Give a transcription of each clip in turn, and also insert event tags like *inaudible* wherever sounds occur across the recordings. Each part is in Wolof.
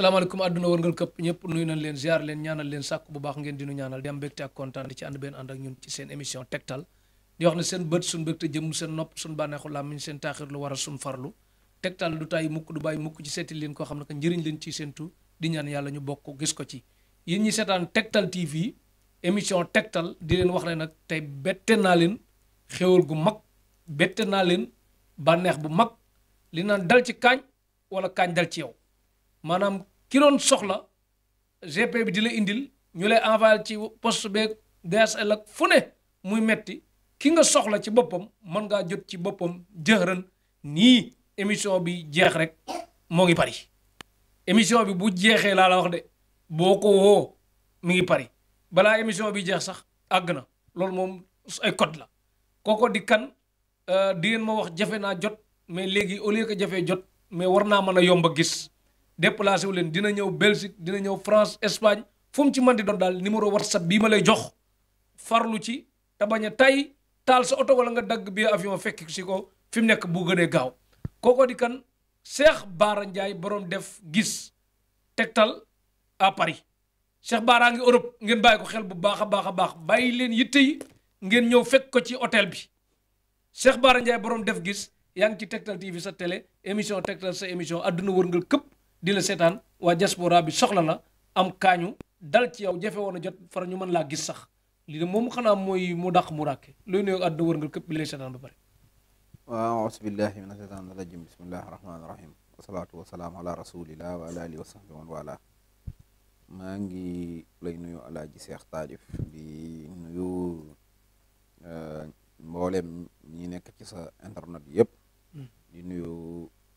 salaamaaleykum àdduna wërngal këpp ñëpp nuyu nañ leen ziar leen ñaanal leen sàkk bu baax ngeen dinu ñaanal di am mbégte ak kontaan di ci ànd benn ànd ak ñun ci seen émission tegtal di wax ne seen bët suñ mbégte jëm seen nopp suñ bànneexu làmmiñ seen taaxirlu war a suñ farlu tegtal du tàyyi mukk du bàyyi mukk ci seeti leen koo xam ne que njëriñ leen ci seen tu di ñaan yàlla ñu bokk gis ko ci yéen ñi seetaan tegtal TV émission tegtal di leen wax ne nag tey bette naa leen xéwal gu mag bette naa leen bànneex bu mag li naan dal ci kaañ wala kaañ dal ci yow maanaam ki soxla GP bi di la indil ñu lay envoyé ci poste beeg DSL fu ne muy metti ki nga soxla ci boppam mën ngaa jot ci boppam jëxëran nii émission bi jeex rek moo ngi pari émission bi bu jeexee laa la wax de boo ko woo mi ngi pari balaa émission bi jeex sax àgg na loolu moom ay code la kooko di kan euh, di ngeen ma wax jafe naa jot mais léegi au lieu que jafe jot mais war naa mën a yomb a gis déplacé wu leen dina ñëw Belgique dina ñëw France Espagne fu mu ci mën di doon daal numéro WhatsApp bii ma lay jox farlu ci te bañ a tay taal sa oto wala nga dagg bi avion fekk si ko fi mu nekk bu gënee gaaw kooko di kan Cheikh Bara Ndiaye borom def gis tegtal à Paris Cheikh Bara ngi Europe ngeen bàyyi xel bu baax a baax a baax bàyyi leen yitte yi ngeen ñëw fekk ko ci hôtel bi Cheikh Bara Ndiaye borom def gis yaa ngi ci Tektal TV sa tele émission Tektal sa émission àdduna wërngal këpp di la seetaan waa diaspora bi soxla la am kaañu dal ci yow jafe woon a jot far ñu mën laa gis sax lii ne moom xanaa mooy mu dax mu ràkke looy nuyoo àdduna wër nga képp bi lay seetaan ba pare waaw auzubillahi a shaytaani rajim bismillahi rahmaani rahim wasalaatu wasalaam ala rasulillah wa ala alihi wa sahbi man wala maa ngi lay nuyu alaaji seex taarif di nuyu eh, mboolem ñi nekk ci sa internet yépp hmm. di nuyu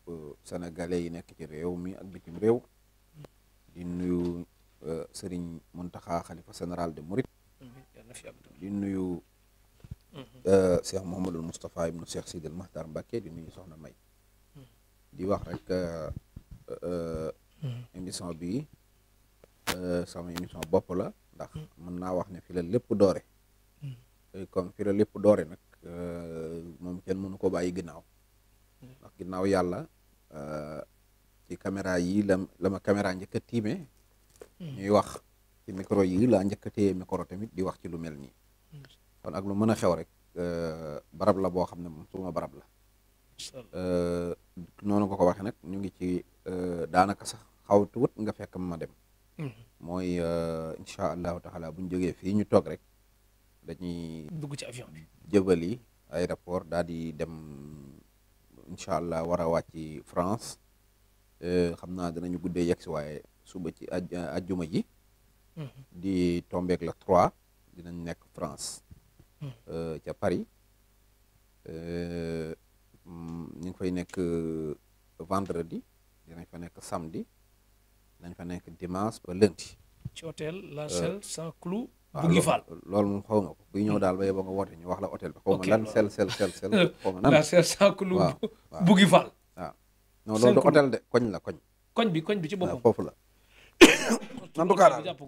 Euh, sénégalais yi nekk ci réew mi ak bitim réew di nuyu euh, sëriñ Mountakha xalifa général de Mouride di nuyu mhm. euh, Cheikh Mouhamadul Moustapha ibnu Cheikh Sidil Mahtar Mbacké di nuyu Soxna May mhm. di wax rek mhm. émission bi sama émission bopp la ndax mën naa wax ne fi la lépp doore comme fi la lépp doore nag moom kenn mënu ko bàyyi ginnaaw ginnaaw yàlla euh, ci caméra yi la la ma caméra njëkk tiime hmm. ñuy wax ci micro yi laa njëkk a téye micro tamit di wax ci lu mel nii hmm. kon ak lu mën a xew rek euh, barab la boo xam ne moom suma barab la euh, noonu nga ko waxee nag ñu ngi ci daanaka sax xaw tuut nga fekk ma dem hmm. mooy incha allahu taala bu ñu jógee fii ñu toog rek dañuy dugg ci avion bi jëbali aéroport daal dem incha allah war a wàcc France eh, xam naa danañu guddee yegg si waaye suba ci eh, ajjuma ji mm-hmm. di tombeek la trois dinañ nekk France mm. eh, ca Paris mm, ñu ngi fay nekk vendredi dinañ fa nekk samedi dañ fa nekk dimanche ba lundi ci hôtel La Chelle cloud buggi faal loolu moom xaw ma ko kuy ñëw daal ba yeboo nga woote ñu wax la hôtel bi xaw ma lan sel sel sel sel *laughs* xaw ma nan la sel saakulu buggi faal waaw non la koñ koñ bi koñ bi ci boppam foofu la *coughs* en tout cas daal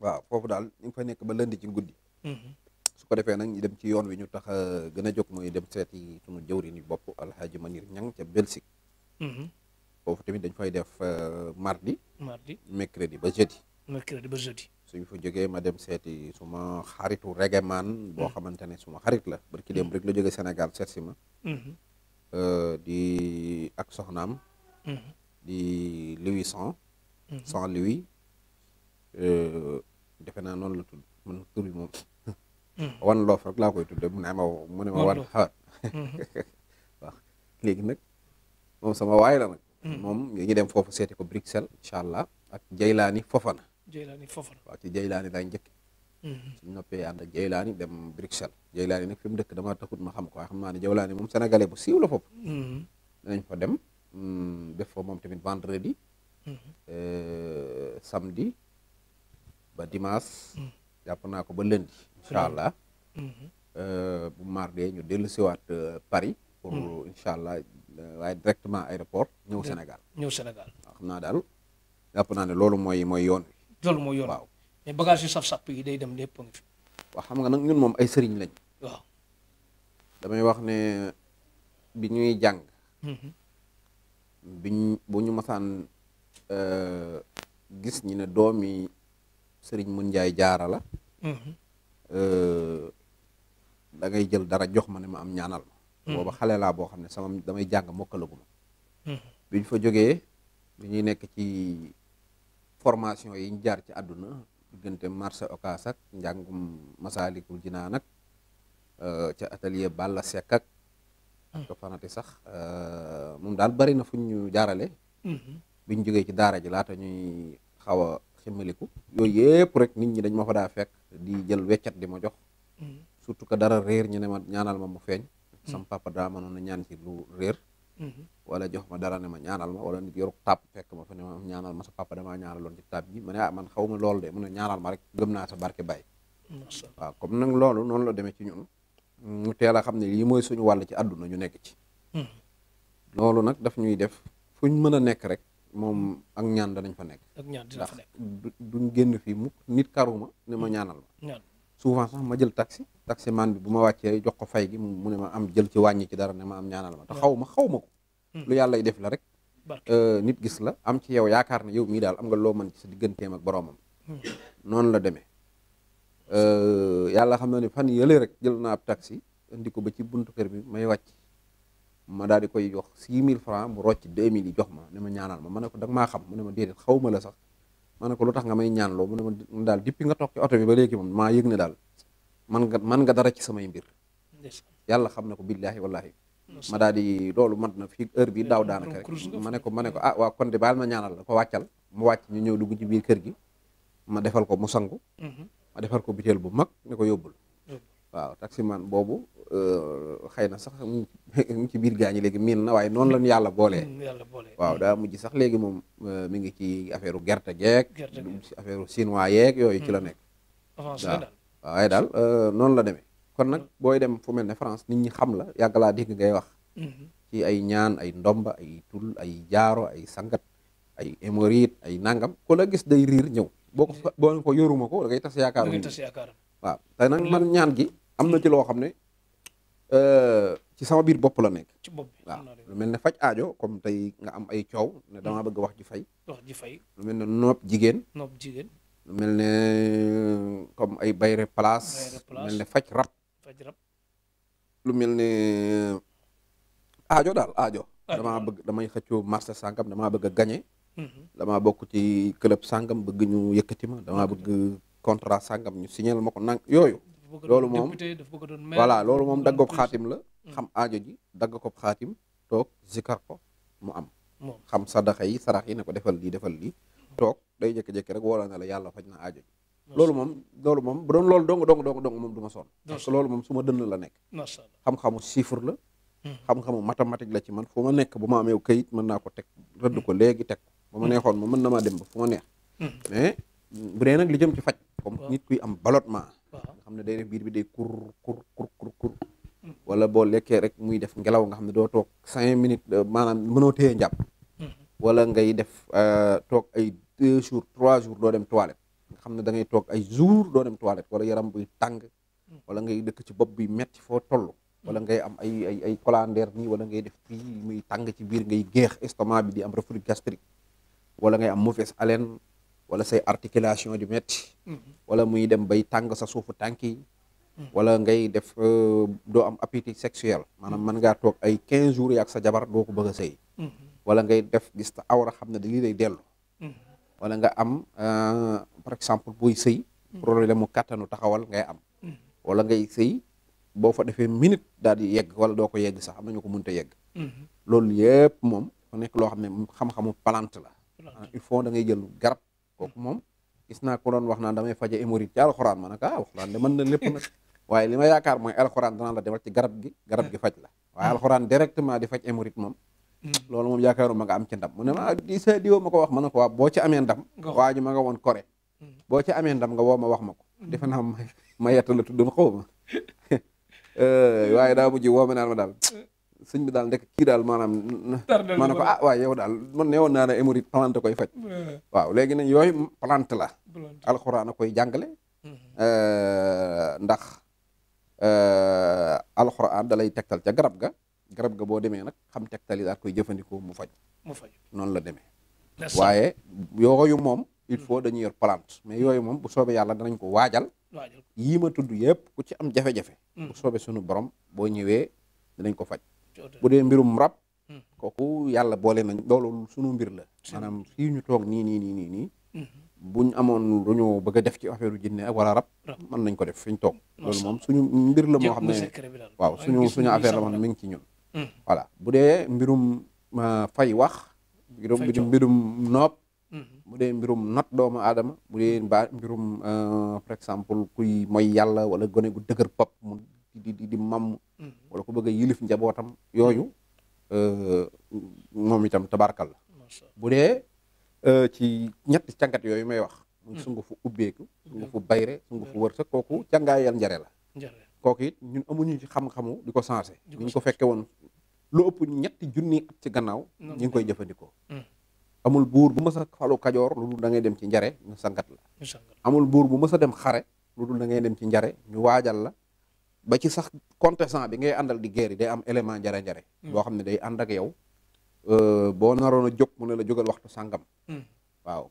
waaw foofu daal ñu ngi fa nekk ba lënd ci guddi mhm. su ko defee nag ñu dem ci yoon wi ñu tax a gën a jóg mooy dem seeti sunu jëwri ni bopp alxaaji Manir Ñang ca Belgique mhm. foofu tamit dañ fay def euh, mardi mardi mercredi ba jeudi mercredi ba jeudi suñ fa jógee ma dem seeti suma xaritu regemaan boo mm. xamante ne suma xarit la barki dem mm. rek la jóge Sénégal seet si ma mm-hmm. euh, di ak soxnaam mm-hmm. di Louis Sans mm-hmm. Louis euh, defe naa noonu la tudd man tur bi moom wan mm. loof rek laa koy tudd mu ne ma mu ma wan xaat *laughs* waaw léegi nag sama waay la nag moom ñu dem foofu seeti ko Bruxelles incha allah ak Jaylaani Fofana Jeylaani Fofana waaw ci Jeylaani njëkk mm-hmm. suñ noppee ànd ak Jeylaani dem Bruxelles Jeylaani nag fi mu dëkk damaa taxut ma xam ko waaye xam naa ne Jeylaani moom sénégalais bu siiw la mm-hmm. dem mm, def fa moom tamit vendredi mm-hmm. euh, samedi ba dimanche jàpp naa ko ba lundi incha allah euh, bu mardee ñu dellu siwaat euh, Paris pour incha waaye directement aéroport ñëw Sénégal ñëw Sénégal waaw xam naa daal jàpp ne loolu mooy mooy yoon wi loolu mooy yoon. waaw mais bagage yu saf-saf yi day dem lépp nga fi. xam nga nag ñun moom ay sëriñ lañ. waaw damay wax ne bi ñuy jàng. Mhm. biñ ñu masaan euh, gis ñi ne doomi sëriñ mun njaay jaara la. Mhm. Euh, da jël dara jox ma ne ma am ñaanal ma. Mhm. booba xale laa boo xam ne sama damay jàng mokkalaguma. bi ñu fa jógee bi ñuy nekk ci. formation yi ñu jaar ci àdduna diggante marché Ocass ak njàngum Masaalikul Jinaan nag euh, ca atelier Balla Seck ak hmm. ko fanati sax euh, moom daal bari na fu ñu jaarale mm-hmm. biñ jógee ci daara ji laata ñuy xaw a ximmaliku yooyu yëpp rek nit ñi dañ ma fa daa fekk di jël weccat di ma jox mm-hmm. surtout que dara réer ñu ne ma ñaanal ma mu feeñ mm-hmm. sam papa daa mënoon na ñaan ci lu réer wala jox ma dara ne ma ñaanal ma wala nit yoruk tàpp fekk ma fa ne ma ñaanal ma sa papa damaa ñaanaloon ci tàpp ji ma ne ah man xaw ma loolu de mu ne ñaanal ma rek gëm naa sa barke bay waaw comme nag loolu noonu la demee ci ñun mu teel a xam ne lii mooy suñu wàll ci adduna ñu nekk ci hmm. loolu nag daf ñuy def fuñ mën a nekk rek moom ak ñaan danañ fa nekk ak ñaan dina fa génn fii mukk nit karuma ne ma hmm. ñaanal ma souvent sax ma jël taxi taxi man bi bu ma wàccee jox ko fay gi mu ne ma am jël ci wàññi ci dara ne ma am ñaanal ma ta xaw ma xaw ma ko hmm. lu yàllay def la rek euh, nit gis la am ci yow yaakaar ne yow mii daal am nga loo man ci sa digganteem ak boroomam hmm. noonu la demee euh, yàlla xam na ne fan yële rek jël naa ab taxi indi ko ba ci bunt kër bi may wàcc ma daal koy jox 6000 francs mu rocc 2000 yi jox ma ne ma ñaanal ma ma ne ko da nga maa xam mu ne ma déedéet xaw la sax ma ne ko lu tax nga may ñaan loo mu ne ma daal depuis nga toog ci oto bi ba léegi moom maa yëg daal man nga man dara ci samay mbir yàlla xam ne ko billaahi wallaahi ma daal di loolu mat na fii heure bi daaw daanaka rek ma ne ko ma ne ko ah waa kon de baal ma ñaanal la ko wàccal mu wàcc ñu ñëw dugg ci biir kër gi ma defal ko mu sangu mhm. ma defal ko biteel bu mag ne ko yóbbul waaw taximan boobu euh, xëy na sax mu ngi ci biir gaañi léegi miin na waaye noonu la ñu yàlla boole mm, waaw mm. daa mujj sax léegi moom euh, mi ngi ci affaire gerte geeg affaire chinois yeeg yooyu ci la mm. nekk waaw waaye daal euh, noonu la demee kon nag booy dem fu mel France nit ñi xam la yàgg laa dégg ngay wax mm-hmm. ci ay ñaan ay ndomba ay tul ay jaaro ay sangat ay émorite ay nangam ku la gis day riir ñëw boo ko boo ko yoruma ko da ngay tas yaakaaru waaw te nag man ñaan gi am na ci loo xam ne euh, ci sama biir bopp la nekk. ci bopp waaw lu mel ne faj ajo comme tey nga am ay coow ne damaa bëgg wax ji fay. wax ji fay lu mel ne nopp jigéen. nopp jigéen. lu mel ne comme ay bayre place. mel ne faj rab. faj lu mel ne ajo daal ajo damaa bëgg damay xëccoo marché sàngam damaa bëgg gañe mhm. dama damaa bokk ci club sàngam bëgg ñu yëkkati ma damaa bëgg contrat sàngam ñu signal ma ko nang yooyu. loolu moom voilà loolu moom daggob xaatim la mm. xam aajo ji dagg ko xaatim toog zikar ko mu am xam sadaxa yi sarax yi ne ko defal lii defal lii toog day jékki-jékki rek woola na la yàlla faj na aajo loolu moom loolu moom bu doon loolu dong dong dong dong moom du ma sonn parce que loolu moom su ma dënn la nekk xam-xamu chiffre la mm. xam-xamu mathématique la ci man fu ma nekk bu ma amee kayit mën naa ko teg rëdd ko léegi teg ko ma mm. neexoon mo mën na maa dem ba fu ma neex mais bu dee nag li jëm ci faj comme nit kuy am ballottement xam ne day def biir bi day kur kur kur kur kur wala boo lekkee rek muy def ngelaw nga xam ne doo toog cinq minutes euh, maanaam mënoo téye njàpp wala ngay def euh, toog ay deux jours trois jours doo dem toilette nga xam ne da ngay toog ay jours doo dem toilette wala yaram buy tàng wala ngay dëkk ci bopp buy metti foo toll wala ngay am ay ay ay colandeer wala ngay def fii muy tàng ci biir ngay géex estomac bi di am reflux gastrique wala ngay am mauvaise haleine wala say articulation di metti mm-hmm. wala muy dem bay tàng sa suufu tànk yi mm-hmm. wala ngay def euh, doo am appétit sexuel maanaam mën ngaa toog ay quinze jours yaak sa jabar doo ko bëgga a sëy mm-hmm. wala ngay def gis ta xam ne lii day dellu wala nga am euh, par exemple buy sëy problème mu kàttanu taxawal ngay am wala ngay sëy boo fa defee minute daal di yegg wala doo ko yegg sax am nañu ko mënta yegg loolu yëpp moom mu nekk loo xam ne xam-xamu plante la il faut da ngay jël kooku moom gis na ko doon wax na damay faje hémorroïde ci alxuraan ma ne ko ah alxuraan de mën na waaye li ma yaakaar mooy alxuraan danaa la demal ci garab gi faj la waaye alxuraan directement di faj hémorroïde moom loolu moom yaakaaruma nga am ci ndam mu ne ma ah, di sa diwo ma ko wax ma ko waa boo ci amee ndam nga woon kore boo ci amee ndam nga woo ma wax ma ko defe naa ma yetta la tuddoon xaw ma *laughs* eh, waaye daa mujj woo ma naan ma sëñ bi daal ndekk kii daal maanaam ma ne ko ah, daal man neewoon naa ne hémorroïde koy faj waaw léegi nañ yooyu plante la alxuraan a koy jàngale mhm. euh, ndax euh, alxuraan da lay tegtal ca garab ga garab ga boo demee nag xam tegtal yi daal koy jëfandikoo mu faj noonu la demee waaye yooyu moom il mhm. faut dañuy yor plante mais yooyu moom bu soobee yàlla danañ ko waajal yii ma tudd yëpp ku ci am jafe-jafe mhm. bu soobee borom boo ñëwee dinañ ko faj bu dee mbirum rab hmm. kooku yàlla boole nañ loolu sunu mbir la maanaam fii ñu toog ni nii nii nii nii hmm. buñ amoon lu ñu bëgg a def ci affaire jinne ak wala rab mën ko def fi ñu toog loolu moom suñu mbir moo xam ne waaw suñu suñu affaire la moom mi ngi ci ñun hmm. voilà bu dee mbirum euh, fay wax mbirum mbirum nopp bu dee mbirum not doomu aadama bu dee mbaa mbirum euh, par exemple kuy mooy yàlla wala gone gu dëgër pop di di di mamm mm-hmm. wala ko bëgg yilif njabootam yooyu euh, moom itam tabarkal la bu dee euh, ci ñetti càngat yooyu may wax muy mm-hmm. sungu fu ubbeeku sungu mm-hmm. fu bayre sungu fu wërsëg kooku càngaayal njare la kooku it ñun amuñu ci xam-xamu di ko sensé ñu ngi ko fekke woon lu ëpp ñetti junni at ci gannaaw ñu ngi koy jëfandikoo mm. amul buur bu mës a falu kajoor lu dul da dem ci njare ñu sangat la amul buur bu mës a dem xare lu dul da ngay dem ci njare ñu waajal ba ci sax contestant bi ngay àndal di guerre yi day am élément njare-njare hmm. boo xam ne day ànd ak yow euh, boo naroon a jóg mu ne la jógal waxtu sàngam hmm. waaw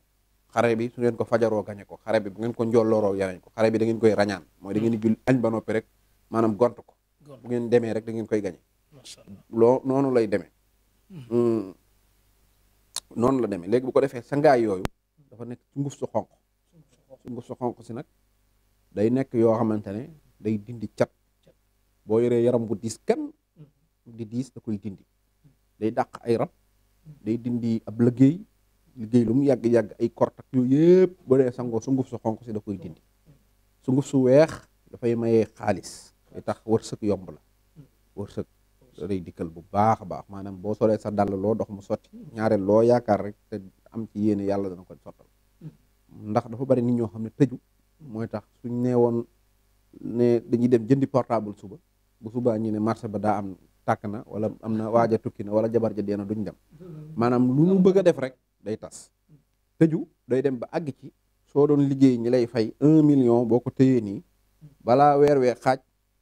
xare bi su ngeen ko fajaroo gañe ko xare bi bu ngeen ko njollooroo yareñ ko xare bi da ngeen koy rañaan mooy da hmm. jul añ ba noppi rek maanaam gont ko bu ngeen demee rek da ngeen koy gañe loo noonu lay demee noonu la demee léegi bu ko defee sa yooyu dafa nekk su nguf su xonq su nguf su xonq si nag day nekk yoo xamante ne day dindi cat boo yoree yaram bu diis kenn di diis da koy dindi day dàq ay rab day dindi ab liggéey liggéey lu mu yàgg-yàgg ay kort ak yooyu boo dee sangoo sunguf su xonk si da koy dindi sunguf su weex dafay mayee xaalis day tax wërsëg yomb la wërsëg day dikkal bu baax a baax maanaam boo solee sa dàll loo dox mu sotti ñaareel loo yaakaar rek te am ci yéene yàlla dana ko sottal ndax dafa bari nit ñoo xam ne tëju mooy tax suñ nee woon ne dañuy dem jëndi portable suba bu subaa ñu ne marché ba daa am tàkk na wala am na waaja tukki na wala jabar ja dee na duñ dem maanaam lu ñu bëgg a def rek day tas tëju day dem ba àgg ci soo doon liggéey ñi lay fay un million boo ko téyee nii balaa weer wee xaaj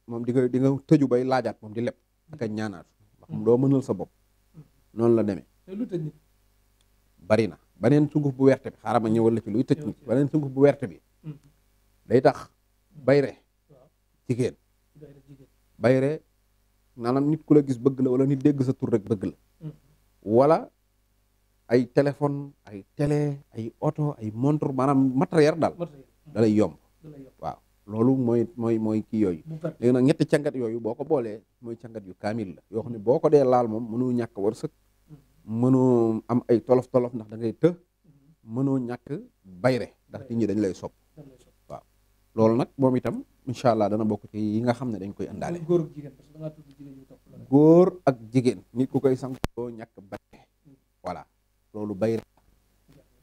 moom di nga di nga tëju bay laajaat moom di leb ak a ñaanaat ndax doo mënal sa bopp noonu la demee bari na baneen sunguf bu werte bi xaaral ma ñëwal la ci luy tëj nit baneen sunguf bu werte bi hmm. day tax bayre jigéen bayre maanaam nit ku la gis bëgg la wala nit dégg sa tur rek bëgg la wala ay téléphone ay télé ay oto ay montre maanaam matériel daal hmm. da lay yomb waaw loolu mooy mooy mooy kii yooyu léegi nag ñetti cangat yooyu boo ko boolee mooy cangat yu kaamil la yoo xam ne boo ko dee laal moom mënoo ñàkk wërsëg hmm. mënoo am ay tolof-tolof ndax dangay ngay të hmm. mënoo ñàkk bayre ndax nit ñi dañ lay sopp waaw loolu nag moom itam incha allah dana bokk ci yi nga xam ne dañ koy àndaale góor ak jigéen nit ku koy sankoo ñàkk ba voilà loolu bay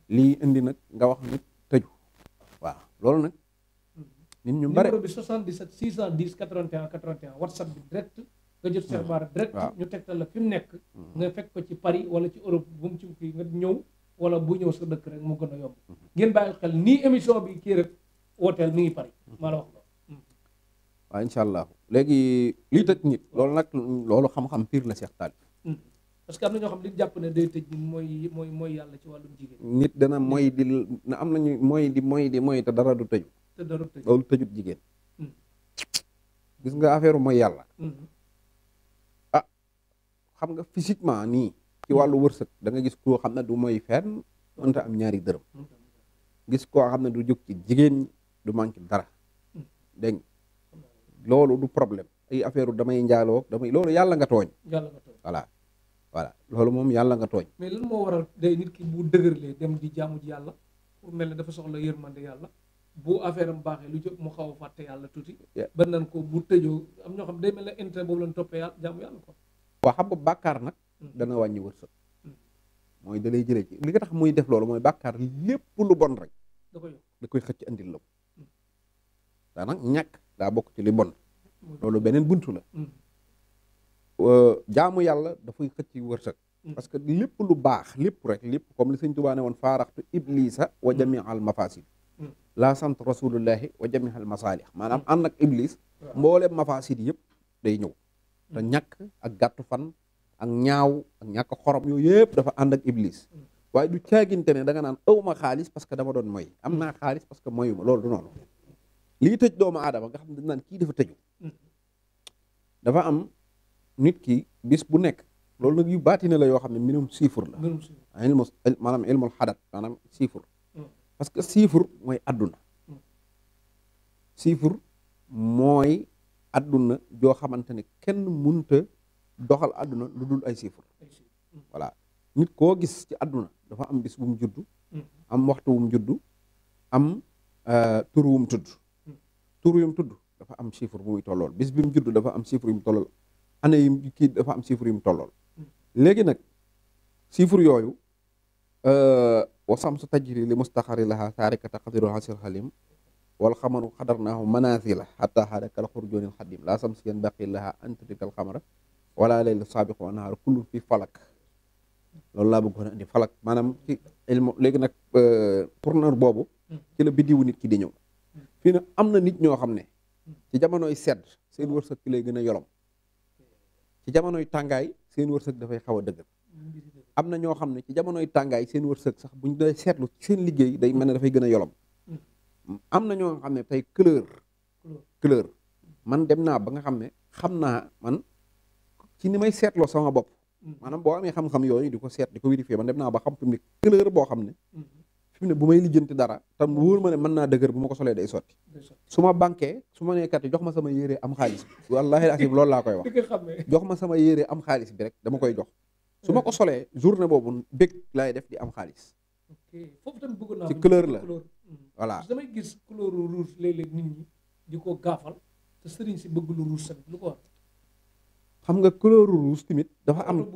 lii indi nag nga wax nit tëju waaw loolu nag nit ñu bare numéro bi 77 610 81 81 whatsapp bi direct nga jot Cheikh hmm. Bara direct ñu tegtal la fi mu nekk hmm. nga fekk ko ci Paris wala ci Europe bu mu ci kii nga ñëw wala bu ñëw sa dëkk rek mu gën a yomb ngeen bàyyi xel nii émission bi kii rek wooteel mi ngi Paris hmm. waaw incha allah léegi liy tëj nit loolu nag loolu xam-xam piir la Cheikh Talib hmm. na ñoo xam ne jàpp ne day mooy mooy mooy yàlla ci wàllum jigéen. nit dana mooy di na am nañu mooy di mooy di mooy te dara du tëju. te dara jigéen. Hmm. gis nga affaire mooy yàlla. Hmm. ah xam nga physiquement nii. ci wàllu wërsëg da nga gis koo xam ne du mooy fenn mënta am ñaari dërëm. gis koo xam ne du jóg ci jigéen du manqué dara dégg loolu du problème ay affaire damay njaaloo damay loolu yàlla nga tooñ. yàlla nga tooñ loolu moom yàlla nga tooñ. mais lan moo waral day nit ki bu dëgërlee dem di jaamu ji yàlla pour mel ne dafa soxla yërmande yàlla bu affaire am baaxee lu jóg mu xaw a fàtte yàlla tuuti. ba nan ko bu tëjoo am ñoo xam day mel ne intérêt boobu lañ toppee yàlla jaamu yàlla ko. waa xam nga bàkkaar nag. Mm. dana wàññi wërsëg. Mm. mooy da lay jëlee ci li nga tax muy def loolu mooy bàkkaar lépp lu bon rek. da da koy xëcc andil la mm. ñàkk daa bokk ci li bon loolu beneen buntu la mm. jaamu yàlla dafay xëcc wërsëg mm. parce que lépp lu baax lépp rek lépp comme li sëñ Tuubaa ne woon faaraxtu iblisa mm. wa jamial mafasid laa sant rasulullahi wa jamial masalih maanaam ànd ak iblis mbooleem mafasid yëpp day ñëw te ñàkk ak gàttu fan ak ñaaw ak ñàkk xorom yooyu yëpp dafa ànd ak iblis waaye du caaginte ne da nga naan awma xaalis parce que dama doon moy am naa xaalis parce que ma loolu du noonu lii tëj doomu aadama nga xam ne naan kii dafa tëju dafa am nit ki bis bu nekk loolu nag yu baatine la yoo xam ne minum siifur la ilmu maanaam ilmul xadat maanaam siifur mm. parce que siifur mooy adduna mm. siifur mooy adduna joo xamante ne kenn munta doxal adduna lu dul ay siifur mm. voilà nit koo gis ci adduna dafa am bis bu mu juddu am waxtu wu juddu am euh, tur tudd tur yu mu tudd dafa am chiffre bu muy tollool bis bi mu judd dafa am chiffre yu mu tollool année yi kii dafa am chiffre yu mu tollool léegi nag chiffre yooyu euh, wa samsu tajri li mustaqarri laha saarikata qadiru hasil xalim wal xamaru xadarnaahu manazila xata xaadakal xurjoonil xadim laa sam si yeen baqi laha antidikal xamara wala layl saabiqu anhaar kullu fi falak loolu laa bëggoon a indi falak maanaam ci ilmu léegi nag euh, pour naar boobu nit ki di ñëw fii nag am na nit ñoo xam ne ci jamonoy sedd seen wërsëg ki lay gën a yolom ci jamonoy tàngaay seen wërsëg dafay xaw a dëgër am na ñoo xam ne ci jamonoy tàngaay seen wërsëg sax buñ doon seetlu seen liggéey day mel ne dafay gën a yolom am na ñoo xam ne tey couleur couleur man dem naa ba nga xam ne xam naa man ci ni may seetloo sama bopp maanaam boo amee xam-xam yooyu di ko seet di ko vérifier man dem naa ba xam fi mu ne couleur boo xam ne mm-hmm. fi mu ne bu may lijjanti dara tam wóor ma ne mën naa dëgër bu ma ko solee day sotti su ma banquee su ma nee kat jox ma sama yére am xaalis bi wallaahi asib loolu laa koy wax *laughs* jox ma sama yére am xaalis bi rek dama koy jox su ma ko solee journée boobu bëgg laay def di am xaalis foofu tamit bëgg naa ci couleur la hmm. voilà damay gis couleur rouge léeg-léeg nit ñi di ko gaafal te sëriñ si bëgg lu rouge tamit lu ko wax xam nga couleur rouge tamit dafa am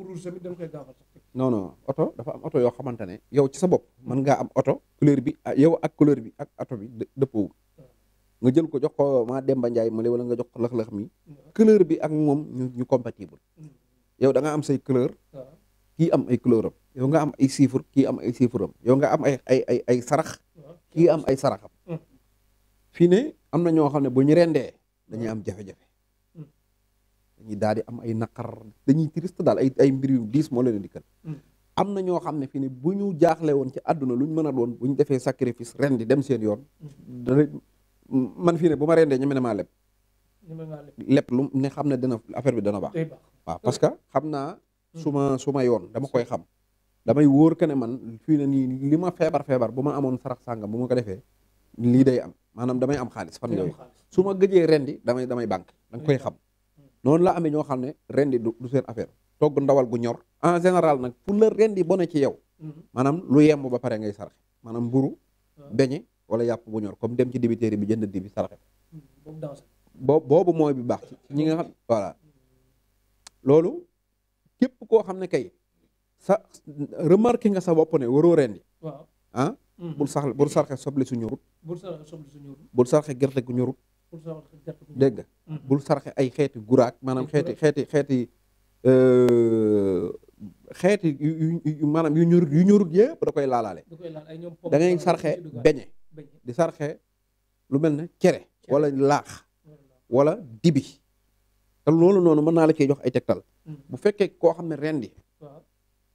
non non oto dafa am oto yoo xamante ne yow ci sa bopp mën ngaa am oto couleur bi ah, yow ak couleur bi ak oto bi dëppoo hmm. nga jël ko jox ko maa Demba Ndiaye ma wala nga jox ko lëx-lëx mi hmm. couleur bi ak moom ñu compatible hmm. yow da am say couleur kii am ay couleur yow nga am ay chiffre kii am ay chiffre am yow nga am ay ay ay ay sarax kii am ay saraxam fii ne am na ñoo xam ne bu ñu rendee dañuy am jafe-jafe dañuy daal di am ay naqar dañuy triste daal ay ay mbir yu diis moo leen dikkal mm. am na ñoo xam ne fii ne bu ñu jaaxle woon ci àdduna lu ñu mën a doon bu ñu defee sacrifice ren di dem seen yoon mm. man fii ne bu ma rendee ñu ne maa leb lépp lu ne xam ne dana affaire bi dana baax waaw parce que xam naa mm. su ma su ma yoon dama koy xam damay wóor que ne man fii ne nii li ma feebar feebar bu ma amoon sarax sàngam bu ma ko defee lii dey am maanaam damay am xaalis fan yooyu su ma gëjee rendi damay damay banque danga koy xam noonu la ame ñoo xam ne rendi du seen affaire togg ndawal gu ñor en général nag pour la rendi bone ci yow mhm. maanaam lu yemb ba pare ngay saraxe maanaam mburu ah. beñe wala yàpp bu ñor comme dem ci dibiteeri bi jënd di bi saraxe mhm, bo boobu mooy bi baax ci ñi nga xam voilà loolu képp koo xam ne kay sa remarqué nga sa bopp ne waroo rendi waaw ah mhm. bul sax bul sarxe soble su ñorut bul sarxe gerte gu ñorut dégg nga mm-hmm. bul sarxe ay xeeti guraak maanaam xeeti xeeti xeeti xeeti euh, yu maanaam yu ñorut yu ñorut yëpp da koy laalaale da ngay sarxe beñe di sarxe lu mel ne cere wala laax wala dibi te loolu noonu mën naa la cee jox ay tegtal mm-hmm. bu fekkee koo xam ne rendi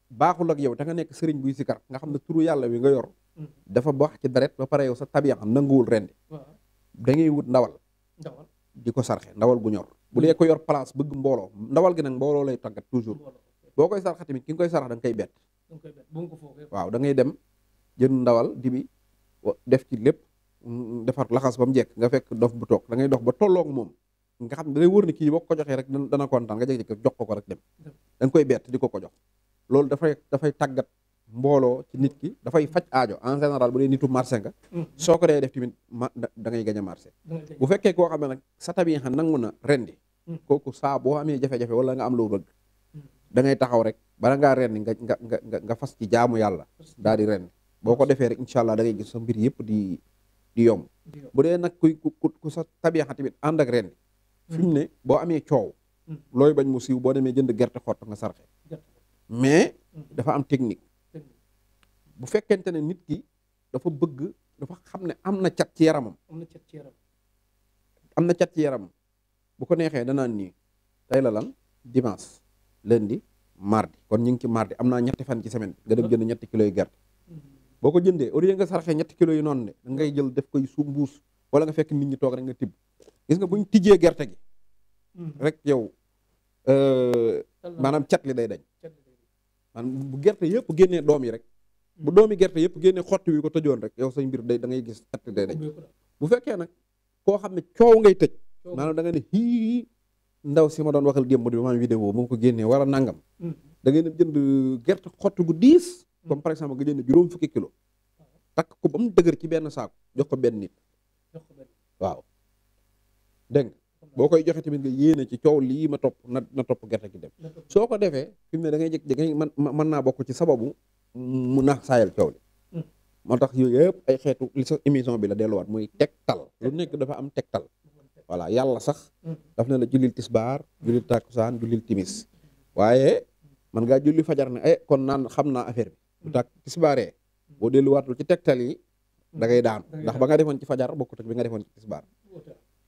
baaxul ak yow da nga nekk sëriñ buy sikar nga xam ne turu yàlla wi nga yor mm-hmm. dafa baax ci deret ba pare yow sa tabiya nanguwul rendi da ngay wut ndawal di ko sarxe ndawal gu ñor bu dee ko yor place bëgg mbooloo ndawal gi nag mbooloo lay tàggat toujours boo koy sarxe tamit ki nga koy sarx da koy bett waaw da ngay dem jën ndawal dibi def ci lépp mm, defar laxas ba mu jekk nga fekk dof bu toog da ngay dox ba tolloog moom nga xam ne dalay wër kii boo ko joxee rek dana kontaan nga jeg-jeg jox ko ko rek dem da koy bett di ko ko jox loolu dafay dafay tàggat mbooloo ci nit ki dafay faj aajo en général bu dee nitu marché nga soo ko dee def tamit ma da a marché bu fekkee koo xam ne sa tabi xam na rendi hmm. kooku saa boo amee jafe wala nga am loo bëgg hmm. taxaw rek bala ngaa rendi nga nga nga nga fas ci jaamu yàlla daal di rendi boo ko defee rek incha allah da ngay gis sa mbir yëpp di di yomb bu dee nag kuy ku ku sa tabiixa tamit ànd ak rendi fi mu hmm. ne boo amee coow looy bañ mu siiw boo demee jënd gerte xott nga sarxe mais dafa am technique bu fekkente ne nit ki dafa bëgg dafa xam ne am na cat ci yaramam. am na cat ci am na cat ci yaramam bu ko neexee danaan nii tey la lan dimanche lundi mardi kon ñu ngi ci mardi am naa ñetti fan ci semaine nga dem jënd ñetti kilos yu gerte. Mm-hmm. boo ko jëndee au lieu nga saraxee ñetti kilos yi noonu ne ngay jël def koy suuf mbuus wala nga fekk nit ñi toog rek nga tibb gis nga buñ tijjee gerte gi. Mm-hmm. rek yow euh, maanaam cat li day dañ. maanaam bu gerte yëpp génnee doom yi rek. bu doomi gerte yëpp génne xotti wi ko tëjoon rek yow sañ mbir day da ngay gis att day bu fekkee nag koo xam ne coow ngay tëj maanaam da nga ne hii ndaw si ma doon waxal démb bi ma am vidéo bu ma ko génnee war a nangam mm-hmm. da ngay dem jënd gerte xott gu diis mm-hmm. comme par exemple nga jënd juróom fukki kilo takk ko ba mu dëgër ci benn saako jox ko benn nit waaw dégg nga boo koy joxee tamit nga yéene ci coow lii ma topp na na topp gerte gi dem soo ko defee fi ne da ngay jëg da ngay mën mën naa bokk ci sababu mu nax saayal coow li mm. moo tax yooyu yëpp xeetu li sa émission bi la delluwaat muy tegtal lu nekk dafa am tegtal voilà yàlla sax mm. daf na la jullil tisbaar jullil tàkkusaan jullil timis waaye man ngaa julli fajar ne eh kon naan xam naa affaire bi bu tàkk tisbaaree boo delluwaatul ci tegtal yi da ngay daanu ndax ba nga defoon ci fajar bokkut ak bi nga defoon ci tisbaar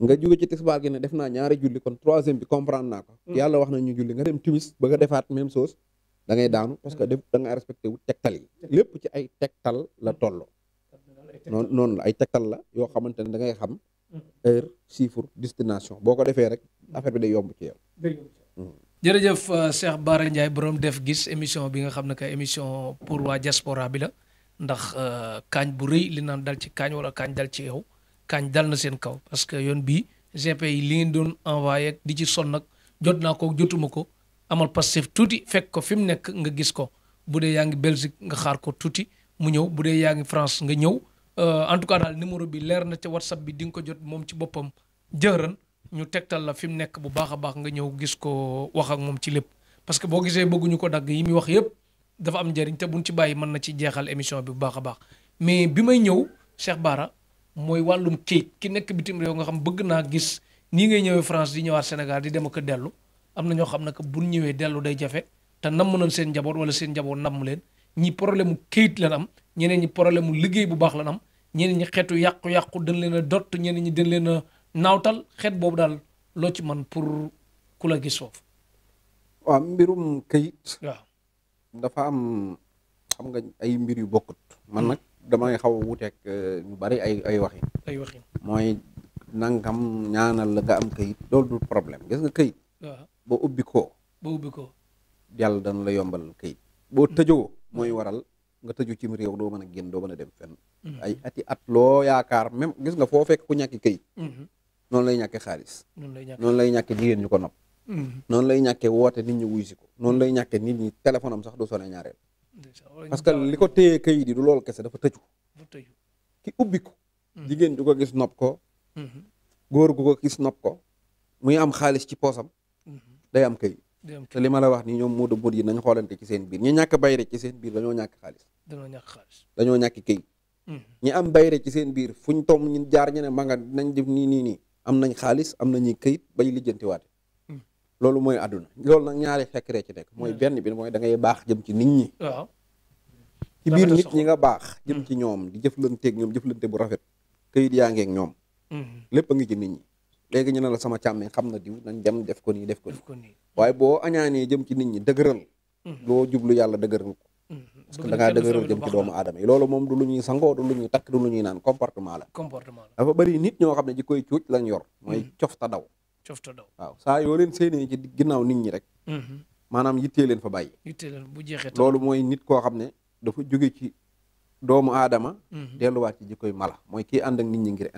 nga jóge ci tisbaar gi ne def naa ñaari julli kon troisième bi comprendre naa ko mm. yàlla wax na ñu julli nga dem timis ba nga defaat même chose da ngay daanu parce que def mm-hmm. da nga respecté wu tegtal yi lépp ci ay tegtal la tollo noonu la ay tegtal la yoo xamante ne da ngay xam mm-hmm. heure chiffre destination boo ko defee rek affaire bi day yomb ci yaw mm-hmm. jërëjëf euh, Cheikh Bara Ndiaye borom def gis émission bi nga xam ne que émission pour waa diaspora bi la ndax euh, kaañ bu réy li naan dal ci kaañ wala kaañ dal ci yow kaañ dal na seen kaw parce que yoon bii GP yi li ngeen doon envoyé di ci son nag jot naa ko jotuma ko amal passif tuuti fekk ko fi mu nekk nga gis ko bu dee yaa ngi Belgique nga xaar ko tuuti mu ñëw bu dee yaa ngi France nga ñëw euh, en tout cas daal numéro bi leer na ca WhatsApp bi di nga ko jot moom ci boppam jërën ñu tegtal la fi mu nekk bu baax a baax nga ñëw gis ko wax ak moom ci lépp parce que boo gisee bëgguñu ko dagg yi muy wax yépp dafa am njëriñ te buñ ci bàyyi mën na ci jeexal émission bi bu baax a baax mais bi may ñëw Cheikh baara mooy wàllum kayit ki nekk bitim réew nga xam bëgg naa gis nii ngay ñëwee France di ñëwaat Sénégal di dem ak dellu am na ñoo xam ne bu ñëwee dellu day jafe te namm nañ seen njaboot wala seen njaboot namm leen ñi problème mu kayit lan am ñeneen ñi problème mu liggéey bu baax lan am ñeneen ñi xeetu yàqu-yàqu dañ leen a dott ñeneen ñi dañ leen a naawtal xeet boobu daal loo ci man pour ku la gis foofu. waaw mbirum kayit. waaw dafa am xam nga ay mbir yu bokkut. man nag damay xaw a wuuteeg euh, ñu bari ay ay waxi. ay waxi mooy nangam ñaanal la nga am kayit loolu du problème gis nga kayit. ba ubbi ko ba ubbi koo yàlla la yombal kayit boo mm. tëjoo mooy waral nga tëju cim réew doo mën a génn doo mën a dem fenn mm-hmm. ay ati at loo yaakaar même gis nga foo fekk ku ñàkki kayit mm-hmm. noonu lay ñàkke xaalis noonu lay ñàkke jigéen ko nopp mm-hmm. noonu lay ñàkke woote nit ñi wuy si ko noonu lay ñàkke nit ñi téléphone am sax du sone ñaareel parce que li ko téye kayit yi du loolu kese dafa tëju ki ubbi ko jigéen ju ko gis nopp ko góor gu ko gis nopp ko muy am xaalis ci poosam day am kay te li ma la wax ni ñoom moo moodu mood yi nañ xoolante ci seen biir ñu ñàkk bayre ci seen biir dañoo ñàkk xaalis dañoo ñàkk xaalis dañoo ñàkk kayit hmm. ñi am bayre ci seen biir fuñ tom ñu jaar ñu ne ma nañ def nii nii nii am nañ xaalis am nañuy kayit bay lijjantiwaate hmm. loolu mooy àdduna loolu nag ñaari fekk rek ci nekk mooy hmm. benn bi mooy da ngay baax jëm ci nit ñi ci biir nit ñi nga baax jëm ci ñoom di jëflanteeg ñoom jëflante bu rafet kayit yaa ngeek ñoom lépp a ngi ci nit ñi léegi ñu ne la sama càmmiñ xam na diw nañ dem def ko nii def ko nii waaye boo añaanee jëm ci nit ñi dëgëral mm-hmm. loo jublu yàlla dëgëral mm-hmm. parce que da ngaa dëgëral jëm ci doomu aadama yi loolu moom du lu ñuy sangoo du lu ñuy takk du lu ñuy naan comportement la dafa bëri nit ñoo xam ne ji koy cuuc lañ yor mooy mm-hmm. cof ta daw cof ta daw waaw saa yoo leen séenee ci ginnaaw nit ñi rek maanaam yittee leen fa bàyyi loolu mooy nit ko xam ne dafa jóge ci doomu aadama delluwaat ci jikkoy mala mooy ñi ngir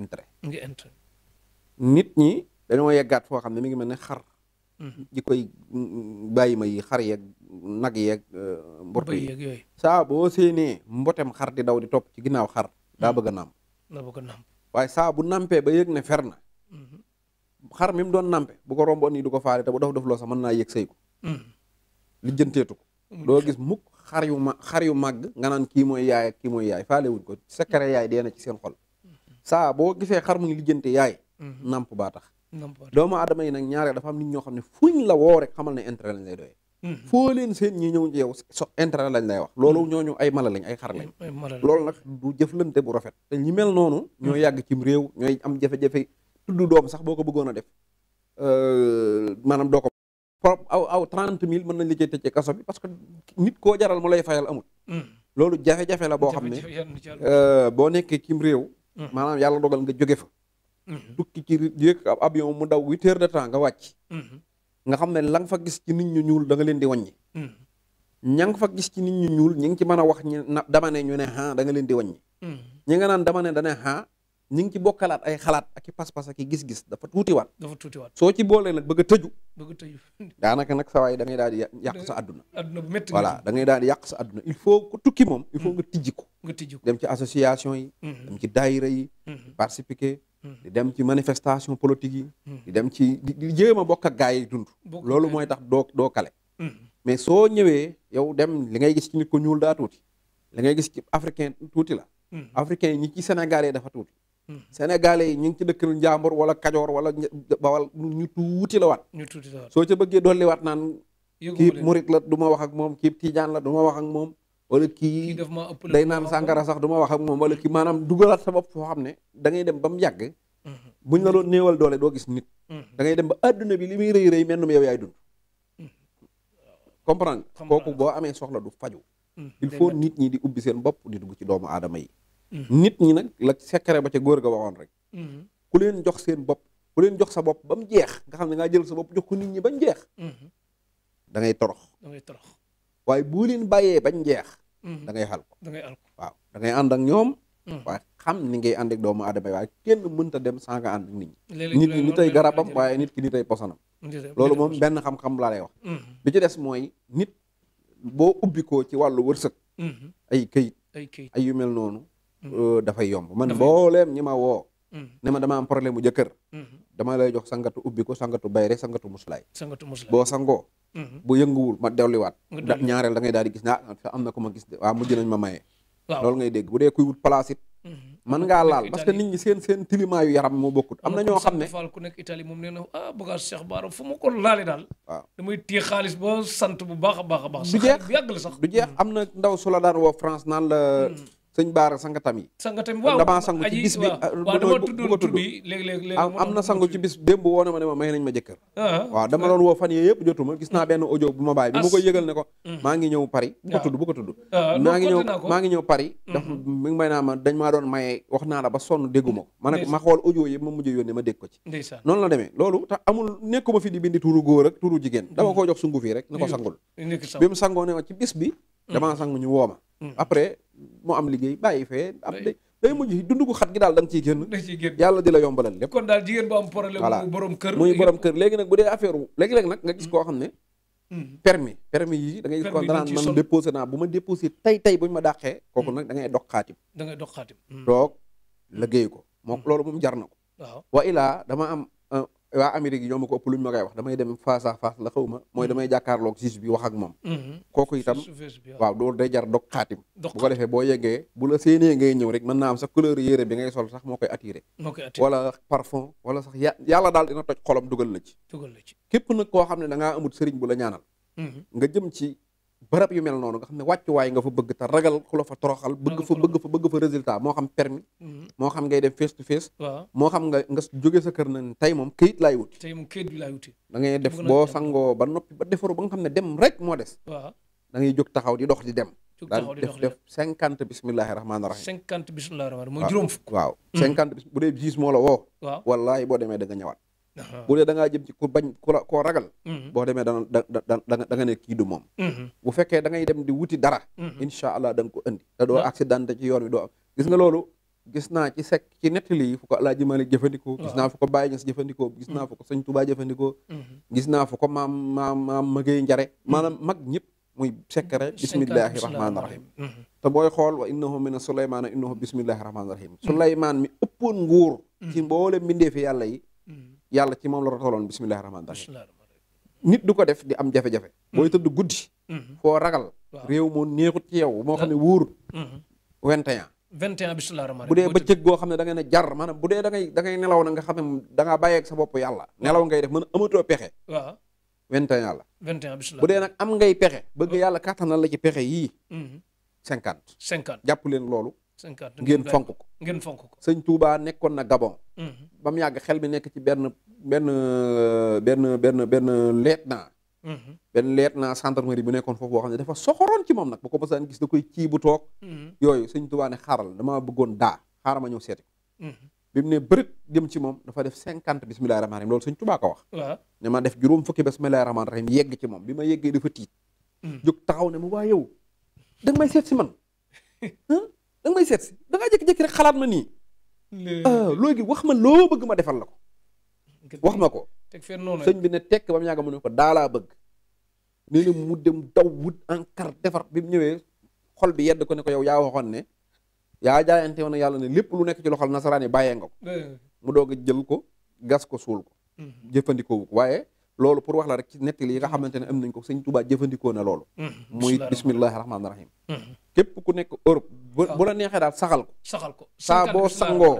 nit ñi dañoo yeggaat foo xam ne mi ngi mel ne xar mhm. di koy mm, bàyyi ma yi xar yeeg nag yeeg euh, mbott yi saa boo séenee mbotem xar di daw di topp ci ginnaaw xar daa mhm. bëgg a nàmp daa a waaye saa bu ba yëg ne fer na mhm. xar mi mu doon nàmpe bu ko romboon nii du ko faale te bu dof dof loo sax mën naa yegg sëy ko li jënteetu ko doo gis mukk xar yu ma xar yu màgg nga naan kii mooy yaay ak kii mooy yaay faale wuñ ko secret yaay dee na ci seen xol saa boo gisee xar mu ngi yaay Mhm. namp baa tax doomu aadama yi nag ñaareel dafa am nit ñoo xam ne fuñ la woo rek xamal ne intérêt lañ lay doyee mhm. foo leen seen ñi ñëw ci yow so intérêt lañ lay wax loolu mhm. ñooñu ay mala lañ ay xar lañ loolu nag du jëflante bu rafet te ñi mel noonu ñoo yàgg cim réew ñooy am jafe-jafe tudd doom sax boo ko bëggoon a def euh, maanaam doo ko aw aw trente mille mën nañ la cee ci kaso bi parce que nit koo jaral mu lay fayal amul loolu jafe-jafe la boo xam ne euh, boo nekkee cim réew maanaam yàlla dogal nga jóge fa tukki mhm. ci yéeg avion mu daw huit heures de temps nga wàcc mhm. nga xam ne la fa gis ci nit ñu ñuul da leen di wàññi mhm. ña nga fa gis ci nit ñu ñuul ñi ngi ci mën a wax na dama ne ñu ne a da nga leen di wàññi ñi nga naan dama ne dane a ñi ngi ci bokkalaat ay xalaat ak i pas-pas ak gis-gis dafa tuutiwaat. dafa tuutiwaat soo ci boolee nag bëgg a tëju. bëgg a daanaka nag sa waay da ngay daal di yàq sa àdduna. àdduna bu métti voilà da ngay daal di yàq sa àdduna il faut ko tukki moom. il faut mm. nga tijji ko. nga tijji dem ci association yi. Mm. dem ci daayira yi. Mm. participer. di dem ci manifestation politique yi. di dem ci di jéem a bokk ak gaa yi dund. loolu mooy tax doo doo kale. mais soo ñëwee yow dem li ngay gis ci nit ko ñuul daa tuuti. li ngay gis ci africain tuuti la. africain yi ci Sénégal yi dafa tuuti sénégalais yi ñu ngi ci dëkk njàmbur wala kajoor wala bawal ñu tuuti la waat ñu tuuti la soo ca bëggee dolli waat naan kii murit la du ma wax ak moom kii tiijaan la du ma wax ak moom wala kii day naan sàngara sax du wax ak moom wala kii maanaam dugalaat sa bopp foo xam ne dangay dem ba mu yàgg mhm. ñu la doon néewal doole doo gis nit mhm. da ngay dem ba àdduna bi li muy rëy rëy mennum yow yaay dund mhm. comprendre kooku boo amee soxla du faju il faut nit ñi di ubbi seen bopp di dugg ci doomu aadama yi nit ñi nag la secret ba ca góor ga waxoon rek mm-hmm. ku leen jox seen bopp ku leen jox sa bopp ba mu jeex nga xam ne ngaa jël sa bopp jox ko nit ñi bañ jeex mm-hmm. da ngay torox da ngay waaye boo leen bàyyee bañ jeex mm-hmm. da ngay xal ko da ngay xal waaw da ngay ak ñoom waaye xam ni ngay ànd doomu aadama waaye kenn mënta dem sans nga ànd ak nit ñi nit ay garabam waaye nit ki nit ay posanam loolu moom benn xam-xam laa lay wax bi ci des mooy nit boo ubbi ko ci wàllu wërsëg ay këyit ay yu mel noonu Euh, dafay yomb man booleem ñi ma woo mm. ne ma dama am problème mu jëkkër mm-hmm. dama lay jox sangatu ubbi ko sangatu bay rek sangatu muslaay sangatu muslaay boo sangoo mm-hmm. bu yënguwul ma delluwaat ñaareel da ngay daal di gis na ah, am na ko a gis de waaw mujj nañ ma maye loolu ngay dégg bu dee kuy wut place it mm-hmm. man ngaa laal parce nit ñi seen seen yaram moo bokkut am na ñoo xam ne Fall ah, ko laale daal a a du jeex am na ndaw su daan woo France naan sëñ Baara sangatam yi. sangatam waaw damaa dama na sangu ci bis démb woo na ma ne ma may nañ ma jëkkër. Ah, ah. waaw dama doon woo fan gis naa mm. benn audio bu ma bàyyi. bi ma koy yëgal ne ko. Mm. maa ngi ñëw Paris. bu ko tudd bu ko tudd. Ah, maa ngi mm-hmm. ma wax naa la ba sonn déggu ma ko. ma ma xool audio yi ma mujj ma dégg ko ci. ndeysaan noonu la demee loolu tax amul nekkuma fi di bindi tuuru jigéen dama mm-hmm. koo jox sungu fii ko sangul bi mu sangoo ne bi mm. damaa sangu ñu wooma mu am liggéey bàyyi fee am day mujj dund gu xat gi daal da nga ciy génn yàlla di la yombalal lépp kon daal jigéen borom kër léegi nag bu dee affaire léegi-léegi nag nga gis mm. koo xam ne mm. permis permis yi da ngay gis ko danaan man déposé naa bu ma déposé tey tey bu ñu ma dàqee kooku mm. nag da ngay dog xaatim da ngay dog xaatim toog liggéey ko moom loolu moom jar na ko waaw wa ilaa dama am waa Amérique yi ñoo a ko ëpp lu ñu ma koy wax damay dem face à face la xaw ma mooy hmm. damay jàkkaarloog juge bi wax moom hmm. kooku itam waaw loolu jar dog xaatim bu ko boo yeggee bu la séenee ngay ñëw rek mën naa am sax couleur yére bi ngay sol sax moo koy attiré wala parfum wala sax ya yàlla daal dina toj xolam dugal na ci képp nag koo xam ne da ngaa amut sëriñ bu la ñaanal hmm. nga jëm ci barab yu mel noonu nga xam ne wàccuwaay nga fa bëgg te ragal ku la fa toroxal bëgg fa bëgg fa bëgg fa résultat moo xam permis mm-hmm. moo xam ngay dem face to face moo xam nga nga jóge sa kër na tey moom këyit laay wuti tey moom këyit bi laay wuti da ngay def boo sangoo ba noppi ba defaru ba nga xam ne dem rek moo des waaw ngay jóg taxaw di dox di dem daal def def cinquante bismillahi rahmaani rahim cinquante bismillahi rahmaani mooy juróom fukk waaw mm-hmm. cinquante bis bu dee gis moo la woo waaw wallaahi boo demee da nga ñëwaat Uh-huh. bu dee da ngaa jëm ci ku bañ ku la koo ragal mm-hmm. boo demee dana da da da nga ne kii du moom mm-hmm. bu fekkee da ngay dem di wuti dara mm-hmm. incha allah da nga ko indi te doo accidenté ci yoon wi doo am gis nga loolu gis naa ci sek ci nettali yi fu ko Alaaji Malik jëfandikoo gis naa fu ko Baye Ñas jëfandikoo gis naa fu ko Sëñ Tuubaa jëfandikoo gis naa fu maam maam maam njare maanaam mag ñëpp muy sekkare bismillahi rahmaani rahim te booy xool wa innahu min suleymaana innahu bismillahi rahmaani rahim suleymaan yàlla ci moom la rotaloon bisimilahi rahmaani rahiim nit du ko def di am jafe-jafe mm-hmm. booy tëdd guddi mm-hmm. foo ragal réew moo neexut ci yow moo xam ne wóorut mm-hmm. vingt et un vingt et bu dee bëccëg goo xam ne da nga ne jar maanaam bu dee da ngay da ngay nelaw na nga xam ne da sa bopp yàlla nelaw ngay def mën a amatoo pexe waaw vingt la vingt et un bu dee nag am ngay pexe bëgg yàlla kàttanal la ci pexe yii cinquante cinquante jàpp leen loolu ngeen fonk ko ngeen fonk ko sëñ tuubaa nekkoon na Gabon mm-hmm. ba mu yàgg xel mi nekk ci benn benn benn benn benn leet naa mm-hmm. benn leet naa gendarmerie bu nekkoon foofu boo xam ne dafa soxoroon ci moom nag bu ko mosaan gis da koy ci bu toog mm-hmm. yooyu sëñ Touba ne xaaral dama bëggoon daa xaaral ma ñëw seeti ko bi mu ne bërët jëm ci moom dafa def cinquante bismillahi rahmani rahim loolu sëñ Touba ko wax ne ma def juróom fukki bismillahi rahmani rahim yegg ci moom bi ma yeggee dafa tiit jóg taxaw ne ma waa yow *laughs* da nga may seet si da ngaa jékki rek xalaat ma nii. Ah, léegi wax ma loo bëgg ma defal la ko. wax ma ko. teg fenn noonu sëñ bi ne tekk ba mu yàgg mu ne bëgg. nee na mu dem daw wut encart defar bi mu ñëwee xol bi yedd ko ne ko yow yaa waxoon ne. yaa jaayante woon yàlla ne lépp lu nekk ci loxol nasaraan yi bàyyee nga ko. mu doog a jël ko gas ko suul ko. Hmm. jëfandikoo ko waaye loolu pour wax la rek ci nettali yi nga xamante ne am nañ ko sëñ Tuubaa jëfandikoo na loolu. Hmm. muy bismillahi rahmaani képp ku nekk Europe bu la neexee daal saxal ko saxal ko saa boo sangoo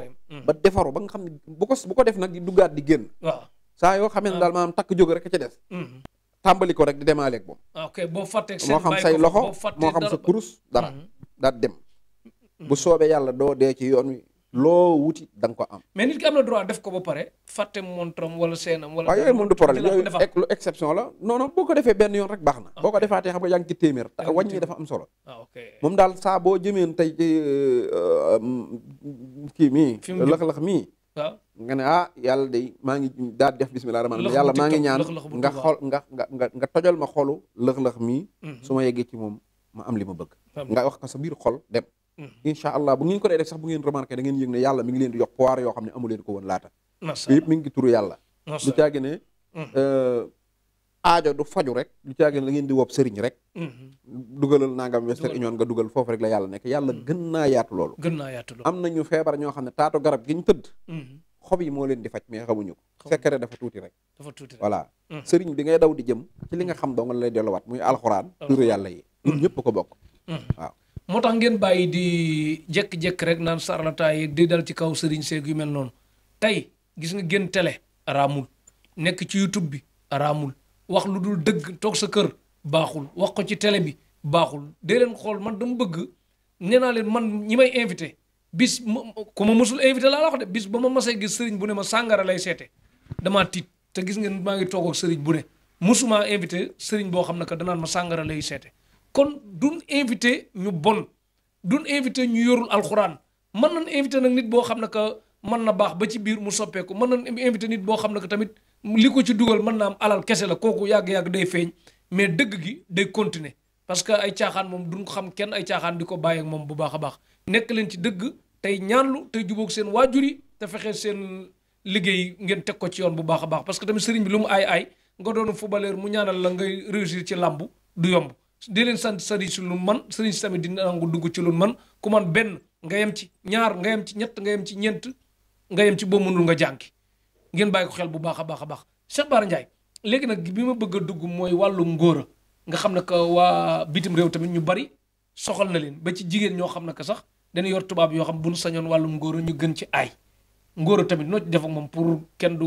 ba defaru ba nga xam ne bu ko bu ko def nag di duggaat di génn waaw saa yoo xamee ne daal maanaam takk jóg rek a ca des mm-hmm. tàmbali ko rek di demaaleeg ah, boobu moo xam say loxo moo xam sa kurus dara mm-hmm. daat dem mm-hmm. bu soobee yàlla doo dee ci yoon wi loo wuti da ko am. mais nit ki am na droit def ko ba pare. fàtte montram wala seenam. wala waaw ah, yooyu moom du problème yooyu lu exception la. non non boo ko defee benn yoon rek baax na. boo ko defaatee xam nga yaa ngi ci téeméer. Ah, moom daal saa boo jëmeen tey euh, euh, kii mii. fi lëx-lëx mii. Ah. nga ne ah yàlla day maa ngi daal def bismillah rahmaan yàlla maa ngi ñaan nga xool nga nga nga tojal ma xolu lëx-lëx mii. Mm-hmm. su yeggee ci moom ma am li ma bëgg. nga wax ko sa biir xol dem Mm-hmm. incha allah bu ngeen ko dee def sax bu ngeen remarqué da ngeen yëg ne yàlla mi ngi leen di jox pouvoir yoo xam ne amu ko woon laata yëpp mi ngi turu yàlla lu caagi ne mm-hmm. euh, aajo du faju rek lu caagi ne la ngeen di wob sëriñ rek mm-hmm. dugalal nangam Western Union nga dugal foofu rek la yàlla nekk yàlla gën naa yaatu loolu gën naa yaatu loolu am nañu feebar ñoo xam ne taatu garab gi ñu tëdd xob yi moo leen di faj mais xamuñu ko secret dafa tuuti rek dafa tuuti rek voilà sëriñ bi ngay daw di jëm ci li nga xam doo nga lay delluwaat muy alxuraan yàlla yi ko bokk moo tax ngeen bàyyi di jékki-jékki rek naan sarlataa yi di dal ci kaw sëriñ seeg yu mel noonu tey gis nga gën télé araamul nekk ci YouTube bi araamul wax lu dul dëgg toog sa kër baaxul wax ko ci télé bi baaxul dee xool man dama bëgg nee naa leen man ñi may invité bis ku ma mësul invité laa wax de bis ba ma masee gis sëriñ bu ne ma sàngara lay seete damaa tiit te gis ngeen maa ngi toog ak sëriñ bu ne mësumaa invité sëriñ boo xam ne que danaan ma sangara lay seete kon du invité ñu bon duñ invité ñu yorul alxuraan mën nañ invité nag nit boo xam ne que mën na baax ba ci biir mu soppeeku mën nañ invité nit boo xam ne que tamit li ko ci dugal mën na am alal kese la kooku yàgg-yàgg day feeñ mais dëgg gi day continuer parce que ay caaxaan moom duñ xam kenn ay caaxaan di ko bàyyi moom bu baax a baax nekk leen ci dëgg tey ñaanlu tey jubóog seen waajur yi te fexe seen liggéey ngeen teg ko ci yoon bu baax a baax parce que tamit sëriñ bi lu mu aay aay nga doon footballeur mu ñaanal la ngay réussir ci làmb du yomb di leen sant sëriñ si lu man sëriñ si tamit di nangu dugg ci lu man ku man benn nga yem ci ñaar nga yem ci ñett nga yem ci ñeent nga yem ci boo mënul nga jànki ngeen bàyyi ko xel bu baax a baax a baax Cheikh Bara Ndiaye léegi nag bi ma bëgg a dugg mooy wàllu ngóora nga xam ne que waa bitim réew tamit ñu bari soxal na leen ba ci jigéen ñoo xam ne que sax dañu yor tubaab yoo xam bu ñu sañoon wàllum ngóora ñu gën ci aay ngóora tamit noo ci def ak moom pour kenn du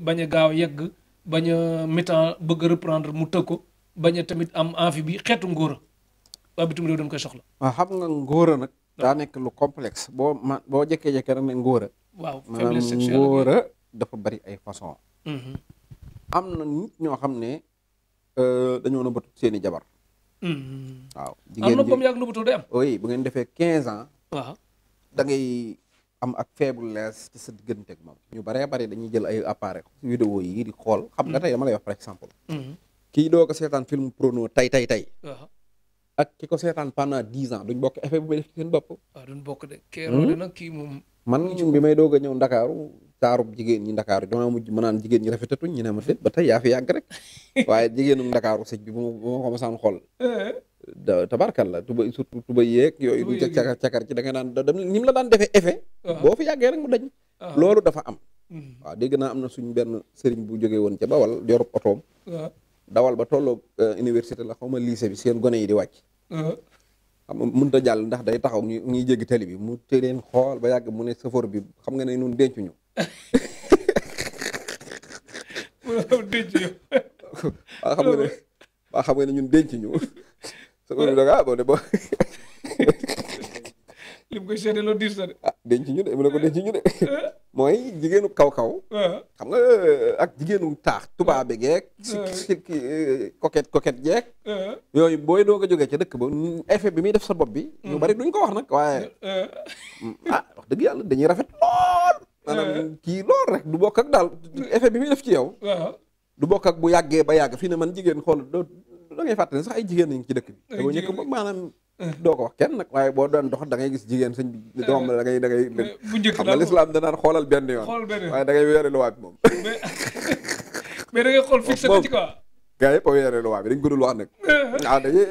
bañ a gaaw yegg bañ a bëgg reprendre mu tëg ko bañ tamit am envie bi xeetu ngóora waa bitim réew dañ koy soxla. waaw xam nga ngóora nag. daa nekk lu complexe boo ma boo jekkee jekkee rek ne ngóora. waaw faiblesse sexuelle dafa bari ay façon mm-hmm. am na nit ñoo xam ne euh, dañoo nëbbatu seen seeni jabar. Mm-hmm. waaw jigéen ñi am na comme yàgg nëbbatu am. oui bu ngeen defee 15 ans. waaw da ngay am ak faiblesse ci sa diggante ak moom. ñu bare bari dañuy jël ay appare vidéo yi di xool. xam nga mm-hmm. tey dama lay wax par exemple. kii doo ko seetaan film prono tey tey tey. Uh-huh. ak ki ko seetaan pendant dix ans duñ bokk effet bu may def ci seen bopp. waaw ah, duñ bokk de. keroog hmm? kii moom. man bi may doog a ñëw ndakaaru taarub jigéen ñi ndakaaru dama mujj ma naan jigéen ñi rafetatuñ ñu ne ma déet ba tey yaa fi yàgg rek *laughs* waaye jigéenu ndakaaru sëj bi bu ma ko mosaan xool eh? tabarkal la tuba surtout tuba yeeg yooyu du cakar cakar ci da nga naan da ni mu la daan defee effet uh-huh. boo fi yàggee rek mu dañ uh-huh. loolu dafa am mm-hmm. waaw dégg na am na suñ benn sëriñ bu jógee woon ca bawal yorub otoom dawal ba tollook euh, université la xaw ma liise bi seen gone yi di wàcc. Uh-huh. xam nga mënut a jàll ndax day taxaw ñu ñuy jéggi tali bi mu te leen xool ba yàgg mu ne safoor bi xam nga ne ñun denc ñu. *laughs* *laughs* waaw xam nga ne *laughs* waaw xam ñun denc ñu. safoor bi da ngaa boo ne ah, ba. li mu koy seetee loolu diis na de. ah denc ñu de mu ne ko denc ñu de. *laughs* Eh? mooy jigéenu kaw-kaw. Eh? xam nga ak jigéenu taax. tubaabe geek. si eh? si coquette coquette geek. yooyu booy doo ko jogee ca dëkk ba effet bi muy def sa bopp bi. ñu mm. bari duñ ko wax nag waaye. Mm, ah wax dëgg yàlla dañuy rafet lool. maanaam kii lool rek du bokk ak daal effet bi muy def ci yow. du bokk ak bu yàggee ba yàgg fii ne man jigéen xool doo da ngay sax ay jigéen lañ ci dëkk bi. ay jigéen maanaam. doo ko wax kenn nag waaye boo doon dox da ngay gis jigéen sëñ bi eh, doom ngay da ngay bu njëkk xam nga lislaam danaan xoolal benn yoon waaye dangay ngay weere luwaa bi moom *laughs* *laughs* xool fixé ci bi dañ ko dul wax nag eh, eh. ah dañuy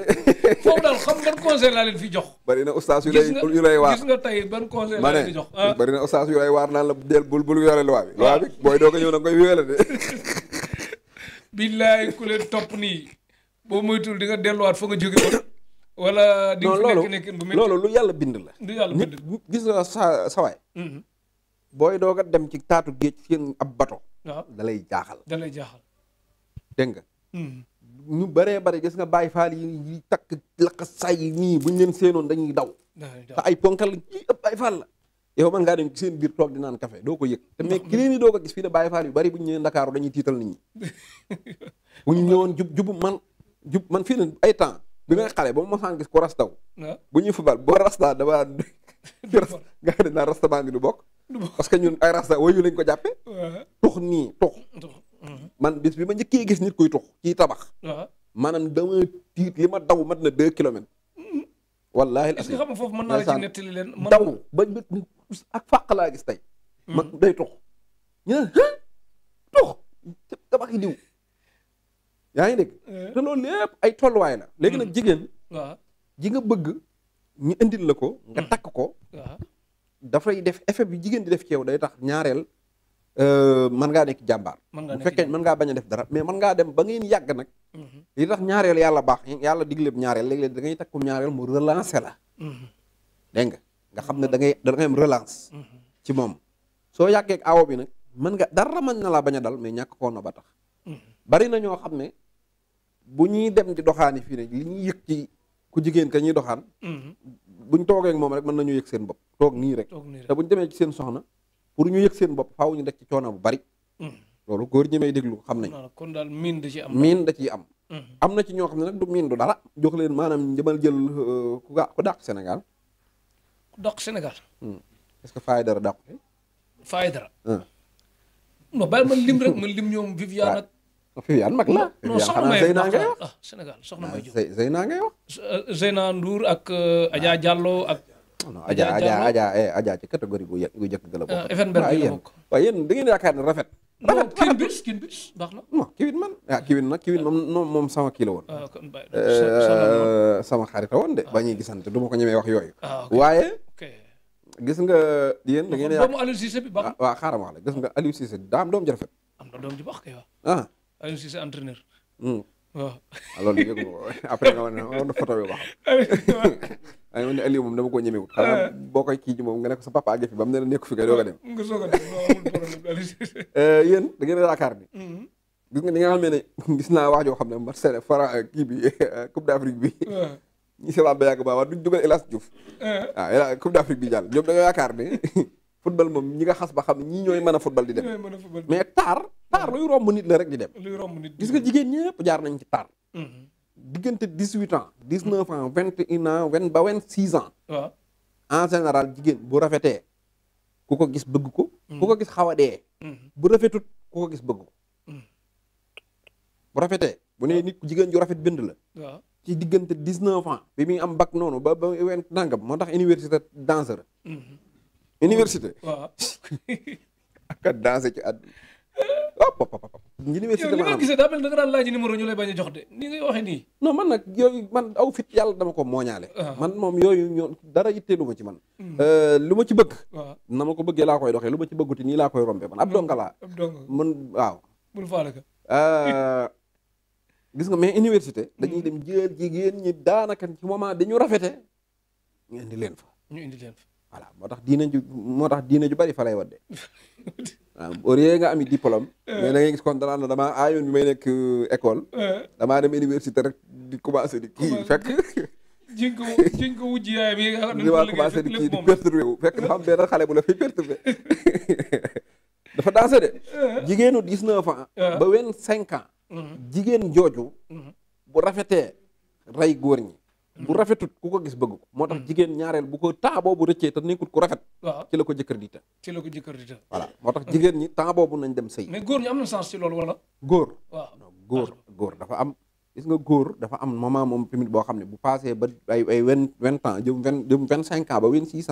jox bari na ustaas yu lay yu lay waar ban conseil laa leen fi jox bari na ustaas yu lay waar naan la del bul bul weere luwaa bi booy doo ko ñëw nag koy weere de *laughs* billaay ku leen topp nii boo moytul di nga delluwaat fa nga jóge woon wala di nekk nekkin loolu lu yàlla bind la. lu yàlla bind nit gis nga sa sawaay. Mm-hmm. booy doog a dem ci taatu géej seen ab bato. dalay jaaxal. dalay jaaxal. dégg nga. Mm-hmm. ñu bëree bëri gis nga bàyyi faal yi takk lakk say yi nii buñ leen seenoon dañuy daw. te ay ponkal yi ëpp bàyyi faal la. yow man ngaa dem seen biir toog di naan café doo ko yëg te mais ki doo ko gis fii ne Baye faal yu bari bu ñu ñëwee Ndakaaru dañuy tiital nit ñi *laughs* ñu ñëwoon jub jub man jub man fii ne ay temps bi ngay xale ba mu mosaan gis ku rastaw. Ah. bu ñuy fubal boo rastaa damaa. du bokk nga xam ne naa rasta baa ngi du bokk. parce que ñun ay rasta wayu lañ ko jàppee. Ah. tux nii tux. Mhm. man bis bi ma gis nit kuy tux ciy tabax. Ah. maanaam dama tiit li ma daw mat na deux kilomètres. Mm. wallaahi foofu mën naa la ci leen. daw ba ak fàq laa gis tey. Mm. man day tux ñu tux tabax diw. yaa ngi dégg eh. te loolu lépp ay tolluwaay la léegi nag mm. jigéen ji nga bëgg ñu indil la ko nga mm. takk ko dafay def effet bi jigéen di def ci yow day tax ñaareel euh, man ngaa nekk jàmbaar bu fekkee mën ngaa bañ a def dara mais mën ngaa dem ba ngeen yàgg nag mm-hmm. li tax ñaareel yàlla baax yàlla digleeb ñaareel léeg-léeg da ngay takkum ñaareel mu relancé mm-hmm. nga nga xam ne mm-hmm. da ngay relance ci moom soo yàggee ak awo bi nag mën nga dara mën na laa bañ a dal mais ñàkk koo na ba tax bari na ñoo xam ne bu ñuy dem di doxaani fii ne li ñuy yëg ci ku jigéen ka ñuy doxaan mm-hmm. buñ toogee ak moom rek mën nañu yëg seen bopp toog nii rek te buñ demee ci seen soxna pour ñu yëg seen bopp faaw ñu def ci coono bu bari mm-hmm. loolu góor ñi may déglu xam nañ kon daal miin da ci am miin da ciy am mm-hmm. am na ci ñoo xam ne nag du miin du dara jox leen maanaam njëmal jël euh, ku ga ku dàq Sénégal ku dàq Sénégal mm. est que faay dara dàqu faay dara non bàyyi ma lim rek ma Viviane mag la. non soxna may ah Sénégal soxna may Diop Zeyna ngay wax. Zeyna Ndour ak Adja Diallo ak. Adja Adja Adja Adja ci catégorie bu yë bu njëkk la bokk. Effenberg la bokk ngeen yaakaar ne rafet. non kiwin bis kiwin na. non man ah kiwin nag kiwin moom sama kii woon. sama xarit la woon de. ba ñuy gisante du ma ko ñemee wax yooyu. waaye. gis nga yéen da ngeen. doomu Aliou Cissé bi baax na ah, wax la gis nga Aliou Cissé daam doom ji rafet. am na doom ji Aliou Cissé entraîneur. waaw. alors li yëngu après nga woon na photo bi ba xam. Aliou ne Aliou moom dama ko ñemewut. xanaa boo koy kii moom nga ne ko sa papa àgg fi ba mu ne la nekk fi nga doog a dem. nga soog a dem non yaakaar ni. nga nga xam ne gis naa wax joo xam ne Marseille Fara kii bi Coupe d'Afrique bi. ñi seetaan ba ba wax duñ dugal El Hadj Diouf. waaw El bi nga yaakaar ne. football moom ñi nga xas ba xam ñi ñii ñooy mën a football di dem mais taar taar luy romb nit la rek di dem luy romb nit gis nga jigéen ñëpp jaar nañ ci taar mhm. diggante dix huit ans dix neuf ans vingt un ans vingt ba vingt six ans en général jigéen bu rafetee ku ko gis bëgg ko mhm. ku ko gis xaw a dee mhm. bu rafetut ku ko gis bëgg ko bu rafetee bu nee nit jigéen ju rafet bind la ci diggante dix neuf ans bi muy am bac noonu ba ba wen nangam moo tax université danseur université. *laughs* waaw *laughs* ak ci àdduna. université maanaam yow li ma gisee daa mel da nga daan laaj numéro ñu lay bañ a jox de ni ngay waxee nii. non man nag yooyu man aw fit yàlla dama ko mooñaale. Ah. man moom yooyu ñoo dara yitteelu ma ci man. Hmm. Euh, lu ma ci bëgg. na ma ko bëggee laa koy doxee lu ma ci bëgguti nii laa koy rombee man ab hmm. donga laa. ab man waaw. bul euh, *laughs* gis nga mais université. Hmm. dañuy dem jël jigéen ñi daanaka ci moment dañu rafete ñu indi leen ñu indi leen voilà moo tax diina ju moo tax diina ju bari fa lay wadde *laughs* waaw au lieu nga ami diplôme eh. mais da ngay gis dama danaa na may nekk euh, école eh. damaa dem université rek di commencé di kii fekk jiñ ko *laughs* jiñ ko wujj yaay bi nga commencé di kii di perturbé wu fekk dafa am la *laughs* dafa dansé de eh. jigéenu dix neuf ba wenn cinq mm-hmm. jigéen jooju mm-hmm. bu rafetee rey góor ñi bu rafetut ku ko gis bëgg ko moo tax mm. jigéen ñaareel bu ko temps boobu rëccee te nekkut ku rafet waaw ci la ko jëkkër di te ci la ko jëkkër di te voilà moo tax jigéen ñi temps boobu nañ dem sëy mais góor ñi am na sens ci góor waaw góor góor dafa am gis nga góor dafa am moment moom tamit boo xam ne bu passé ba ay ay vingt vingt ans vingt jëm vingt cinq ans ba vingt six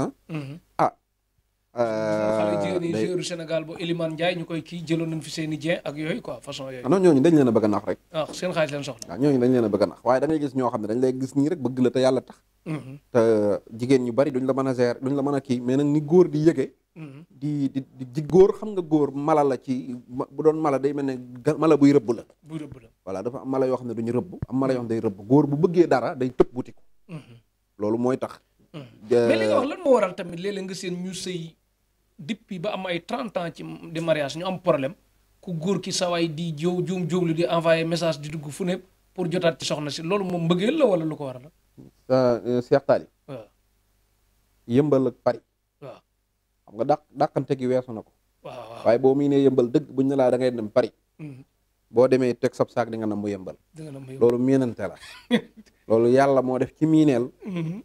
que ni joueur Sénégal bu Elimane Ndiaye ñu koy kii jëloon nañ fi seen i ak yooyu quoi façon yooyu. Ah non ñooñu dañ leen a bëgg a rek. Ah, seen xaalis leen soxla. waaw ah, ñooñu dañ leen a bëgg a nax waaye da gis ñoo xam ne dañ lay gis nii rek bëgg la te yàlla tax. Mm-hmm. te jigéen ñu bari duñ la mën a gérer duñ la mën a kii mais nag ni góor di yëgee. Mm-hmm. di di di góor xam nga góor mala la ci bu doon mala day mel ne mala buy rëbb la. buy rëbb la voilà dafa am mala yoo xam ne duñu rëbb am mala yoo xam ne depuis ba am ay 30 ans ci di ñu am problème ku góor ki sawaay di jow juum jóglu di envoyé message di dugg fu ne pour jotaat ci soxna si loolu moom mbëggeel la wala lu ko war la euh, euh, Cheikh Tali waaw yëmbal ak Paris waaw nga dàq dàqante gi weesu na ko waaw waaye boo muy yëmbal dëgg buñ ne laa da dem Paris mm-hmm. boo demee teg sab saak di nga nam mu yëmbal loolu miinante la *laughs* loolu yàlla moo def ci miineel mm-hmm.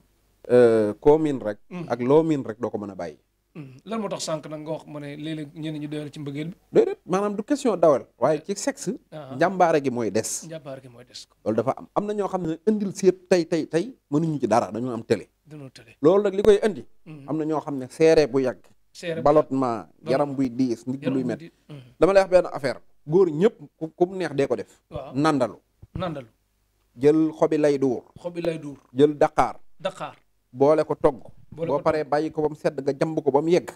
euh, koo miin rek mm-hmm. ak loo miin rek doo ko mën a bàyyi Hmm. lan moo tax sànq na nga wax ma ne léeg-léeg ñenn ñu doyal ci mbëggeel bi. déedéet maanaam du question dawal waaye ci sexe. Ah. njàmbaare gi mooy des. njàmbaare gi mooy des. loolu dafa am am na ñoo xam ne indil seet tey tey tey mënuñu ci dara dañoo am télé. dañoo télé loolu nag li koy indi. Hmm. am na ñoo xam ne seere bu yàgg. seere ballottement yaram buy diis ndigg luy métti. dama lay wax benn affaire góor ñëpp ku mu neex dee ko def. nandalu nandalu. jël xobi lay duur. xobi lay duur. jël daqaar. daqaar boole ko togg. boo paree bàyyi ko ba mu sedd nga jàmb ko ba mu yegg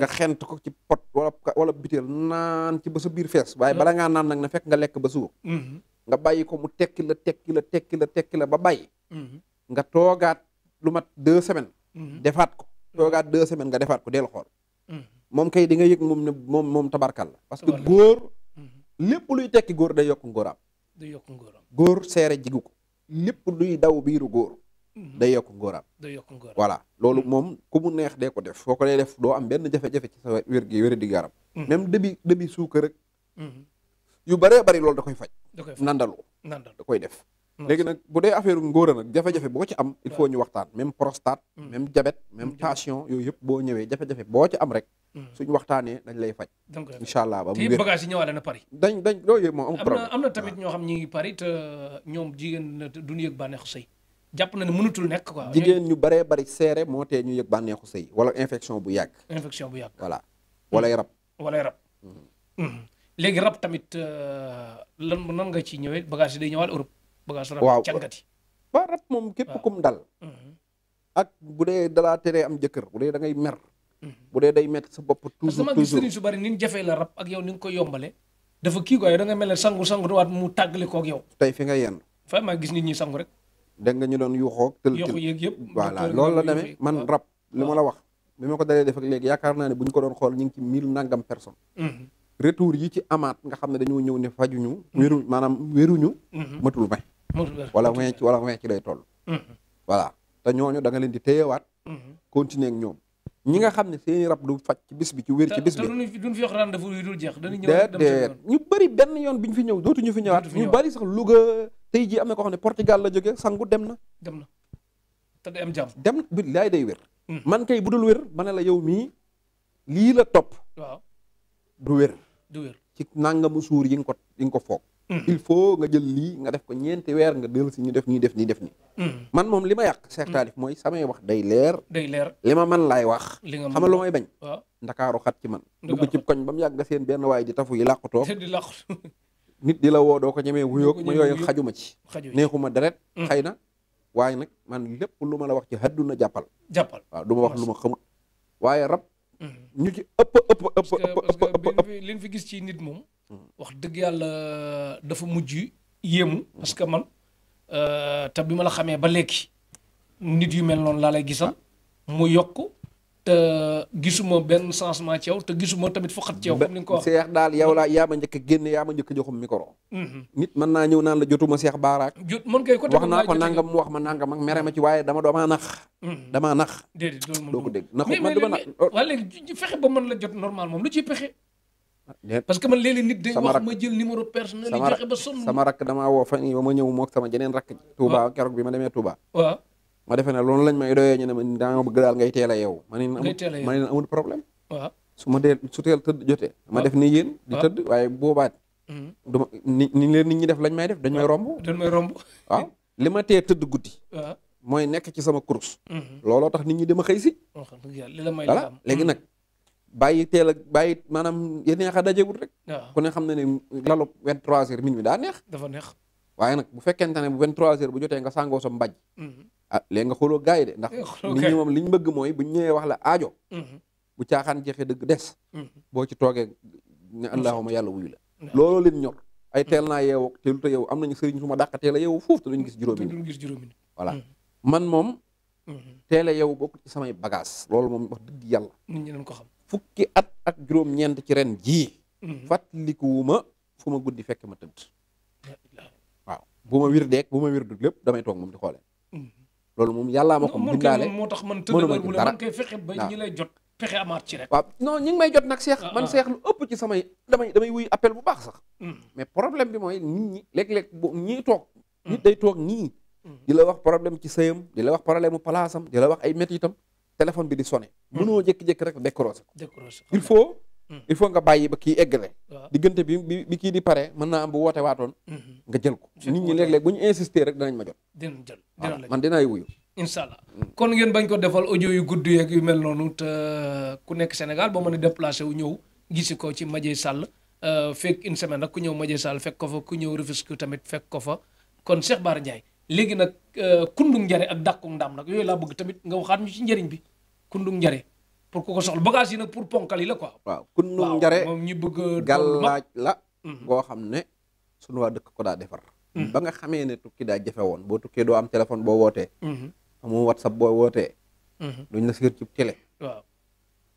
nga xent ko ci pot wala wala butéel naan ci ba sa biir fees waaye mm-hmm. bala ngaa naan nag na fekk nga lekk ba suur mm-hmm. nga bàyyi ko mu tekki la tekki la tekki la tekki la ba bàyyi mm-hmm. nga toogaat lu mat deux semaine defaat ko toogaat deux semaine nga defaat ko deel xool moom kay di nga yëg moom ne moom moom tabarkal la parce que góor lépp luy tekki góor day yokk ngóoraam day yokk ngóoraam góor seere jigu ko lépp luy daw biiru góor Mhm. day yokk ngóoraam. day yokk ngóoraam voilà loolu mhm. moom ku mu neex dee ko def foo ko lay def doo am benn jafe-jafe ci sa wér gi wér di yaram. Mhm. même dëbi dëbi suukar rek. yu bëree bari loolu da koy faj. da koy nandalu da koy def. léegi nag bu dee affaire ngóora nag jafe-jafe boo ci am il faut ñu waxtaan même prostate même diabète même tension yooyu yëpp boo ñëwee jafe-jafe boo ci am rek suñu waxtaanee dañ lay faj incha allah ba mu wér bagage yi na Paris dañ dañ loolu yëpp moom am problème na tamit ñoo xam ñi ngi Paris euh, ñoom jigéen duñu yëg bànneexu sëy jàpp na ne mënatul nekk quoi. jigéen ñu bare bari seere moo tee ñu yëg bànneexu sëy wala infection bu yàgg. infection bu yàgg voilà walay rab. Mm-hmm. walay rab. Mm-hmm. Mm-hmm. léegi rab tamit euh, lan nan nga ci ñëwee bagage yi day ñëwaat Europe. bagage rab waaw càngati. waaw rab moom képp kum dal. ak bu dee dalaa teree am jëkkër bu dee da ngay mer. bu dee day métti sa bopp toujours toujours sëriñ su bari ni ñu jafee la rab ak yow ni nga koy yombale dafa kii quoi da nga mel ne sangu sangu waat mu tàggale koog yow. tey fi nga yenn. fa gis nit ñi sangu rek. dégg nga ñu doon yuuxoog tël tël yëpp voilà loolu la demee man rab li ma la wax bi ma ko dalee de ak léegi yaakaar naa ne bu ñu ko doon xool ñu ngi ci mille nangam personne mm-hmm. retour yi nga xam ne dañoo ñëw ne fajuñu mm-hmm. wéru maanaam wéruñu mm-hmm. matul may wala vingt ci wala vingt ci lay toll voilà te da nga leen di téyewaat continuer ak ñoom ñi nga xam ne seeni rab du faj ci bis bi ci wér ci bis bi duñ fi wax rendez-vous ñu bëri benn yoon bi ñu fi ñëw dootuñu fi ñëwaat ñu bëri sax Louga tey jii am na ko xam ne Portugal la jógee sangu dem na. dem na te day am dem bi day wér. Hmm. man kay bu dul wér ma ne la yow mii lii la topp. waaw du wér. du wér ci nangamu suur yi nga ko yi ko foog. Hmm. il faut nga jël lii nga def ko ñeenti weer nga dellu si ñu def nii def nii def nii. Hmm. man moom li ma yàq. Cheikh Talif mooy samay wax day leer. day leer li ma man laay wax. li nga xamal lu may bañ. waaw ndakaaru xat ci man. dugg ci koñ ba mu yàgg seen benn waay di tafu yi làqutoo. *laughs* nit di la woo doo ko ñemee wuyoog ma yooyu xajuma ci neexuma deret mm. xëy na waaye nag man lépp lu ma la wax ci àdduna jàppal jàppal waaw du ma wax lu ma xamut waaye rab mm. ñu ci gis ci nit moom mm. wax dëgg yàlla dafa mujj yéemu parce que man euh, te bi ma xamee ba léegi nit yi mel noonu laa lay gisal ah. mu yokk te gisuma benn changement ci yow te gisuma tamit foqat ci yow. comme ni nga ko waxee seex daal yow laa yaa ma a génn yaa ma njëkk a joxum micro. Mm-hmm. nit mën naa ñëw naan la jotuma seex baaraak. wax ma nangam ak mere ma ci waaye dama damaa nax. Mm-hmm. damaa nax. déedéet loolu moom man oh. la jot normal moom lu ciy pexe. parce man léeg-léeg nit day wax ma jël numéro personnel yi fexe ba sonn. sama rakk damaa woo fan ma ñëw moog sama jeneen rakk. Touba keroog bi ma demee Touba. ma defe ne loolu lañ may doyee ñu ne ma danga bëgg daal ngay teel a yeewu ma ne ma ne amul problème waaw su ma dee su teel tëdd jotee ma def ni yéen di tëdd waaye boobaat mm-hmm. du ma ni ni leen nit ñi def lañ may def dañ romb dañ may romb waaw li ma tee tëdd guddi mooy nekk ci sama kurus mm-hmm. looloo tax nit ñi dama xëy si voilà léegi mm-hmm. nag bàyyi teel ak bàyyi maanaam yéen neex a dajewut rek ku ne xam ne ne lalu vingt trois heures min mi daa neex dafa neex waaye nag bu fekkente ne bu 23h bu jotee nga sàngoo sa mbaj. Mm-hmm. ah léegi nga xooloo gars yi de ndax. *laughs* nit ñi moom li ñu bëgg mooy bu ñu ñëwee wax la aajo. Mm-hmm. bu caaxaan jeexee dëgg des. Mm-hmm. boo ci toogee ne allahuma yàlla wuyu la. looloo leen ñor ay teel naa yeewu teelut yeewu am nañu sëriñ su ma dàqa teel a yeewu foofu te duñu gis juróomi. duñu man moom. teel a yeewu bokk samay bagage loolu moom wax dëgg yàlla. nit ñi dañ ko xam fukki at ak juróom-ñeent ci ren jii. fàttalikuwuma fu ma guddi fekk ma tëdd bu ma wir deeg bu ma wir dut lépp damay toog moom di xoolee loolu moom yàllaa ma ko bindaale moo tax man tëdd dara koy fexe ba ñi lay jot fexe amaat ci rek waaw non ñi ngi jot nag seex ah, man seex ah. lu ëpp ci samay damay damay wuy appel bu baax sax hmm. mais problème bi mooy nit ñi léeg-léeg bu ñii toog hmm. nit day toog nii hmm. di la wax problème ci sëyam di la wax problème mu palaasam di la wax ay métti itam téléphone bi di sonné mënoo jékki jekki rek décroché ko il Mm. il faut nga bàyyi ba kii eggale diggante bi bi bi kii di pare mën naa am bu wootee waatoon mm-hmm. nga jël ko nit ñi léeg-léeg bu ñu insister rek danañ ma jot dinañ jël dinañ la man dinaay wuyu incha allah mm. kon ngeen bañ ko defal audio yu gudd yeeg yu mel noonu te euh, ku nekk Sénégal ba mën ne déplacé wu ñëw gisi ko ci Madieye Sall euh, fekk une semaine rek ku ñëw Madieye Sall fekk ko fa ku ñëw Rufisque tamit fekk ko fa kon Cheikh Bara Ndiaye léegi nag euh, kundug njare ak dàqu ndam nag yooyu laa bëgg tamit nga waxaat ñu ci njëriñ bi kundug njare pour ku ko soxla bagage yi nag pour ponkal la kun nu njare moom la. Mhm. boo xam ne sun waa dëkk ko daa defar. Mhm. ba nga xamee ne tukki daa jafe woon boo tukkee doo am téléphone boo wootee. Mhm. amul whatsapp boo wootee. duñ la siir ci télé. waaw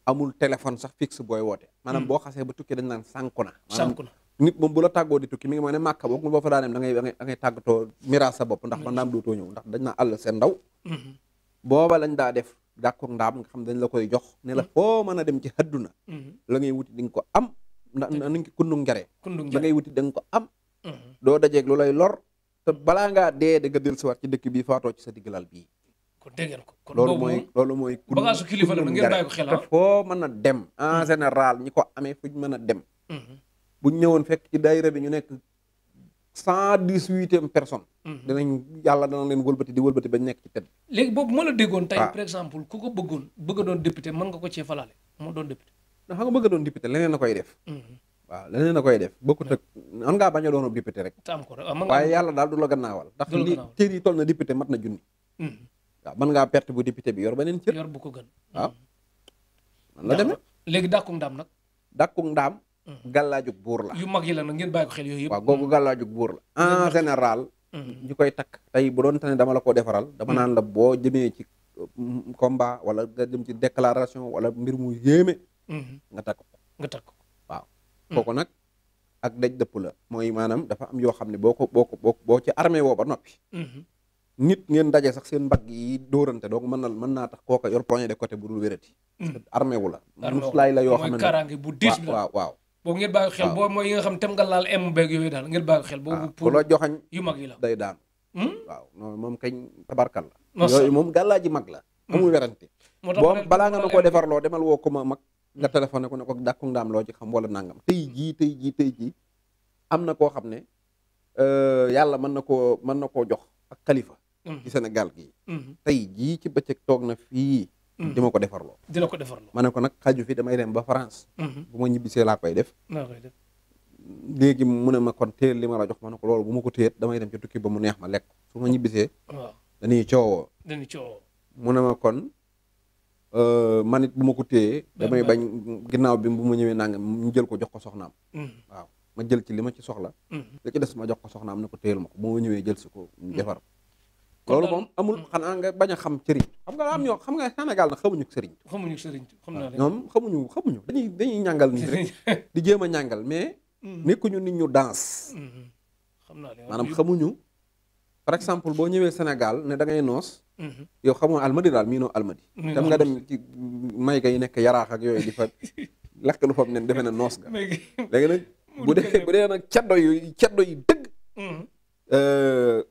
amul téléphone sax fixe booy woote. maanaam boo xasee ba tukki dañ naan sànku na. sànku na nit moom bu la tàggoo tukki mi ngi ma ne màkka boo ko boo fa daaneem da ngay da ngay tàggatoo miraas sa bopp ndax man daam dootoo ñëw ndax dañ naa àll seen ndaw. booba lañ daa def. d'accord ndaam nga xam dañ la koy jox ne la mm-hmm. foo mën a dem ci àdduna mm-hmm. la ngay wuti di nga ko am na nañ ko kundu njare la ngay wuti da ko am mm-hmm. doo dajeeg lu lay lor te balaa ngaa da nga dellusiwaat ci dëkk bii faatoo ci sa diggalal bii kon dëggal ko kon loolu mooy loolu mooy bagaasu kilifa la ngeen a ko xel te ah. foo mën a dem en général ñi ko amee fuñ mën a dem buñ fekk ci daayira bi ñu cent dix huitième personne. Mhm. danañ yàlla dana leen wëlbati di wëlbati bañ nekk ci tedd. léegi boobu moo la déggoon. tey ah. par exemple ku ko bëggoon bëgg doon député mën nga ko cee falaale moo doon député. ndax xam nga bëgg doon député leneen na koy def. Mhm. waaw leneen na koy def bokkut ak man ngaa bañ a doon député rek. waaye yàlla daal du la gannaawal. ndax li cër yi toll na député mat na junni. Mhm. waaw mën ngaa perte bu député bi yor beneen cër. yor bu ko gën. waaw man la demee léegi dàkku ndaam nag. dàkku ndaam gàllaajug buur la. yu mag yi la nag ngeen bàyyi ko xel yooyu waaw googu gàllaajug buur la en général. Mm-hmm. ñu koy takk tey bu doon tane dama la ko defaral. dama mm-hmm. naan la boo jëmee ci mm-hmm, combat wala nga ci déclaration wala mbir mu yéeme. nga takk ko nga takk ko waaw. kooku nag ak daj da la mooy maanaam dafa am yoo xam ne boo ko boo ko boo ci armé woo ba noppi. nit ngeen daje sax seen mbagg yi dóorante donc mën na mën naa tax kooka yor poignet de côté bu dul wérati. armé wu la. armé wu la waaw. boobu ngeen bàyyi xel ah. boobu mooy yi nga xam tem nga laal m beeg yooyu daal ngeen bàyyi xel boobu ah, pour la joxañ yu mag day daan hmm? waaw noonu moom kañ tabarkal la yooyu moom gàllaa ji mag la hmm. amul werante boo balaa nga na koo defar loo demal woo ko ma mag hmm. nga téléphoné ko ne ko dàkku ndaam loo ci xam wala nangam tey jii tey jii te jii am na koo xam ne euh, yàlla man na koo mën na koo jox ak xalifa ci Sénégal gii tey jii ci bëccëg toog na fii Mm. di ma ko defarloo. di la ko defarloo ma ne ko nag xaju fi damay dem ba France. Mm-hmm. bu ma ñibbisee laa koy def. laa koy léegi mu ne ma kon téel li ma la jox ma ne ko loolu bu ma ko téyet damay dem ci tukki ba mu neex ma lekk su ma ñibbisee. waaw dañuy coowoo. dañuy coowoo mu ne ma kon. Uh, bu ma ko téyee damay bañ ginnaaw bi bu ma ñëwee nanga mu jël ko jox ko soxnaam mm-hmm. waaw ma jël ci li ma ci soxla mm-hmm. li ci des ma jox ko soxnaam na ko téyel ma ko bu ñëwee jël si ko defar loolu moom amul hmm. xanaa nga bañ a xam sëriñ xam nga am yoo xam nga Sénégal na xamuñu sëriñ xamuñu sëriñ xam naa ñoom xamuñu xamuñu dañuy dañuy ñàngal nit *laughs* di jéem a ñàngal mais hmm. nekkuñu nit ñu danse hmm. xam naa maanaam xamuñu par exemple boo ñëwee senegal ne dangay ngay noos yow xamoo almadi daal miinoo almadi tam *laughs* nga dem may ga yi nekk yaraax ak yooyu di fa *laughs* lakk lu fam nen defe ne noos nga léegi nag bu dee bu dee nag caddo yu caddo yi dëgg euh,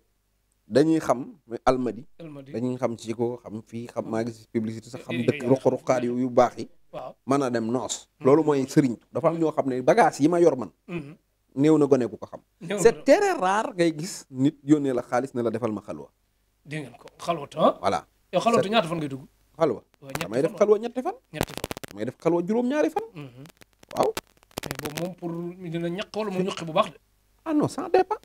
dañuy xam almadi. dañuy xam ci ko xam fii xam ah. maa ngi gis publicité sax xam dëkk ruq-ruqaat yu yu baax yi. waaw mën a dem noos. Hmm. loolu mooy sëriñ dafa am ñoo xam ne bagaas yi ma yor man. Hmm. néew na gone ku ko xam. c'est très rare ngay gis nit yónnee la xaalis ne la defal ma xalwa. dégg ngeen ko xalwata. voilà yow xalwata ñaata fan ngay dugg. xalwa damay def xalwa ñetti fan. ñetti fan def xalwa juróom-ñaari fan. Hmm. waaw. moom pour dina ñaq wala mu ñuqi bu baax de. ah non ça dépend.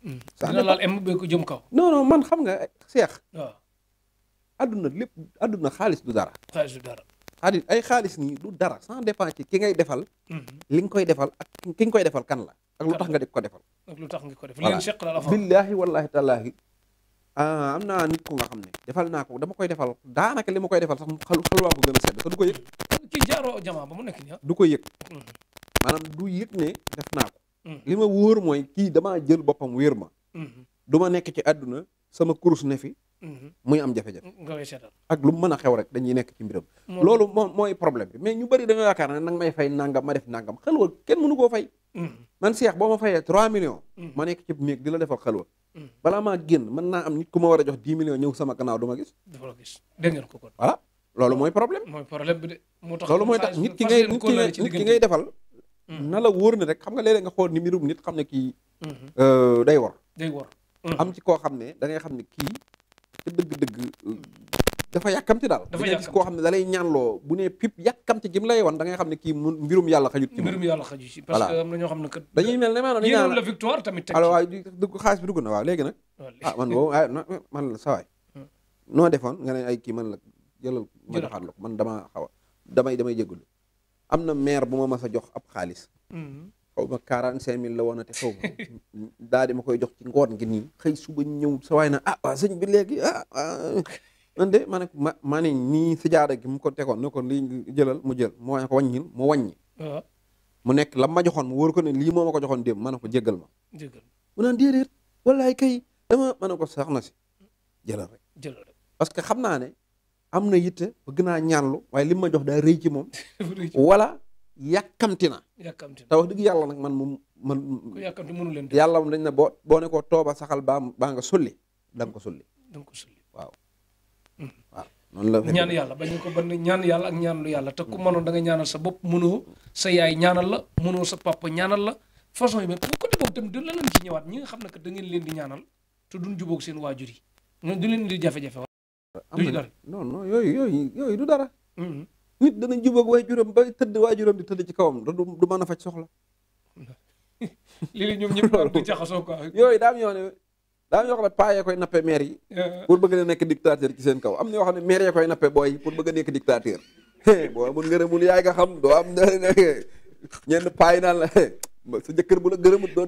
dina laal M bi ko jëm kaw. non man xam nga seex. waaw adduna lépp adduna xaalis du dara. xaalis du dara. xaalis ay xaalis ni du dara sans dépend ci ngay defal. Mhm. li nga koy defal ak ki koy defal kan la. ak lu tax nga di ko defal. ak lu tax nga ko defal la la fa. billaahi wallaahi tallaahi ah, am naa nit ku xam ne. defal naa ko dama koy defal daanaka li ma koy defal sax xalu xalu waa ko a sedd te du ko yëg. ci jaaroo ba mu nekk nii ah. du ko yëg. Mhm. maanaam du yëg ne def naa ko. li ma wóor mooy kii damaa jël boppam wéer ma mhm. du ma nekk ci àdduna sama kurus ne fi mhm. muy am jafe-jafe ak lu mu a xew rek dañuy nekk ci mbiram loolu moom mooy problème bi mais ñu bëri dañoo yaakaar ne nag may fay nangam ma def nangam xalwa kenn mënu koo fay mhm. man seex boo ma fayee 3 millions ma nekk ci néeg di la defal jox 10 sama gannaaw du ma mooy problème mooy bi de moo tax loolu mooy tax nit ki ngay nit ki ngay defal na woor wóor ne rek xam nga léeg nga xool ni mbirum nit xam ne kii. Mhm. Euh, day war. day war mhm. am ci koo xam ne da xam ne kii te dëgg-dëgg. Euh, dafa yàkkamti daal dafa koo xam ne da lay ñaanloo bu nee pip yàkkamti jim lay wan da ngay xam ne kii mun mbirum yàlla xajut ci mbirum yàlla xajut ci parce na ñoo xam ne kat dañuy mel ne maanaam yéen la victoire tamit teg alors waaw bi dugg na waaw léegi nag ah man boobu ah, man la sawaay hmm. noo defoon nga ne ay kii man la jëlal ma joxaat la man dama a damay damay jégalu am na maire bu ma mas a jox ab xaalis mm-hmm. xaw ma quarante mille la woon a te xaw ma daal di ma koy jox ci ngoon gi nii xëy suba ñëw sa waay na ah waa bi léegi ah, a *laughs* man de ma ne ma maa ne gi mu ko tegoon na ko lii jëlal mu jël mo wañ mo wàññil ah. mu nekk la ma joxoon mu wóor ko ne lii moo ma ko joxoon démb ma ne ko jéggal ma mu naan déedéet wallaay kay dama ma ne na si jëlal rek parce que xam naa ne am na yitte bëgg naa lu waaye li ma jox daa rëy ci moom *laughs* wala yàkkamti na te wax dëgg yàlla nag man moom man yàlla moom dañ na boo boo ne ko tooba saxal baa baa nga sulli da nga ko sulli waaw hmm. waaw noon la ñaan yàlla bañ ko ban ñaan yàlla ak ñaanlu yàlla te ku hmm. mënoon nga ñaanal sa bopp mënoo sa yaay ñaanal la mënoo sa papa ñaanal la façon yi mais pour côté boobu tamit du la ci ñëwaat ñi nga xam ne que da ngeen leen di ñaanal te duñ jubóog seen waajur yi ñoom du leen di jafe-jafe du dara non non yooyu yooyu yooyu du dara. Mm-hmm. nit dana jubóog waajuram ba tëdd waa waajuram di tëdd ci kawam du du mën a faj soxla. léegi *laughs* ñoom ñëpp daal di jaxasoo quoi. *laughs* yooyu daa am ñoo ne daa koy nappe maire yi. pour a nekk dictateur ci seen kaw am na yoo xam ne maire yee koy nappe booy yi pour bëgg a nekk dictateur. *laughs* boo amul ngërëmul yaay nga xam doo am ñenn paa yi naan la sa jëkkër bu la gërëmut doo.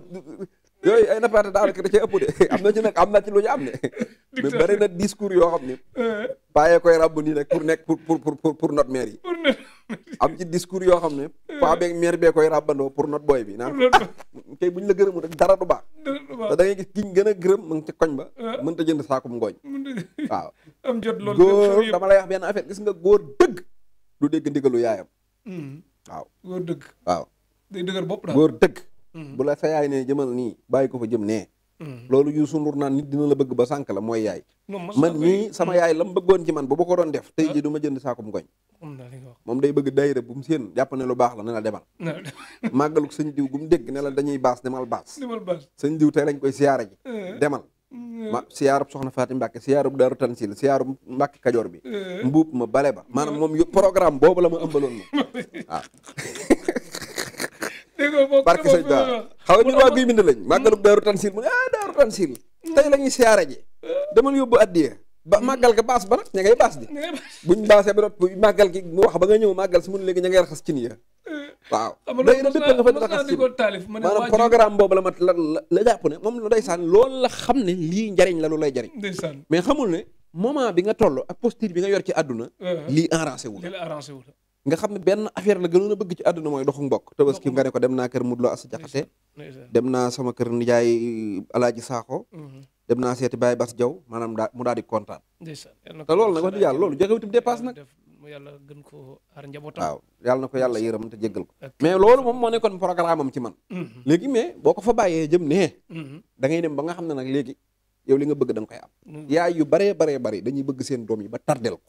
yooyu ay nappate daanaka da cee ëpp de *laughs* am na ci nag na ci lu ñu am ne mais bari na discours yoo xam ne eh. paayee koy ràbb nii rek pour nekk pour pour pour pour not maire yi am ci discours yoo xam ne eh. paa beeg maire bee koy ràbbandoo pour not booy bi naan kay bu ñu la gërëmu rek dara du baax te da ngay gis kiñ gën a gërëm mu ngi ci koñ ba eh. mën ta jënd saakum ngooñ *laughs* *laughs* waaw am jot loolu góor dama lay wax benn affaire gis nga góor dëgg du dégg ndigalu yaayam hmm. waaw góor dëgg waaw day dëgër bopp góor dëgg Mm-hmm. bu la sa yaay ne jëmal nii bàyyi ko fa jëm nee mm-hmm. loolu Youssou Ndour naan nit dina la bëgg ba sànk la mooy yaay man mii sama mm-hmm. yaay la mu bëggoon ci man ba ba ko doon def te ah. ji du ma jënd saakum goñ moom day bëgg dayira bu mu séen jàpp ne lu baax la ne demal *laughs* màggaluk sëñ diw gu mu dégg la dañuy baas demal baas sëñ diw tey lañ koy siyaara ji eh. demal ma siyaarub soxna Faati Mbàkke siyaarub Daaru Tansil siyaarub Mbàkke Kajoor bi eh. mbuub ma bale ba maanaam moom programme boobu la ma *laughs* *laughs* barke sëñ Tuubaa xaw nga ñun waa guy mbind lañ hmm. màggalu daaru tansil mu ne ah daaru tansil tey la siyaare ji demal yóbbu addiya ba hmm. màggal ga baas ba nag ña ngay baas di *laughs* buñ baasee ba gi mu wax ba nga ñëw màggal si mun léegi ña ngay raxas cin ya eh. waaw day na dëpp nga fa di raxas cin maanaam programme boobu la mat la jàpp ne moom lu ndeysaan loolu la xam ne lii njariñ la lu lay jariñ mais xamul ne moment bi nga toll ak posture bi nga yor ci àdduna eh. lii arrangé wu la nga xam ne benn affaire la gënoon a bëgg ci àdduna mooy doxu mbokk tabaski nga ne ko dem naa kër Modou Lo Assa Jaxate dem naa sama kër nijaay euh, Alaaji Saaxo mhm. dem naa seeti Baye Bass Jaw maanaam daa mu daal di kontaan te loolu nag wax dëgg yàlla loolu joxewitam dépasse nag yàlla gën ko aar njabootam waaw yàlla moo nekkoon programme am ci man mhm. léegi mais boo ko fa bàyyee jëm nee mhm. da ngay dem ba nga xam ne nag léegi yow li nga bëgg da nga koy am yaay yu baree baree bari dañuy bëgg seen doom yi ba tardel ko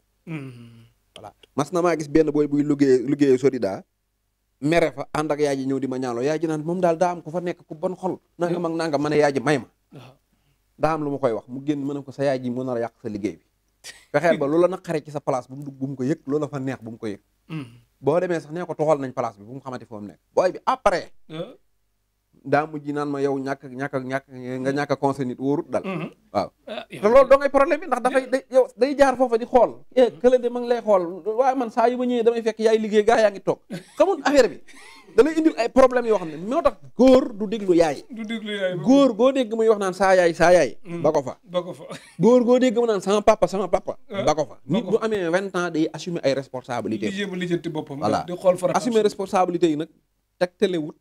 voilà mas na maa gis benn booy buy liggéey liggéey mere fa ànd ak yaay ji ñëw di ma ñaanloo yaay ji naan moom daal daa am ku fa nekk ku bon xol nangam ak nangam ma ne may ma daa am lu ma koy wax mu génn mën a ko sa yaay ji mën a yàq sa liggéey bi fexeel ba loola naqare ci sa place bu mu dugg bu mu ko yëg loola fa neex bu mu ko yëg mm. boo demee sax nee ko toxal nañ place bi bu mu xamante foo nekk booy bi après ah. daa mujj naan ma yow ñàkk ñàkk ñàkk nga ñàkk a conseil nit wóorut dal mhm. waaw ah, te loolu doo ngay bi ndax dafay day yow jaar foofa di xool e kële ma ngi lay xool waaye man saa yu ma ñëwee damay fekk yaay liggéey gaa yaa ngi toog xamul affaire bi da lay ay problème yoo xam ne moo tax góor du déglu yaay du déglu yaay góor goo dégg muy wax naan saa yaay saa yaay mhm. ba ko fa ba ko fa *laughs* góor goo dégg mu naan sama papa sama papa ah, ba ko fa nit bu amee vingt ans day assumer ay responsabilité voilà assumer responsabilité yi nag tegtalewut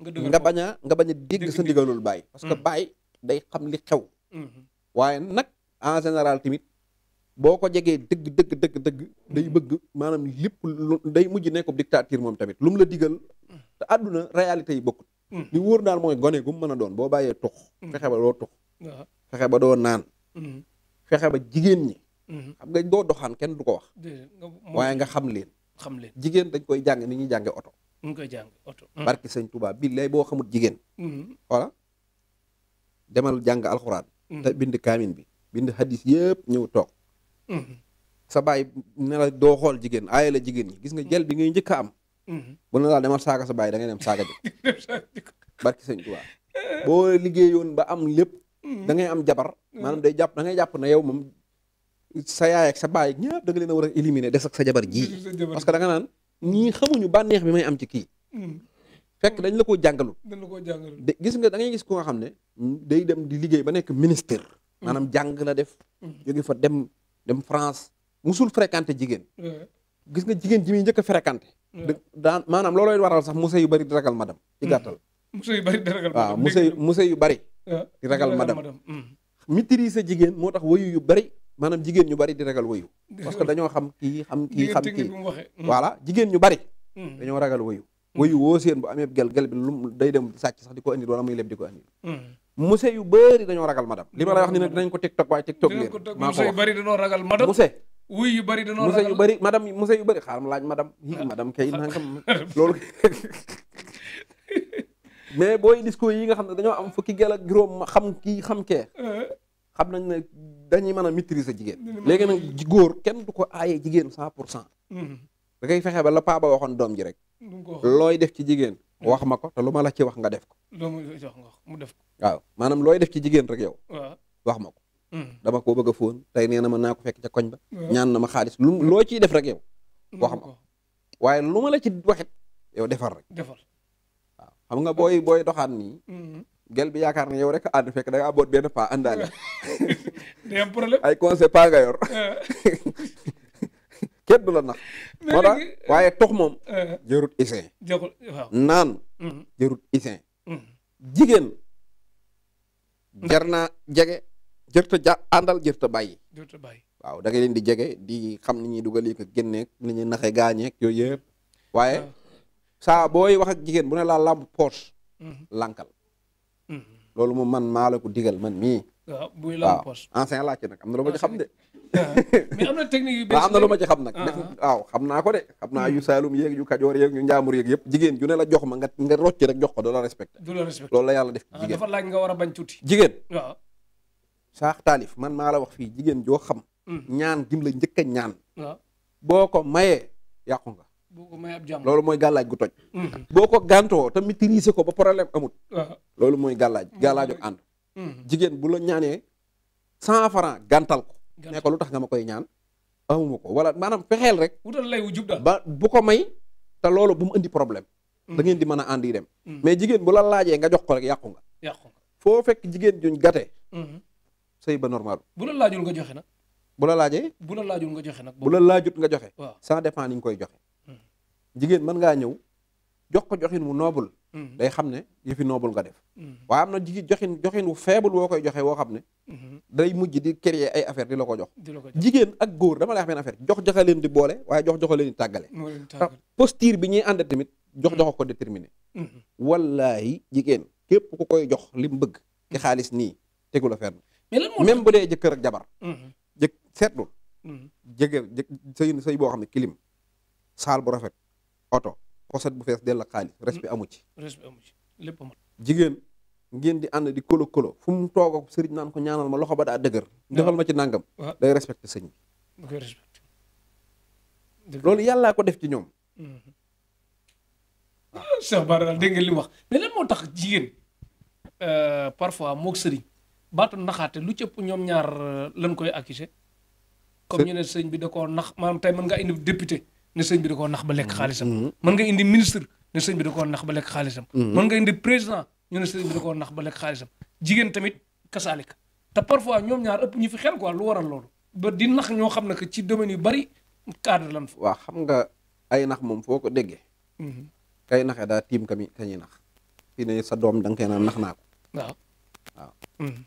nga bañ a nga bañ a sa ndigalul baay parce que mm. baay day xam li xew mm-hmm. waaye nag en général tamit boo ko jegee dëgg dëgg dëgg dëgg day mm-hmm. bëgg maanaam lépp lu day mujj nekkob dictature moom tamit lu mu la digal mm. te àdduna réalité yi bokkut mm. li wóor daal mooy gone gu mu mën a doon boo bàyyee tux fexe ba doo tux fexe ba doo naan mm-hmm. fexe ba jigéen ñi xam nga doo doxaan kenn du ko wax waaye nga xam leen xam leen jigéen dañ koy jàng ni ñuy jànge oto mu koy jàng oto. Mm. barki sañ tubaa bii lay boo xamut jigéen. Mm. voilà demal jàng alxuraan. Mm. te bind kaamin bi bind hadis yëpp ñëw toog. sa baay ne doo xool jigéen aaye la jigéen ñi gis nga jël bi ngay njëkk a am. bu ne laa demal saaga sa baay da ngay dem saaga ji. *laughs* barki sëñ Touba boo liggéeyoon ba am lépp. da ngay am jabar maanaam day jàpp da ngay jàpp na yow moom sa yaay ak sa baay ñëpp da nga leen a war a éliminer des sa jabar ji parce que nga naan. ñii xamuñu bànneex bi may am ci kii. Hmm. fekk dañ la koo jàngalul. dañ la koo jàngalul de gis nga da ngay gis koo nga xam ne. day dem di liggéey ba nekk ministre. Hmm. maanaam jàng la def. Hmm. jóge fa dem dem France. musul fréquenté jigéen. gis nga jigéen ji muy njëkk a fréquenté. daan maanaam loolooy waral sax musée yu bari di ragal madam ci gàttal. *laughs* musée yu bari di ragal madam waaw musée yu bari. di ragal madam maîtriser jigéen moo tax wayu yu bari. maanaam jigéen ñu bari di ragal wayu parce que dañoo xam kii xam kii xam kii hmm. voilà jigéen ñu bari hmm. dañoo ragal wayu hmm. wayu woo seen bu amee gel gel bi lu day dem sàcc sax di ko andil wala muy leb di ko andil muse yu bëri madam li ma lay wax ni ko tiktok waaye tiktok leen muse yu bëri dañoo ragal madam muse laaj madam yi ah. madam kay *laughs* *laughs* mais booy discours yi nga xam ne dañoo am fukki gel ak juróom xam kii xam kee eh. xam nañ dañuy mën a maîtriser jigéen léegi nag góor kenn du ko aaye jigéen cent pour cent mm-hmm. da fexe ba la paa ba waxoon doom ji rek looy def ci jigéen mm-hmm. wax ma ko te lu ma la ci wax nga def ko mu def ko waaw maanaam looy def ci jigéen rek yow wax ma ko mm-hmm. dama ko bëgg a fóon tey nee na ma naa fek fekk ca koñ ba ñaan na ma xaalis lu loo ciy def rek yow wax ma ko waaye lu ma la ci waxit yow defar rek defar xam nga booy booy doxaan ni gel bi yaakaar na yow rek ànd fekk da ngaa boot benn paa àndaale. *laughs* day am ay conseil paa nga yor. *laughs* Ah. *laughs* kenn nax. moo euh, waaye tox moom. jërut isin. jërut waaw naan. Mm-hmm. jërut isin. Mm-hmm. jigéen. jar jege. jërta ja àndal jërta bàyyi. jërta bàyyi waaw da leen di jege di xam ni ñuy dugalee ko génneeg ni ñuy naxee gaañeeg yooyu waaye ah. saabooy booy wax jigéen bu ne laa làmp poche. Mm-hmm. lànkal. loolu moom man maa la ko digal man mii. waaw buy lamb poche waaw laa ci nag am na lu ma ci xam de. *laughs* mais am na technique lu ma ci xam nag. Ah, def ah. xam naa ko de. xam naa yu Saalum yeeg yu Kajoor yeeg yu Njaamur yeeg yëpp jigéen ju ne la jox ma nga nga rocc rek jox ko du la respecté. du la respecté loolu la yàlla def. Ah, jigéen a bañ jigéen waaw. saax taalif man maa la wax fii jigéen joo xam. Mm. ñaan gim la njëkk ñaan. boo ko mayee yàqu nga. loolu mooy gàllaaj gu toj mm-hmm. boo ko gàntoo te maîtriser ko ba problème amut ah. loolu mooy gàllaaj mm-hmm. gàllaaju ànd mm-hmm. jigéen bu la ñaanee cent franc gàntal ko ne ko lu tax nga ma koy ñaan amuma ko wala maanaam fexeel rek wutal lay wu jub daal ba bu ko may te loolu bu mu indi problème da ngeen di mën a ànd yi dem mais jigéen bu la laajee nga jox ko rek yàqu nga yàqu foo fekk jigéen juñ gate sëy ba normal bu la laajul nga joxe nag bu la laajee bu la laajul nga joxe nag bu la laajut nga joxe ça dépend ni ñu koy joxe jigéen man ngaa ñëw jox ko joxin wu noobul mm-hmm. day xam ne yëfi noobul nga def mm-hmm. waaye am na jigéen joxin joxin wu faible woo koy joxe woo xam ne mm-hmm. day mujj di créer ay affaire di la ko jox jigéen ak góor dama lay xam ne affaire jox joxe leen di boole waaye jox joxe leen di tàggale ndax ah, posture bi ñuy ànd tamit jox jox ko déterminé wallaahi jigéen képp ku koy jox li mu bëgg xaalis nii tegu la fenn même bu dee jëkkër ak jabar jëkk seetlul jëkkër jëkk sëy sëy boo xam ne kilim saal bu rafet oto poset bu fees della ak xaalis respect amu ci. amu ci lépp amu jigéen ngeen di ànd di kolo kolo fu mu toog sëriñ naan ko ñaanal ma loxo ba daa dëgër. defal ma ci nàngam. day respecté sëñ bi. da koy respecté. loolu yàllaa ko def ci ñoom. waaw mm-hmm. ah, Cheikh daal dégg nga li wax mais moo tax jigéen euh, parfois moog sëriñ baatu naxaate lu cëpp ñoom ñaar euh, lan koy accusé. comme ñu ne sëñ bi da koo nax maanaam mën nga indi député. ne sëñ bi da ko nax ba lekk xaalisam. mën nga indi ministre sëñ bi da koo nax ba lekk xaalisam. Mm-hmm. Mm-hmm. Mm-hmm. mën nga indi président ñu ne sëñ bi da koo nax ba lekk xaalisam. jigéen tamit kasaalika te parfois ñoom ñaar ëpp ñu fi xel quoi lu waral loolu. ba di nax ñoo xam na que ci domaine yu bari cadre lan fa. waaw xam nga ay nax moom foo ko déggee. kay naxee daa tiim kami kañuy nax. fii ne sa doom danga nga koy naan nax naa ko. waaw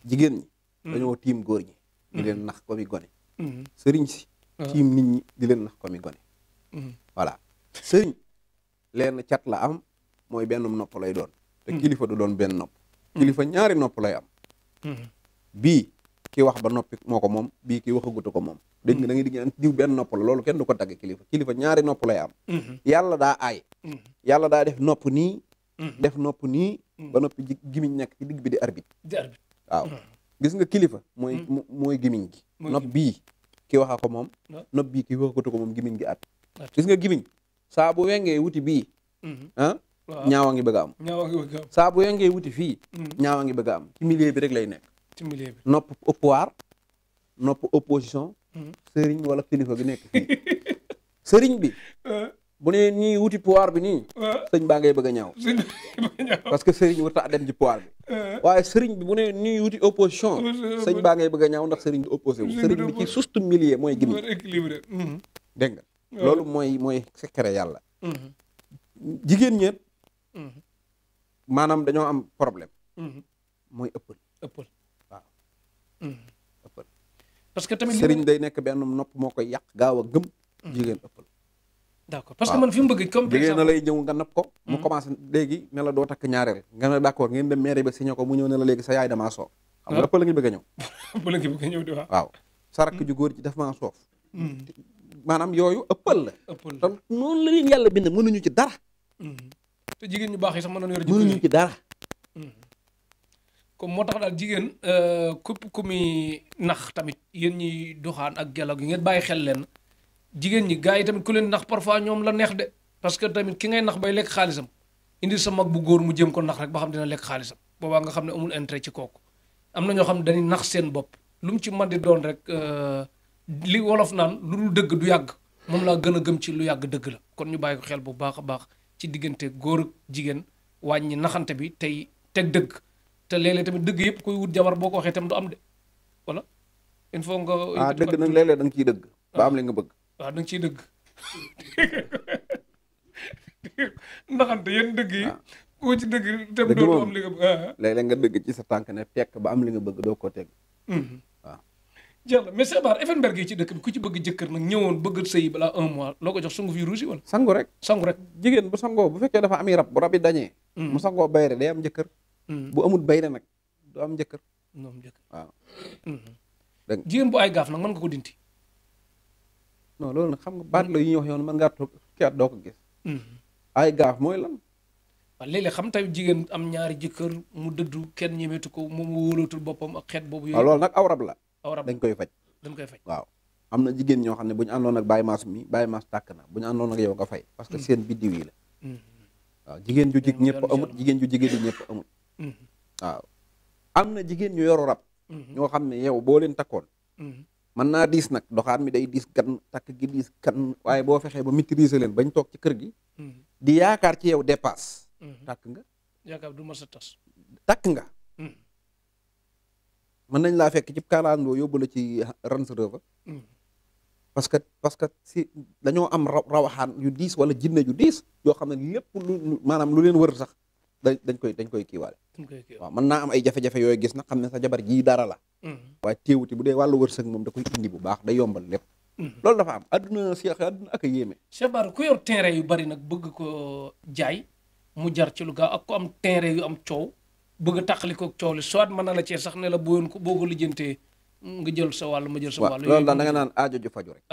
jigéen ñi. dañoo tiim góor ñi. di leen nax ko mi gone. sëriñ si. tiim nit ñi di leen nax ko mi gone. voilà sëriñ leen cat la am mooy benn nopp lay doon te hmm. kilifa du doon benn nopp hmm. kilifa ñaari nopp lay am hmm. bii ki wax ba noppi moo ko moom bii ki waxagutu ko moom dégg nga da ngay diw benn nopp loolu kenn du ko tagg kilifa kilifa ñaari nopp lay am yàlla daa aay yàlla daa def nopp nii def nopp nii ba noppi ji gimiñ nekk digg bi di arbitre waaw gis nga kilifa mooy mooy gimiñ gi nopp bii ki waxa ko moom nopp bii ki waxagutu ko moom gimiñ gi at gis nga gimiñ saa bu wengee wuti bii mhm. ah ñaawa ngi bëgg am saa bu wengee wuti fii mhm. ñaawa ngi bëgg am ci milieu bi rek lay nekk ci milieu nopp pouvoir nopp opposition mhm. sëriñ wala kilifa gi nekk fii *laughs* bi euh. bu ne nii wuti pouvoir bi nii euh. sëñ *laughs* baa ngay bëgg a ñaaw parce que sëriñ warta a dem ci pouvoir bi euh. waaye sëriñ bi bu ne nii wuti opposition sëñ baa ngay bëgg a ñaaw ndax sëriñ bi opposé wu sëriñ bi ci sustu milieu mooy gimiñ dégg nga loolu mooy mooy secret yàlla. Mm-hmm. jigéen ñeet. Mm-hmm. maanaam dañoo am problème. Mm-hmm. mooy ëppal. ëppal waaw. que tamit sëriñ day nekk benn nopp moo ko yàq gaaw a gëm. jigéen ëppal. d'accord parce que man fi mu bëgg comme na lay ñëw nga napp ko. mu commencé léegi ne la doo takk ñaareel. nga ne d'accord ngeen dem mairie ba signé ko mu ñëw ne la léegi sa yaay damaa soof. xam nga ah. ëppal la nga a ñëw. *laughs* ëppal la a waaw. waaw sa rakk ju góor ma daf soof. maanaam yooyu ëppal la. ëppal la noonu la leen yàlla bind mënuñu ci dara. Mm-hmm. te jigéen ñu baax yi sax ma nañu yor mënuñu ci mm-hmm. comme moo tax daal jigéen euh, képp ku muy nax tamit yéen ñi doxaan ak dialogue yi ngeen bàyyi xel leen jigéen ñi gars yi tamit ku leen nax parfois ñoom la neex de parce que tamit ki ngay nax bay lekk xaalisam indi sa mag bu góor mu jëm ko nax rek ba xam dina lekk xaalisam boobaa nga xam ne amul intérêt ci kooku am na ñoo xam ne dañuy nax seen bopp lu mu ci mën di doon rek. Euh, li wolof naan lu dul dëgg du yàgg moom laa gën a gëm ci lu yàgg dëgg la kon ñu bàyyi ko xel bu baax a baax ci diggante góor ak jigéen wàññi naxante bi tey teg dëgg te léeg-léeg tamit dëgg yëpp koy wut jabar boo ko waxee tam du am de voilà il faut nga. ah dëgg nag léeg-léeg da nga ciy dëgg. am li nga bëgg. waaw ah, da nga ciy dëgg *laughs* naxante yéen dëgg yi. Ah. koo ci dëgg tam doo am li nga ah. nga dëgg ci sa tànk ne tekk ba am li nga bëgg doo ko teg. Mhm. jeex na mais Cheikh yi ci dëkk bi ku ci bëgg jëkkër nag ñëwoon bëgg sëy balaa un mois loo ko jox sangu fi ruusi wala sangu rek sangu rek jigéen bu sangoo bu fekkee dafa ami rab bu rab yi dañee hmm. mu sangoo bayre day am jëkkër hmm. bu amul bayre nag du am jëkkër du am jëkkër hmm. jigéen bu ay gaaf nag mën nga ko dinti non loolu nag xam nga baat la yi ñuy wax yoon mën ngaa toog doo ko gis ay gaaf mooy la waaw léeg-léeg xam tamit jigéen am ñaari jëkkër mu dëddu kenn ñemeetu ko moom wóolootul boppam a xeet boobu yooyu lool nag aw rab la dañ koy faj dañ koy faj waaw am na jigéen ñoo xam ne bu ñu àndoon ak Baye Mass mi Baye Mass tàkk na bu ñu àndoon yow nga fay parce que mm. seen biddiw la mm. jigéen ju jig ñëpp amut jigéen ju jigéen ñëpp amut mm. waaw am na jigéen ñu yoru rab mm-hmm. ñoo xam ne yow boo leen takkoon mm-hmm. mën naa diis nag doxaan mi day diis gan takk gi diis waaye boo fexee ba maîtriser leen bañ toog ci kër gi mm-hmm. di yaakaar ci yow dépasse takk nga yaakaar du mas a tas nga mën nañ laa fekk ci kaalaandoo yóbbu la ci Range Rover mm. parce que parce que si dañoo am rawaxaan yu diis wala jinne yu diis yoo xam ne lépp lu maanaam lu leen war sax dañ dañ koy dañ koy kiiwaale waaw mën naa am ay jafe-jafe yooyu gis na xam ne sa jabar ji dara la mm. waaye téewuti bu dee wàllu wërsëg moom da koy indi bu baax day yombal lépp mm. loolu dafa am adduna si adduna ak a yéeme Cheikh Bara ku yor terrain yu bari nag bëgg ko jaay mu jar ci lu gaaw ak ku am terrain am coow bëgg a taqali ko coow li soit mën na la cee sax ne la booyoon ko boo ko lijjantee nga jël sa wàll ma jël sa wàll loolu daal da nga naan aajo ju faju rek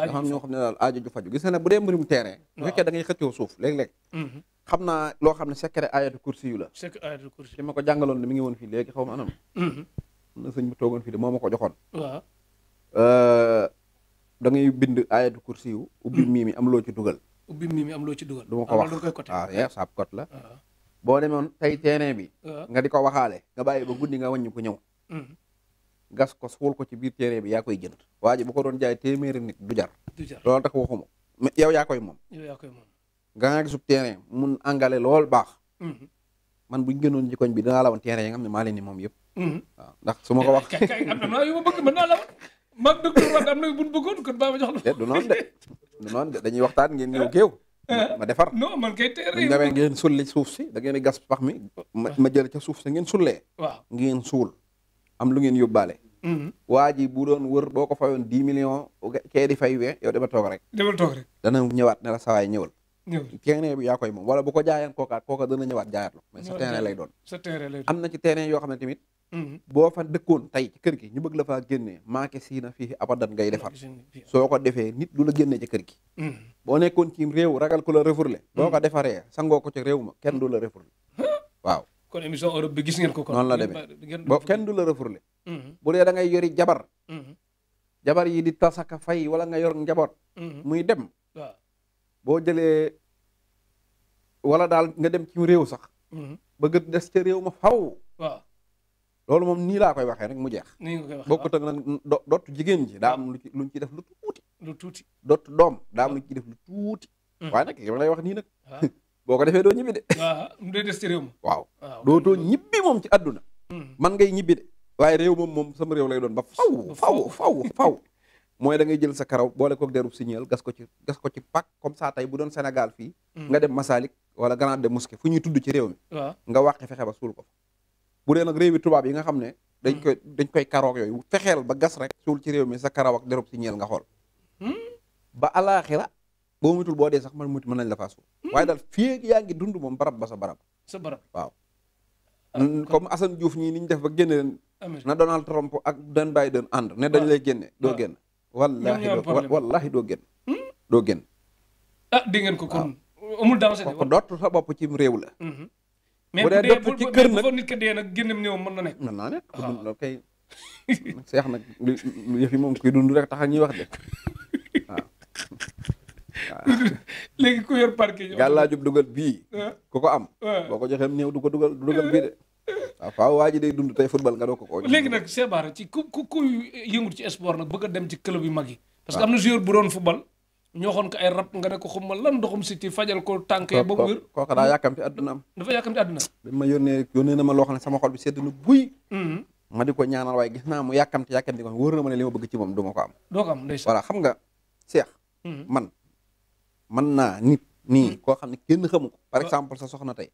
ne da ngay xëccoo suuf léeg-léeg mhm. xam loo xam ne secret ayatu kursi ma ko jàngaloon ne mi ngi woon fii léegi xaw ma anam mhm. na sëñ bi toogoon fii de moo ma ko joxoon waaw da ngay bind ayatu kursi yu ubbi mhm. mii mi am loo ci dugal ubbi mii mi am loo ci dugal du ko ah, wax ah, saab kot la boo demoon tey terrain bi. Ah. nga di ko waxaale. nga bàyyi ba guddi nga wàññi ko ñëw. Hmm. gas ko suul ko ci biir terrain bi yaa koy jënd. waa ji bu ko doon jaay téeméeri nit du jar. du jar loolu tax yow yaa koy moom. yow yaa koy nga nga gisub terrain mun engrais lool baax. Hmm. man buñ gënoon ci koñ bi dinaa la woon terrain yi nga xam ne maa leen ni moom yëpp. Hmm. ndax su ma ko wax. am na yu ma bëgg de du de dañuy waxtaan ngeen ñëw Eh, ma defar non man kay tey rek demee ngeen sulli suuf si da ngeen gas pax mi ma jël ca suuf si ngeen sullee waaw ngeen suul am lu ngeen yóbbaale mm-hmm. waa ji bu doon wër boo fayoon dix millions kee di fay wee toog rek dana ñëwaat ne la ñëwaat jaayaat yoo xam ne tamit Mm-hmm. boo fa dëkkoon tey ci kër gi ñu bëgg la faa génnee maake sii na fii abadan ngay defar soo ko defee nit du la génnee ci kër gi mm-hmm. boo nekkoon ci réew ragal ko la refourlé mm-hmm. boo ko defaree sangoo ko ci réew ma kenn du la refourlé waaw kon émission Europe gis ngeen ko kon noonu la demee boo kenn du la refourlé bu dee da ngay yori jabar jabar yi di tasaka fay wala nga yor njaboot muy dem boo jëlee wala daal nga dem ci réew sax bëgg des ci réew ma faw loolu moom nii laa koy waxee rek mu jeex. nii nga koy waxee bokkut ak nag jigéen ji daam am lu ci lu ciy def lu tuuti. lu tuuti dootu doom daa am lu ñu def lu tuuti. Mm. waaye nag li lay wax nii nag. Ah. *laughs* boo ko defee doo ñibbi de. waaw ah, mu doy des réew mi. waaw ah, dootoo ñibbi moom ci àdduna. Mm. man ngay ñibbi de. waaye réew moom moom sama réew lay doon ba faw faw faw mooy da ngay jël sa karaw boole kook derub signal gas ko ci gas ko ci pak comme ça tey bu doon Sénégal fii. Mm. nga dem Masalik wala Grande muske fu ñuy tudd ci réew mi. nga wàqe fexe ba suul ko fa bu dee nag réewi tubaab yi nga xam ne dañ hmm. koy dañ koy karoog yooyu fexeel ba gas rek suul ci réew mi sa karaw ak derub si ñeel nga xool hmm. ba alaaxira boo mutul boo dee sax man muti mën nañ la faa suul hmm. waaye daal fii yaa ngi dund moom barab ba sa barab sa barab waaw ah, comme Assane Diouf ñii ni ñu def ba génne leen na Donald Trump ak Dan Biden ànd ne dañ ah. lay génne doo ah. génn wallahi wallahi doo génn doo génn ah di ngeen ko kon amul daaw sa bopp dootu sa bopp ci réew la bu dee dëpp ci kër nag mais bu dee bu bu bu ne nit ki na nekk. mën naa nekk ku ah. dund loolu kay. *laughs* seex nag lu moom kuy dundu rek tax ak ñuy wax de waaw. *laughs* léegi ku yor parking. gàllaajub dugal bii. Ah. ku ko am. Ah. boo ko joxee néew du ko dugal du dugal bii de. *laughs* waaw faaw waa ji day dund tey football nga doo ko ko. léegi nag Cheikh ci ku ku kuy yëngu ci sport nag bëgg a dem ci club yu mag yi. parce que am na joueur bu doon football. ñooxoon ko ay rab nga ne ko xuma lan ndoxum si ci fajal ko tànk ya ba mu wér kooka daa yàkkamti àdduna am dafa yàkkamti àdduna bi ma yónnee yónnee na ma loo sama xol bi sedd na buy mm-hmm. ma di ko ñaanal waaye gis naa mu yàkkamti yàkkamti ma ne li ma ko doo ko am ndeysaan voilà xam nga Cheikh mm-hmm. man man mm-hmm. koo xam ne kenn xamu ko par exemple sa soxna tey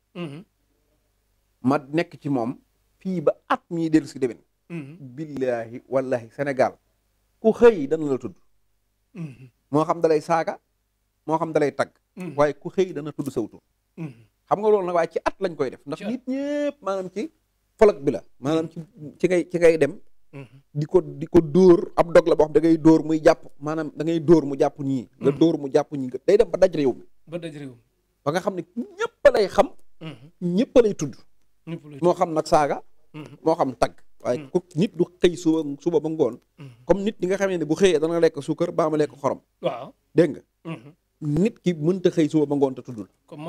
ma nekk ci moom fii ba at mii dellu si déwén billaahi wallahi Sénégal ku xëy dana la tudd moo xam dalay saaga moo xam dalay tagg mm-hmm. waaye ku xëy dana tudd sawtu mm-hmm. xam nga loolu nag waaye ci at lañ koy def ndax nit ñëpp maanaam ci folog bi la maanaam ci ci ngay ci ngay dem mm-hmm. di ko di ko dóor ab dog la boo xam da ngay dóor muy jàpp maanaam da ngay dóor mu jàpp ñii nga dóor mu jàpp ñii day dem ba daj réew mi ba daj réew mi ba nga xam ne ñëpp lay xam ñëpp lay tudd moo xam nag saaga moo xam tagg waaye hmm. ku nit du xëy suba suba ba ngoon hmm. comme nit ñi nga xamee ne bu xëyee dana lekk suukar baa ma lekk xorom waaw dégg nga hmm. nit ki mënta xëy suba ba ngoon te tuddul comme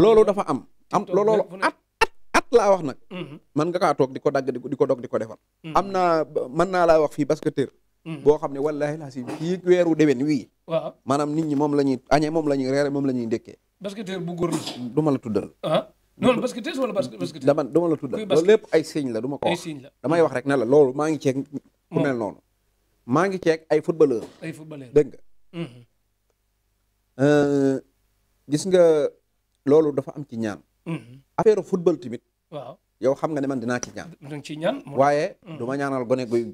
loolu dafa am am loolu at at laa wax nag man nga kaa toog di ko dagg di di ko dog di ko defar am naa mën naa laa wax fii basketteur boo xam ne wallaahi laa si fii weeru déwén wii waaw nit ñi moom la ñuy añee moom la ñuy reere moom la ñuy ndékkee basketteur bu góor la du ma la tuddal ah. non basketteuse wala basketteuse. dama dama la tudd loolu lépp ay signe la du ma ko wax. damay wax rek ne la loolu maa ngi ceeg ku mel noonu. maa ngi ceeg ay footballeur. ay footballeur dégg nga. Mhm. Euh, gis nga loolu dafa am ci ñaan. Mhm. affaire football tamit. waaw yow xam nga ne man dinaa ci ñaan. dinañ ci ñaan waaye. Mhm. du ma ñaanal gone guy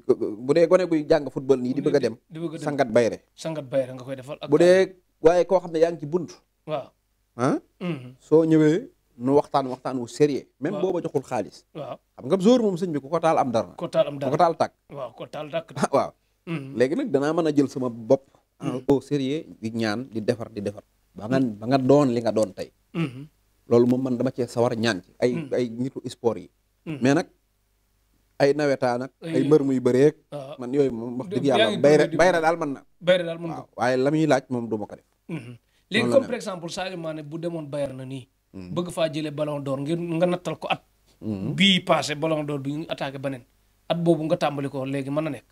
bu dee gone guy jàng football nii di bëgg a dem. di bëgg a dem sangat bayre. sangat nga koy defal ak. bu dee waaye koo xam ne yaa ngi ci bunt. waaw ah? soo ñëwee. nu waxtaan waxtaan wu sérieux même booba joxul xaalis waaw xam nga jour moom sëñ bi ku ko taal am dara ku ko taal am dara ku ko taal tàkk waaw ko taal tàkk *laughs* man hmm. léegi nag danaa mën a jël sama bopp hmm. au sérieux di ñaan di defar di defar ba nga ba nga doon li nga doon tey hmm. loolu moom man dama cee sawar ñaan ci ay ay nitu sport yi mais nag ay nawetaan ak ay mbër muy bëreek ah. man yooyu moom wax dëgg yàlla bayre bayre daal mën na bayre daal mën na waaw waaye la muy laaj moom du ma ko def léegi comme par exemple Sadio Mané bu demoon Bayern na bëgg faa jëlee ballon door ngir nga nattal ko at. Mm-hmm. bii passé ballon d'or bi ñu attaqué beneen at boobu nga tàmbali ko léegi mën na nekk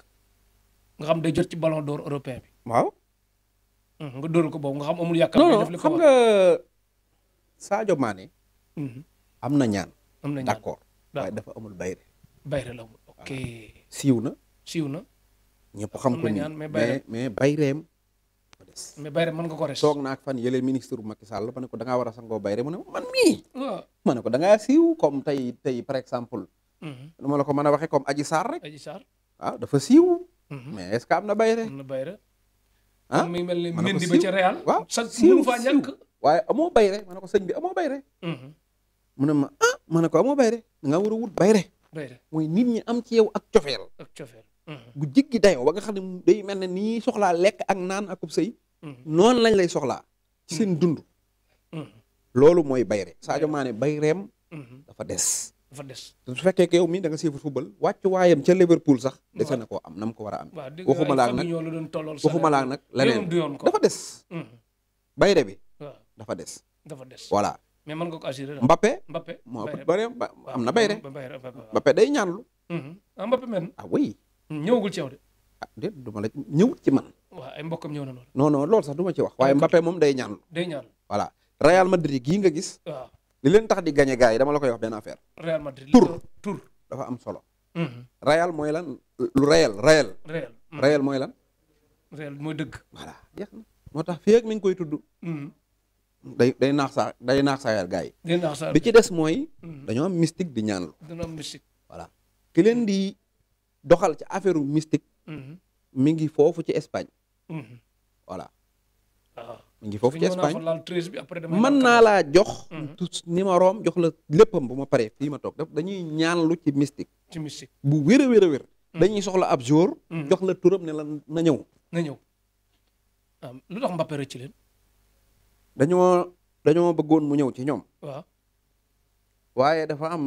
nga xam day jot ci ballon door européen bi. waaw. Mm-hmm. nga dóor ko boobu nga xam amul yaakaar. def li ko xam mm-hmm. am na ñaan. am na ñaan d'accord dafa amul bayre. bayre la amul ok siiw na. siiw na. ñëpp xam ko nii mais mais bayreem. mais bayre mën nga ko res toog naak fan yële ministre bu Macky Sall ma ko da ngaa war a sangoo bayre mu mii ma ko da ngaa siiw comme tey tey par exemple lu mhm. la ko mën a waxee comme Adji Sarr rek Adji Sarr waaw ah, dafa siiw mhm. am na bayre am na bayre ah mi mel ni mën di ba ca Real waaw sa siiw faa ñàkk waaye amoo bayre ma ne ko sëñ bi amoo bayre mhm. mu ma ah, ma ne ko amoo bayre nga war a wut bayre mooy nit ñi am ci yow ak cofeel ak cofeel bu jiggi dayoo ba nga xam ne day mel ne nii soxlaa lekk ak naan akub sëy Mm-hmm. noonu lañ lay soxlaa ci seen mm-hmm. dund mm-hmm. loolu mooy bayre Sadio Mané bayreem dafa des dafa des su fekkee yow mi da nga siifut football wàcc waayeem ca Liverpool sax dese na koo am na mu ko war a am waxuma laak nag waxuma laak nag leneen dafa des bayre bi dafa des dafa des voilà mais mën nga ko assuré Mbappé Mbappé moo bëri am na bayre Mbappé day ñaanlu ah Mbappé men ah oui ñëwagul ci yow de ah déet ci man waaw ay mbokkam ñëw na lool. non non sax du ma ci wax. waaye Mbappé moom day ñaan. day ñaan voilà Real Madrid gii nga gis. waaw li leen tax di gagné gars yi dama la koy wax benn affaire. Real Madrid tur tur dafa am solo. Mhm. Real mooy lan lu réel réel. Mhm. mooy lan. mooy dëgg. voilà moo tax fii ak koy tudd. Mhm. day day naax saa day naax saa yàlla gars yi. day bi ci des mooy. dañoo am mystique di ñaan dañoo am voilà ki leen di doxal ci affaire mystique. mi ngi foofu ci Espagne. Mm-hmm. voilà. Ah. mu ngi foofu ci Espagne mën naa laa jox. Mm-hmm. numéroom jox la léppam bu ma paree fii ma toog daf dañuy ñaanlu ci mystique. ci mystique bu wér a wér a wér. Mm-hmm. dañuy soxla ab jour. jox la turam ne la na ñëw. na ñëw ah, lu tax Mbappé rëcc leen. dañoo dañoo bëggoon mu ñëw ci ñoom. waaw waaye dafa am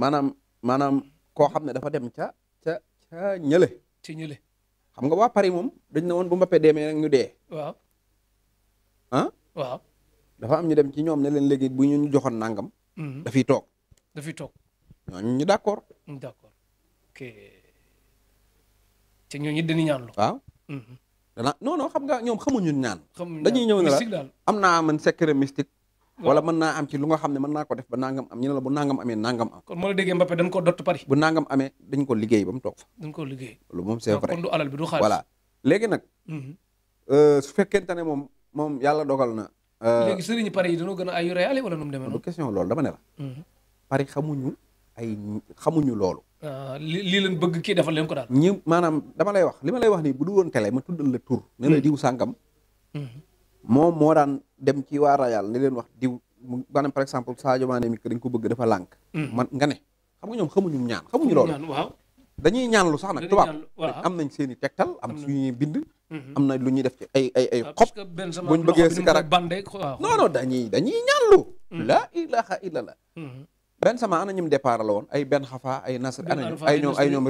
maanaam maanaam koo xam ne dafa dem ca ca ñële. ci ñële. xam nga waa Paris moom dañ na woon bu Mbappé demee rek ñu dee. waaw. Ah? waaw. dafa am ñu dem ci ñoom ne leen léegi bu ñu joxoon nangam. Mm-hmm. dafiy toog. dafiy toog. ñooñu ñu d' accord. Mm-hmm, accord ok. te ñooñu dañuy ñaan lu. waaw. Mm-hmm. dana non xam nga ñoom xamuñu ñaan. xamuñu ñaan dañuy ñëw ne la am naa man secret mystique. wala mën naa am ci lu nga xam ne mën naa ko def ba nangam am ñu ne la bu nangam amee nangam am. kon moo la déggee Mbappé dañ ko dott Paris. bu nangam amee dañ ko liggéey ne moom moom yàlla dogal na. Euh, léegi sëriñu Paris yi dañoo gën a wala nu mu demee noonu. question loolu dama ne la. Mhm. Paris xamuñu ay xamuñu loolu. Euh, li lii leen bëgg kii defal leen ko daal. ñi maanaam dama lay wax li ma lay wax nii bu du woon télé ma tuddal la tur. ne la mhm. diw sàngam mhm. moom moo daan dem ci waa Royal ni leen wax diw maanaam par exemple Sadio Mané mi ko bëgg dafa lànk hmm. man nga ne xam nga ñoom xamuñu ñaan xamuñu loolu dañuy ñaanlu sax nag tubaab am nañ seen i am suñuy bind hmm. am na lu ñuy def ci ay ay ay ah, xob buñ bëggee si karak non non dañuy dañuy ñaanlu hmm. laa ilaha illa la benn sama ana ñum départ la woon ay benn xafa ay nasr ana ñoom ay ay ñoom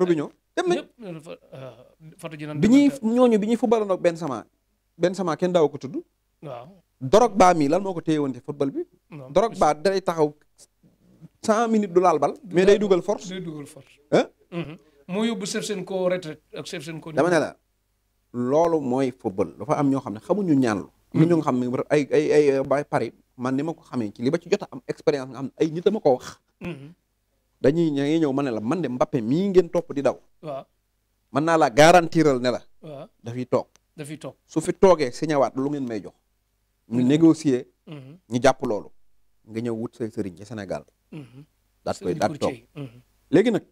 Robinho dem nañ ah. foto ji nan bi ñuy ñooñu bi ñuy football nag benn sama benn sama kenn daaw ko tudd. waaw Drogba mi lan moo ko téye woon ci football bi. Drogba day taxaw cent minutes du laal bal. mais day dugal force day mhm. moo yóbbu Shevchenko retraite ak Shevchenko. dama ne la loolu mooy football dafa am ñoo xam ne xamuñu ñaanlu. am ñoo mhm. xam ne ay ay ay bay man ni ma ko xamee ci li ba ci jot a am expérience nga xam ne ay nit a ma ko wax. Mhm. dañuy ña ñëw ma ne la man de Mbappé mii ngeen topp di daw. man naa laa garantiral ne la. waaw dafiy toog. dafiy toog su fi toogee si ñëwaat lu ngeen may jox. ñu mm-hmm. négocier. Mm-hmm. ñu jàpp loolu. nga ñëw wut say sëriñ ci Sénégal. Mm-hmm. daat koy daat toog léegi nag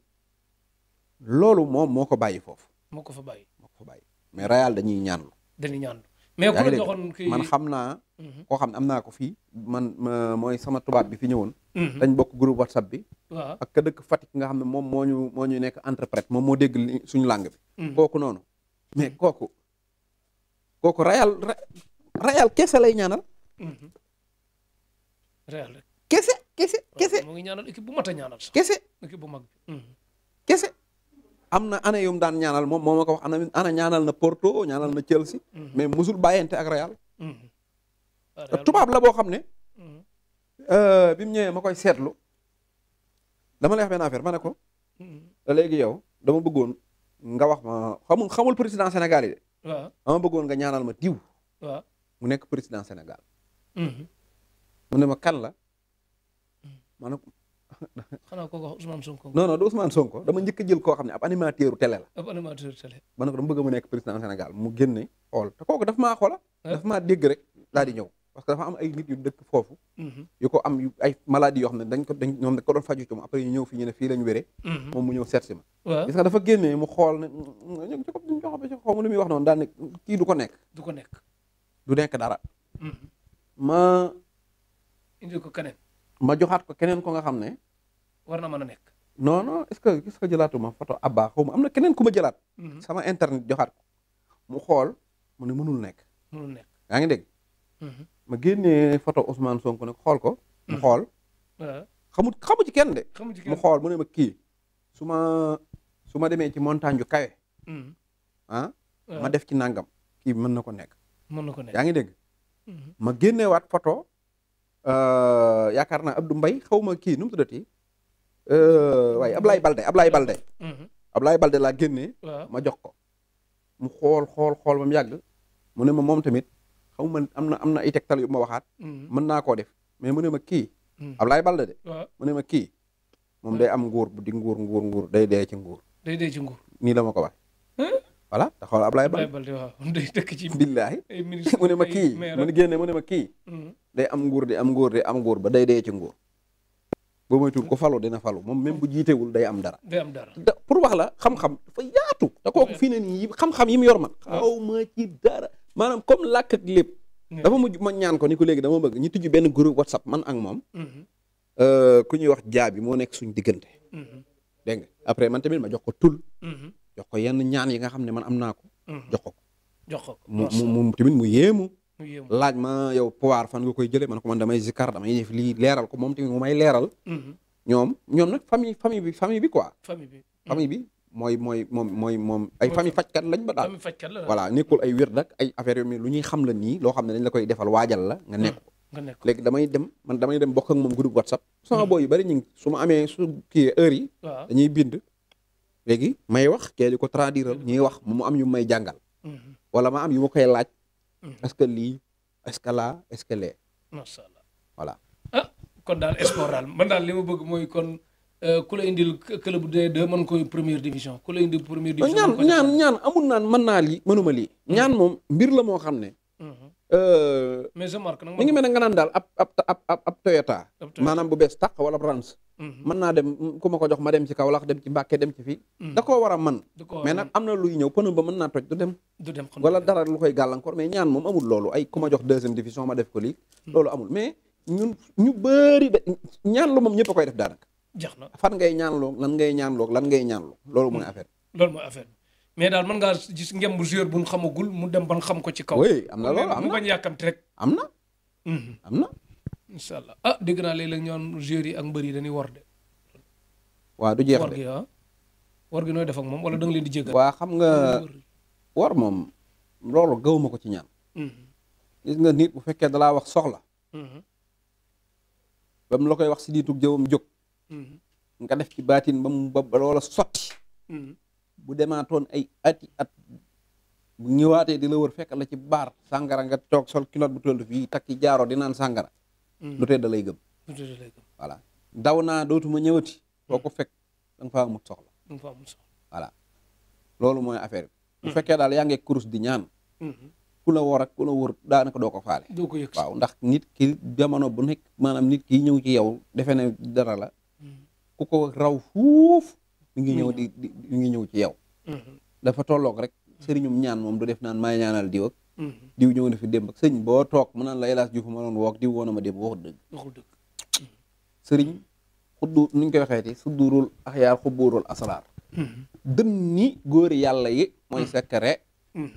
loolu moom moo ko bàyyi foofu. moo ko fa bàyyi moo ko fa bàyyi mais Real dañuy ñaanlu. dañuy ñaanlu mais man xam naa. Mhm. koo xam ne am naa ko fii man mooy sama tubaab bi fi ñëwoon. Mhm. dañ bokk groupe whatsapp bi. waaw ak ka dëkk Fatick nga xam ne moom moo ñu moo ñu nekk interprète moom moo dégg suñu langue bi. Mhm. kooku noonu mais kooku kooku rayal rayal kese lay ñaanal. rayal kese kese kese. ngi ñaanal équipe bu mat a kese bu mag kese. am na année yu daan ñaanal moom moo ma ko wax ana ana ñaanal na Porto ñaanal na Chelsea. Mhm. mais musul bàyyante ak Real. Mhm. tubaab la boo xam ne. Mhm. Euh, bi mu ñëwee ma koy seetlu dama lay wax benn affaire ma ne ko. da léegi yow dama bëggoon nga wax ma xamul xamul président Sénégal yi de. waaw bëggoon nga ñaanal ma diw. mu nekk président Sénégal. mu ne ma kan la. xanaa kooku wax Ousmane Sonko. non non du Ousmane Sonko dama njëkk a jël koo xam ne ab animateur télé la. ab animateur télé. ma ko dama bëgg mu nekk président Sénégal mu génne xool te kooku daf maa xoola. daf maa dégg rek daal ñëw. parce que dafa am ay nit yu dëkk foofu. yu ko am ay maladies yoo xam ne dañ ko dañ faju ci après ñu ñëw fi ñu ne moom mu ñëw seet si ma. dafa génnee mu xool ne ñu ko ba ci xaw ma wax noonu daal ne kii du ko nekk. du nekk. du ma. indi ko keneen. ma joxaat war na mën a nekk. non non est-ce que jëlaatuma photo Abba xaw ma am na keneen ku ma jëlaat. Mhm. sama internet joxaat mu xool mu ne mënul nekk. mënul nekk yaa ngi dégg. Mhm. ma génnee photo Ousmane Sonko nag xool ko. mu mhm. xool. xamut xamu ci kenn de. mu xool mu ne ma kii su ma su ma demee ci montagne ju kawe. Ah, ma def ci nangam kii mën na ko nekk. mën na ko nekk yaa ngi dégg. ma génneewaat photo euh, yaakaar naa Abdou Mbaye xaw ma kii nu mu Euh, waaye mm-hmm. Ablaye Balde Ablaye Balde. Mm-hmm. Ablaye Balde laa génnee. ma jox ko. mu xool xool xool ba mu yàgg. mu ne ma moom tamit xaw ma am na am na ay tegtal yu ma waxaat. Mm-hmm. mën naa koo def mais mu ne ma kii. Ablaye Balde mu ne ma kii moom day am nguur di nguur nguur nguur day dee ci nguur. day dee ci nguur nii ko wax. voilà xool Ablaye Balde Ablaye Balde waaw *laughs* day *laughs* *laughs* mu ne ma kii mu ne génne mu ne ma kii. day am nguur di am nguur di am nguur ba day dee ci nguur. boo moytuwul ko falu dina falu moom même bu jiitewul day am dara. day am dara pour wax la xam-xam dafa yaatu. da kooku fii ne nii xam-xam yi mu yor man. xaw ma ci dara maanaam comme làkk ak lépp. dafa mujj ma ñaan ko ni ko léegi dama bëgg ñu tijji benn groupe whatsapp man ak moom. Mhm. Euh, ku ñuy wax jaabi moo nekk suñu diggante. Mhm. dégg nga après man tamit ma jox tul. Mhm. jox yenn ñaan yi nga xam ne man am naa ko. jox mu mu mu yéemu. laaj ma yow pouvoir fan nga koy jëlee man ko man damay zikar damay leeral ko moom tamit mu may leeral. Mhm. ñoom ñoom nag famille famille famille bi mhm. mooy moom mooy moom. ay famille fajkat lañ ba daal famille fajkat la voilà ay wér nag ay affaire yu lu ñuy xam la ni loo xam ne dañ la koy defal waajal la nga nekk. Mhm. nga nekk léegi damay dem man damay dem bokk ak moom groupe WhatsApp. sama booy yu bari ñu ngi su ma amee su kii heure yi. dañuy bind. léegi may wax kee di ko traduire ñuy wax mu am ñu may jàngal. wala ma am yu koy laaj. est-ce que lii ce que laa est-ce ah, kon daal sport daal man daal li ma bëgg mooy kon euh, ku la indil club de deux mën koy première division ku la indil première division. ñaan ñaan ñaan amul naan mën naa lii mënuma lii. Hmm. ñaan moom mbir la moo xam ne. Hmm. Euh, mais je marque nag. mi ngi mel ne nga naan daal ab ab ab ab Toyota. maanaam bu bees tàq wala Range. Mhm. mën naa dem mm, ku ma ko jox ma dem ci kaw Kaolack dem ci Mbàkke dem ci fii mhm. da ko war a man mais nag am na luy ñëw pneu ba mën naa tooj du dem du dem wala dara lu koy gàllankoor mais ñaan moom amul loolu ay ku ma jox deuxième division ma def ko lii mhm. loolu amul mais ñun ñu bëri de ñaan lu moom ñëpp koy def daanaka jeex na fan ngay ñaanloo lan ngay ñaanloo lan ngay ñaanloo loolu mooy affaire loolu mooy affaire mais daal mën ngaa gis ngem bu joueur bu mu xamagul mu dem ban xam ko ci kaw oui am na loolu am na mu bañ rek am na am na incha allah ah dégg naa léeg-léeg ñoom joueurs yi ak mbër yi dañuy war de. waaw du jeex de war gi ah def ak moom wala dang leen di jéggal. waa xam nga war moom loolu gawuma ko ci ñaan. Mm-hmm. nga nit bu fekkee dalaa wax soxla. Mm-hmm. ba mu la koy wax si diitug jëwam jóg. Mm-hmm. nga def ci baatin ba mu ba loola sotti. bu demaatoon ay ati at bu ñëwaatee dina war wër fekk la ci baar sàngara nga toog sol kilote bu tollu fii takki jaaro di naan sàngara du mm. tee da lay gëm voilà daw naa dootuma ñëwati boo ko mm. fekk da nga faa amut soxla voilà loolu mooy affaire bi bu mm. fekkee daal yaa nge kurus di ñaan mm-hmm. ku la wor ak ku la wër daanaka doo ko faale waaw ndax nit ki jamono bu nekk maanaam nit ki ñëw ci yaw defe ne dara la mm-hmm. ku ko raw fuuf ngi ñëw mm-hmm. di mi ngi ñëw ci yow dafa tolloog rek sëriñum ñaan moom du def naan maay ñaanal diw Mm-hmm. diw ñëw na fi démb ak sëñ boo toog mun naan la hélas Diouf ma doon woog diw woon na ma démb waxul dëgg waxul dëgg mm-hmm. sëriñ xuddu nuñ koy waxeeti sudduurul axyaar xubbuurul asraar mm-hmm. dën ni góori yàlla yi mooy secret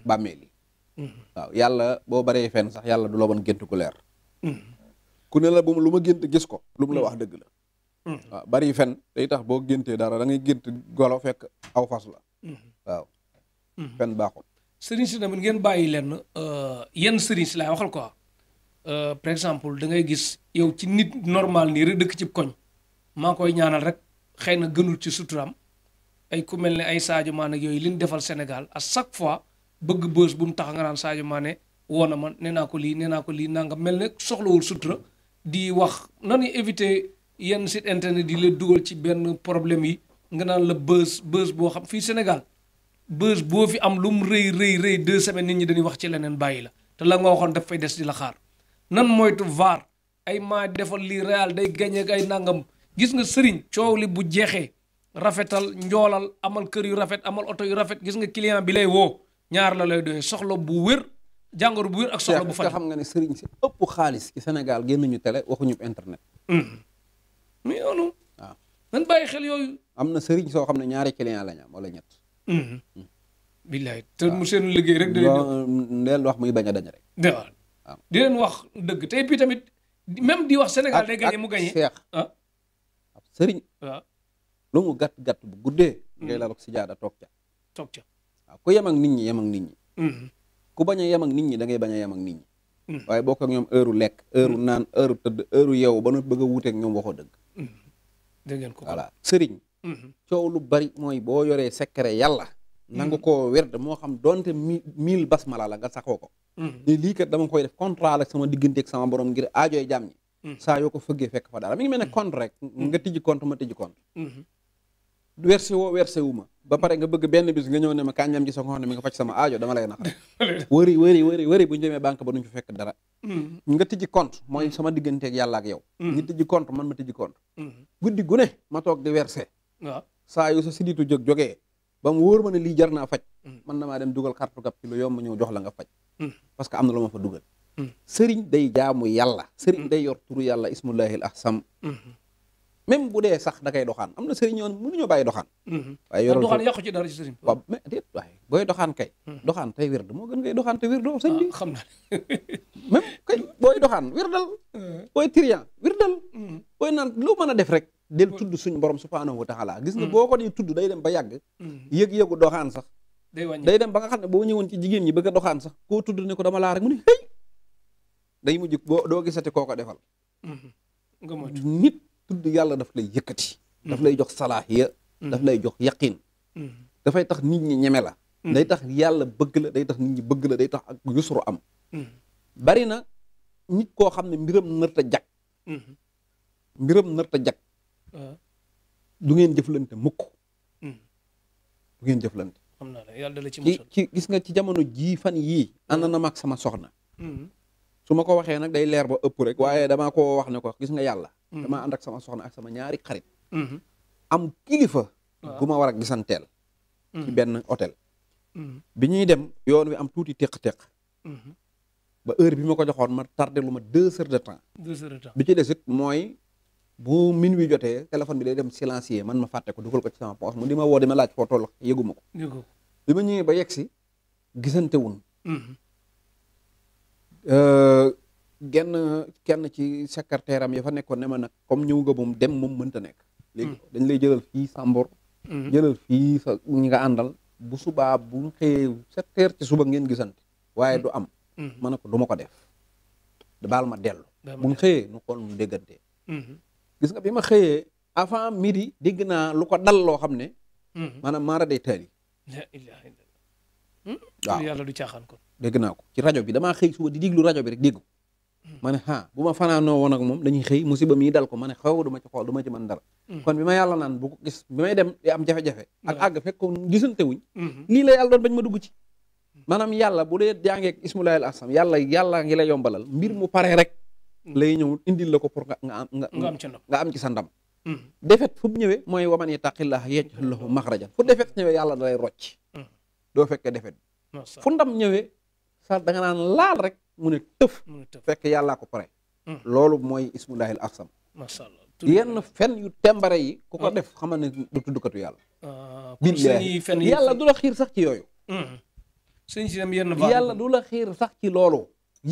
bàmmeel yi waaw yàlla boo baree fen sax yàlla du la woon gént ku leer ku ne la bu lu ma gént gis ko lu mu la wax dëgg la waaw bari fen day tax boo géntee dara da ngay gént golo fekk aw fas la waaw fen baaxul sëriñ si tamit ngeen bàyyi leen euh, yenn sëriñ si laay waxal quoi euh, par exemple da ngay gis yow ci nit normal nii rek dëkk ci koñ maa koy ñaanal rek xëy na gënul ci suturaam ay ku mel ne ay Sadio Mané yooyu li defal Sénégal à chaque fois bëgg bës bu mu tax nga naan Sadio maane woo na ma nee naa ko lii nee naa ko lii nanga mel ne soxlawul sutura di wax nanu éviter yenn site internet di la dugal ci benn problème yi nga naan la bës bës boo xam fii Sénégal. bés boo fi am lu mu rëy rëy rëy deux semaines nit ñi dañuy wax ci leneen bàyyi la te la nga waxoon daf fay des di la xaar nan moytu vaar ay maa defal lii Real day gañe ak ay nangam gis nga sëriñ coow li bu jeexee rafetal njoolal amal kër yu rafet amal oto yu rafet gis nga client bi lay woo ñaar la lay doyee soxla bu wér jàngoro bu wér ak soxla bu faj xam nga ne sëriñ si ëpp xaalis ci Sénégal génna ñu télé waxuñu internet mu hmm. yoonu waaw nan bàyyi xel yooyu am na sëriñ soo xam ne ñaari client lañ am ñett Mm-hmm. billaay te mu seen liggéey rek. da mm, wax muy bañ a dañ di leen wax dëgg te et tamit même di wax Sénégal day gagné mu gagné ah. sëriñ. waaw lu mu bu guddee. Mm. ngay lal ak si jaada toog ca. toog ca waaw ku yem ak nit ñi yem ak nit ñi. Mm-hmm. ku bañ a yem nit ñi da ngay bañ yem ak nit ñi. Mm. waaye bokk ak ñoom heure lekk heure naan heure tëdd yow ba nu bëgg a wuuteeg ñoom waxoo dëgg. Mm-hmm. sëriñ. Mm-hmm. coow lu bari mooy boo yoree secret yàlla nanga mm-hmm. koo werd moo xam doonte mi mille basmala la nga saxoo ko ne mm-hmm. lii kat dama koy def contrat a sama diggante ak sama borom ngir aajooy jàmm ñi saa mi ngi mel ne compte rek nga tijji werse woo werse wu ba pare nga bëgg benn bis nga ñëw ne ma kànjam ci sa ngoon mi nga faj sama aajo dama lay naxare *laughs* wëri wëri wëri wëri bu ñu demee banque ba duñ fa fekk dara nga tijji compte mooy sama diggante ak yàlla nga tijji compte man ma tijji compte guddi gu ne ma toog di werse waaw saa yu sa siditu jóg jógee ba mu wóor ma ne lii jar naa faj mm. dem dugal carte gab ci lu yomb ñëw jox la nga faj mm. parce que am na lu ma fa dugal mm. sëriñ day jaamu yàlla sëriñ day yor turu yàlla ismullahil ahsam mm-hmm. même bu dee sax da koy doxaan am na sëriñ yoon mënuñu bàyyi doxaan mm-hmm. waaye yorul doxaan yàqu ci dara ci sëriñ waaw mais déet waaye booy doxaan kay doxaan tey wér moo gën ngay doxaan te wér doo sëñ bi ah, xam na même kay booy doxaan wér dal *laughs* booy trian wér dal mm-hmm. booy a def rek del tudd suñ borom subhaanahu wa taala gis nga mm. boo ko dee tudd day dem ba yàgg mm. yëg-yëgu doxaan sax day dem ba nga xam ne boo ñëwoon ci jigéen ñi bëgg a doxaan sax koo tudd ne ko dama laa rek mu ne hey day mujj boo doo gisati koo ko defal mm-hmm. nit tudd yàlla daf lay yëkkati daf lay mm-hmm. jox salaahiya mm-hmm. daf lay jox yaqin dafay tax nit ñi ñeme la day tax yàlla bëgg la day tax nit ñi bëgg la day tax ak yusru am bari na nit koo xam ne mbiram nërta jag mbiram nërta jag du ngeen jëflante mukk. Hmm. du ngeen jëflante. xam naa ne yàlla dala ci gis nga ci jamono jii fan yii hmm. ànd na maak sama soxna. Hmm. su ma ko waxee nag day leer ba ëpp rek waaye damaa ko wax ne ko gis nga yàlla. damaa ànd ak sama soxna ak sama ñaari xarit. am kilifa. bu ma war a gisanteel. ci benn hôtel. bi ñuy dem yoon wi am tuuti teq-teq. ba heure bi ma ko joxoon ma tardé lu ma deux heures de temps. bi ci des mooy bu minuit jotee téléphone bi day dem silencier man ma fàtte ko dugal ko ci sama poche mu di ma woo ma laaj foo toll yëgu ko. bi ma ñëwee ba yegg si gisante wun mm-hmm. euh, genn kenn ci secrétaire am ya fa nekkoon ne ma nag comme ñëw nga moom dem moom mënta nekk. Mm. dañ lay jëlal fii Sambor. Mm-hmm. jëlal fii sa ñi nga àndal. bu subaa bu ñu xëyee sept ci suba ngeen gisante. waaye du am. Mm-hmm. ma ne ko du ma ko def. baal ma dellu. bu ñu xëyee nu xool nu déggante. gis nga bi ma xëyee avant midi dégg naa lu ko dal loo xam ne. Hmm. maanaam maara day taali. Hmm? waaw yàlla du caaxaan kon. dégg naa ko ci rajo bi damaa xëy suba di diglu rajo bi rek dégg ko. Hmm. ma bu ma fanaanoo woon ak moom dañuy xëy musiba mii dal ko ma ne xaw duma ci xool duma ci mën dara. kon bi ma yàlla naan bu ko gis bi may dem di am jafe-jafe. ak àgg fekk ko gisante wuñ. lii la yàlla doon bañ ma dugg ci. maanaam yàlla bu dee jàngee ismulaayil asam yàlla yàlla ngi la yombalal mbir mu pare rek. lay ñëw indil ko pour nga am ci ndam sa ndam mm. defet fu mu ñëwee mooy waman yattaqillaah yaj'al lahu maxrajan fu defet ñëwee yàlla da lay rocc mm. doo fekkee defet fu ndam ñëwee sa da naan laal rek mu ne tëf fekk yàllaa ko pare mm. loolu mooy ismullaahil ahsam macha allah yenn fen yu tembare yi ku ko def xamal ne du tuddukatu yàlla ah, billaahi yàlla du la xiir sax ci yooyu yàlla du la xiir sax ci loolu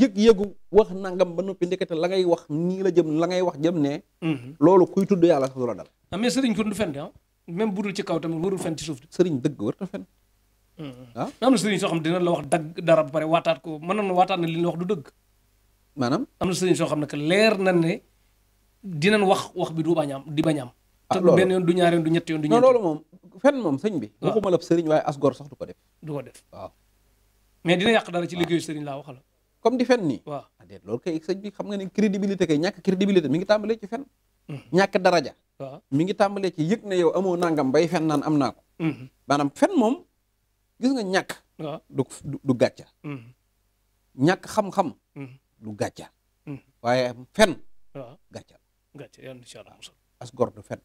yëg-yëgu wax nangam ba noppi ndekete la ngay wax nii la jëm la ngay wax jëm ne. Mhm. loolu kuy tudd yàlla sax du la dal. ah mais sëriñ kon du fen de ah même budul ci kaw tamit warul fen ci suuf de. sëriñ dëgg war na fen. Mhm. ah am na sëriñ soo xam dina la wax dagg dara ba pare waataat ko mën na waataat ne li ñu wax du dëgg. maanaam am na sëriñ soo xam ne que leer na ne dinañ wax wax bi du bañ am di bañ am. ah loolu te benn yoon du ñaari yoon du ñetti yoon du. ñetti non loolu moom fen moom sëñ bi. waaw ah. waxuma la sëriñ waaye as gor sax du ko def. du ko def waaw. mais dina yàq dara ci liggéeyu sëriñ laa wax la comme di fen nii waaw ah, déet loolu kay sëñ bi xam nga ne crédibilité kay ñàkk crédibilité mi ngi tàmbalee ci fen hmm. ñàkk daraja waaw mi ngi tàmbalee ci yëg ne yow amoo nangam bay fen naan am naa ko hmm. maanaam fen moom gis nga ñàkk du du gàcca hmm. xam-xam du gàcca waaye fen gàcca gàcca yàlla incha allah as gor du fen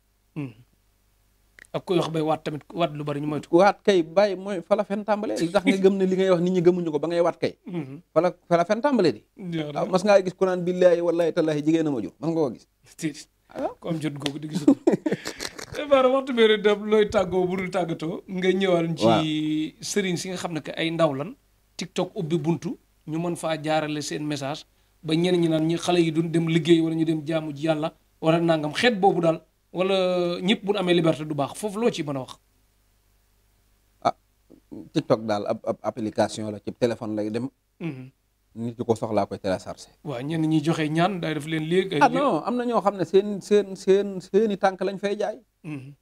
ak koy wax bay waat tamit waat lu bari ñu moytu waat kay bàyyi mooy fala fen tàmbalee li tax nga gëm ne ko ba ngay waat kay mm-hmm. fala fala fen tàmbalee di waaw mas ngaa gis ku naan billaahi wallaahi tallaahi jigéen a ma jur mas nga ko gis ah. comme jot googu di gisul eh, baara waxtu looy tàggoo bu dul tàggatoo nga ñëwaal ci sëriñ si nga xam ne que ay ndaw lan tiktok ubbi buntu ñu mën faa jaarale seen message ba ñenn ñi naan ñi xale yi duñ dem liggéey wala ñu dem jaamu ji yàlla wala nangam xeet boobu daal wala ñëpp bu amee liberté du baax foofu loo ci mën a wax. ah TikTok daal ab ab application la ci téléphone lay dem. Mhm. nit ki ko soxlaa koy télécharger. waaw ñenn ñi joxe ñaan day def leen léegi. ah am na ñoo xam ne seen seen seen seeni tànk lañ fay jaay. Mhm.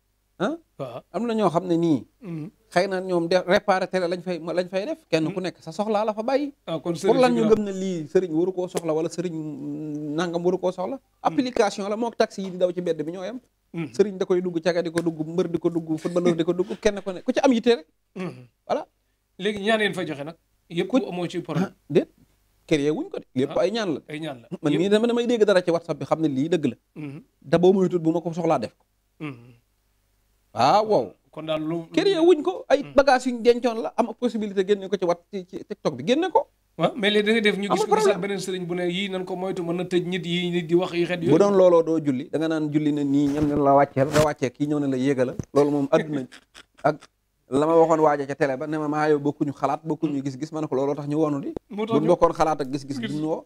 ah am na ñoo xam ne nii. Mhm. xëy na ñoom de réparé télé lañ fay lañ fay def. kenn ku nekk sa soxlaa la fa bàyyi. Ah, kon pour lan ñu gëm ne lii sëriñ waru koo soxla wala sëriñ nangam waru koo soxla. application la moog taxi yi di daw ci mbedd bi ñoo yem. Mm-hmm. sëriñ da koy dugg caga ko dugg mbër di ko dugg footballeur di ko dugg kenn ko ne ku ci am yitte rek mm-hmm. voilà léegi ñaan yéen fay joxe nag yëpp amoo ci problème ah, déet créé wuñ ko de lépp ah, ay ñaan la ay ñaan la man mii dama damay dégg dara ci whatsapp bi xam ne lii dëgg la mm-hmm. da boo ma ko soxlaa def ko ah, waaw wow kon daal lu créé wuñ ko ay bagage yuñ dencoon la am possibilité génne ko ci wat ci tiktok bi génne ko waaw mais léegi da ngay def ñu gis ko gisaat beneen sëriñ bu ne yii nan ko moytu mën na tëj nit yi nit di wax yi xet yooyu bu doon looloo doo julli da naan julli ne nii ñam ne la wàcceel nga wàccee kii ñëw ne la yéegala loolu moom adduna ak la ma waxoon waaja ca télé ba ne ma maa yow bokkuñu xalaat bokkuñu gis-gis ma ne ko looloo tax ñu woonu di buñ bokkoon xalaat ak gis-gis duñ ñu woo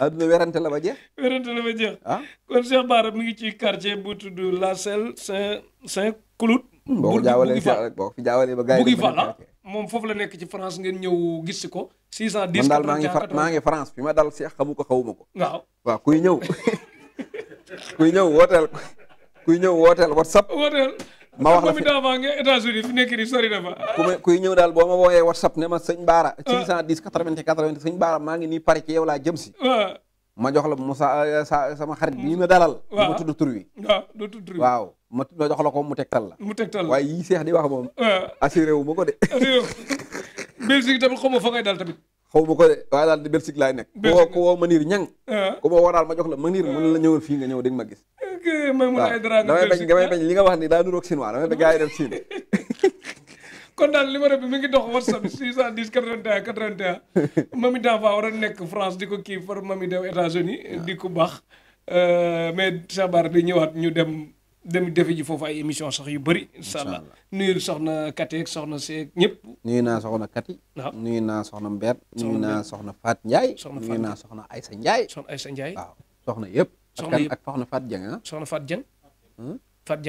adduna werante la ba jeex werante la ba jeex ah kon Cheikh Bara mi ngi ci quartier bu tudd La Selle Saint Saint Cloud boo ko jaawalee boo ko fi jaawalee ba gars yi moom foofu la nekk ci France ngeen ñëw gis ko. 6 man daal maa ngi maa ngi France fi ma dal Cheikh xamu ko xawuma ko. waaw waaw kuy ñëw *laughs* kuy ñëw wootel kuy ñëw wooteel WhatsApp. wooteel ma wax la fi comme nga États-Unis fi nekk nii sori fa. kuy ñëw daal boo ma wooyee WhatsApp ne ma sëñ Baara. 610 80 80 sëñ Baara maa ngi nii pare ci yow laa jëm si. Ah. ma jox la Moussa eh, sama xarit bi na dalal. waaw du ma tudd tur wi ah, waaw. ma ma jox la ko mu tegtal la. mu tegtal la waaye yii seex wax moom. waaw ah. assuré wu ma ko de. assuré wu tamit xaw ma fa ngay dal tamit. xaw ma ko de waaye daal di Belgique laay nekk. Belgique ku woo Manir ñang. Ah. ku ma woo daal ma jox la Manir mën la ñëwal fii nga ñëw dégg ma gis. ok Maimouna waaw Aïdara damay bañ damay bañ li nga wax ni daa nuroog Sinwaa damay bañ gaa yi dem Siin. *laughs* kon daal numéro bi mi ngi dox WhatsApp 610 81 81 Mamy Dafa war a nekk France di ko kii far Mamy dem États-Unis di ko baax euh, mais Sabar di ñëwaat ñu dem. dem defe foofu ay émission sox yu bëri incha allah nuyul soxna Kati soxna Seeg ñëpp nuyu naa soxna Kati waaw nuyu naa soxna Mbert nuyu naa soxna Fat Ndiaye nuyu naa soxna Aysa Ndiaye soxna Aysa Ndiaye waaw soxna yëpp soxna yëpp ak soxna Fat Dieng ah soxna Fat Dieng hmm? Fat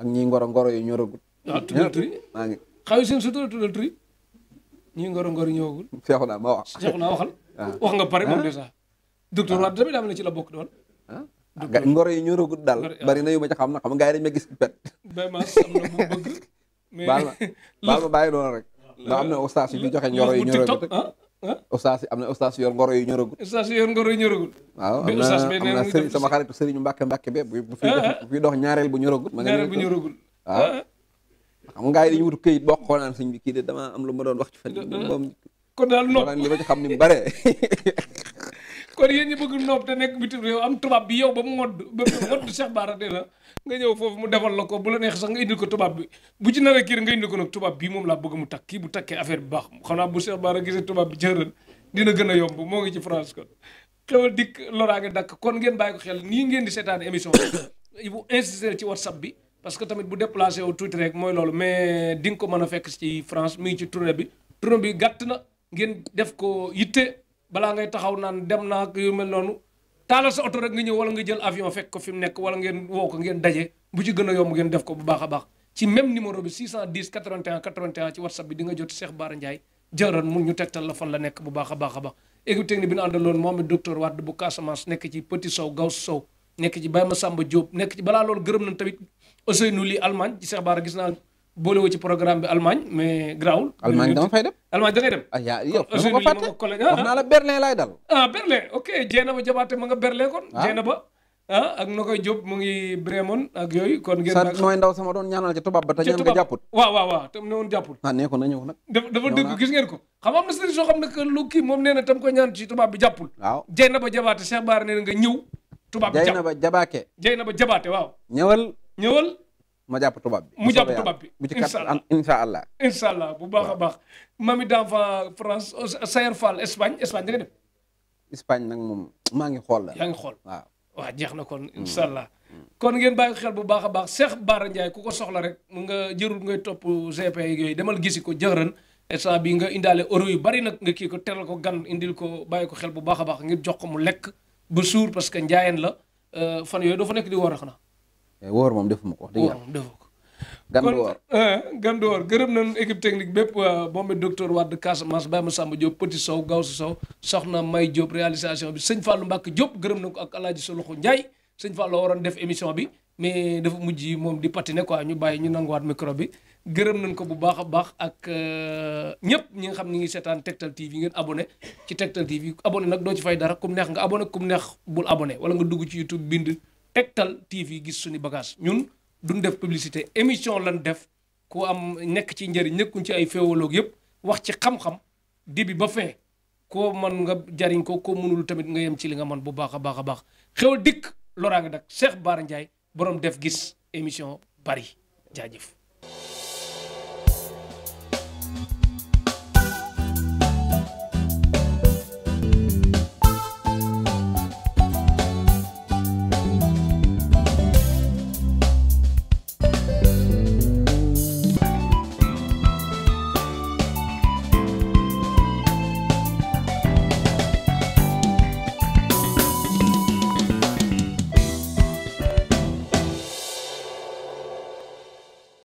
ak ñi ngoro ngoro yu ñoragul waaw ah, tuddal turi maa ngi xaw seen ngoro ngoro yu ñoragul Seexu naa ma wax Seexu *laughs* ah. wax nga pare moom de sax ah. docteur Wade tamit daa mel ci la bokk doon ngoro yi ñoragul daal bari na yu ma ci na xam nga gars yi dañ ma gis pet baal ma *laughs* baal ma bàyyi doon rek ndax am na ustaas yu joxe ngoro yi ñoragul ah, ah. ustaas yi am na ustaas ngoro yu ñoragul ustaas yor ngoro yu waaw am na am na sëriñ sama xaritu sëriñu mbàkke be bu fi dox ñaareel bu ñoragul ma nga bu ñoragul waaw ah. xam nga yi dañu wutu këyit boo xoolaan sëñ bi kii de dama am lu ma doon wax ci fan moom kon ni mu *laughs* kon yéen ñi bëgg noob te nekk bitim tubaab bi yow ba mu modd ba mu modd Cheikh Bara de la nga ñëw foofu mu defal la ko bu la neex sax nga indil ko tubaab bi bu ci nar a kiir nga indil ko nag tubaab bii moom laa bëgg mu takk kii bu takkee affaire bi baax xam naa bu Cheikh Bara gisee tubaab bi jëral dina gën a yomb moo ngi ci France kon a dikk loraange dakk kon ngeen bàyyi ko xel nii ngeen di seetaan émission bi bu *coughs* insister ci WhatsApp bi parce que tamit bu déplacé wu tuuti rek mooy loolu mais di nga ko mën a fekk France mi ngi ci tournée bi tournée bi gàtt na ngeen def ko yitte balaa ngay taxaw naan dem naa ak yu mel noonu taalal sa oto rek nga ñëw wala nga jël avion fekk ko fi mu nekk wala ngeen woo ko ngeen daje bu ci gën a yomb ngeen def ko bu baax a baax ci même numéro bi 610 81 81 ci whatsapp bi di nga jot Cheikh Bara Ndiaye jërën la nekk bu baax a a baax équipe technique bi ñu àndaloon moom it docteur Wade bu Casamance nekk ci Petit Sow Gaw Sow nekk ci Baye Massamba Diop nekk ci balaa loolu gërëm nañ tamit Ousseynou Ly Allemagne ci Cheikh Bara gis naa boolewoo ci programme bi Allemagne mais grawul Allemagne dama fay dem. Allemagne da ngay dem. ah yaa yow dama ko fàtte ah, wax naa ah. Berlin laay dal. Ah, Berlin ok jéena ba jabaate ma nga Berlin kon. jéena ba ah ak na koy Diop mu ngi Bremen ak yooyu. kon ngeen nag nooy ndaw sama doon ñaanal ca tubaab ba te ñaan nga jàpput. waaw waaw waaw tam ne woon jàpput. ah nee ko na ñëw nag. dafa dëgg gis ngeen ko. xam am na sëriñ soo xam ne que lu kii moom nee na tam ko ñaan ci tubaab bi jàppul. waaw jéena ba jabaate Cheikh Bara nee na nga ñëw. tubaab ba jabaake. jéena ba jabaate waaw. ñëwal ñëwal ma jàpp tubaab bi mu jàpp tubaab bi incha allah incha allah bu baax a baax mami d'enfant France Sayer Fall Espagne Espagne da nga dem Espagne nag moom maa ngi xool la yaa ngi xool waaw waaw jeex na kon mm. incha allah mm. kon ngeen bàyyi xel bu baax a baax Cheikh Bara Ndiaye ku ko soxla rek mu nga jërul ngay topp GP yooyu demal gisi ko jërën instant bi nga indaale euro yu bari nag nga kii ko teral ko gan indil ko bàyyi ko xel bu baax a baax ngir jox ko mu lekk bu suur parce que njaayeen la euh, fan yooyu doo fa nekk di war xanaa Eh, woor moom defuma ko wax dëgg yàlla defu ko gandu woor eh, gandu woor gërëm nañu équipe technique bépp moom it docteur Wade Casamance ma Massamba Diop Petit Sow Gawsu Sow soxna May Diop réalisation bi sëñ Fallou Mbacke Diop gërëm nañ ko ak alaaji Soloxo Ndiaye sëñ Fallou waroon def émission bi mais dafa mujj moom di patiner quoi ñu bàyyi ñu nanguwaat micro bi gërëm nañ ko bu baax a baax ak eh, ñëpp ñi nga xam ñi ngi seetaan Tektal TV ngeen abonné ci Tektal TV abonné nag doo ci fay dara kum neex nga abonné kum neex bul wala nga dugg ci YouTube bind Tektal TV gis suñu bagage ñun duñ def publicité émission lan def ku am nekk ci njariñ nekkuñ ci ay féewaloog yëpp wax ci xam-xam di bi ba fee ko mën nga jariñ ko ko mënul tamit nga yem ci li nga mën bu baax a baax a baax xew dikk loraa nga dak Cheikh baar Ndiaye borom def gis émission bari jaajëf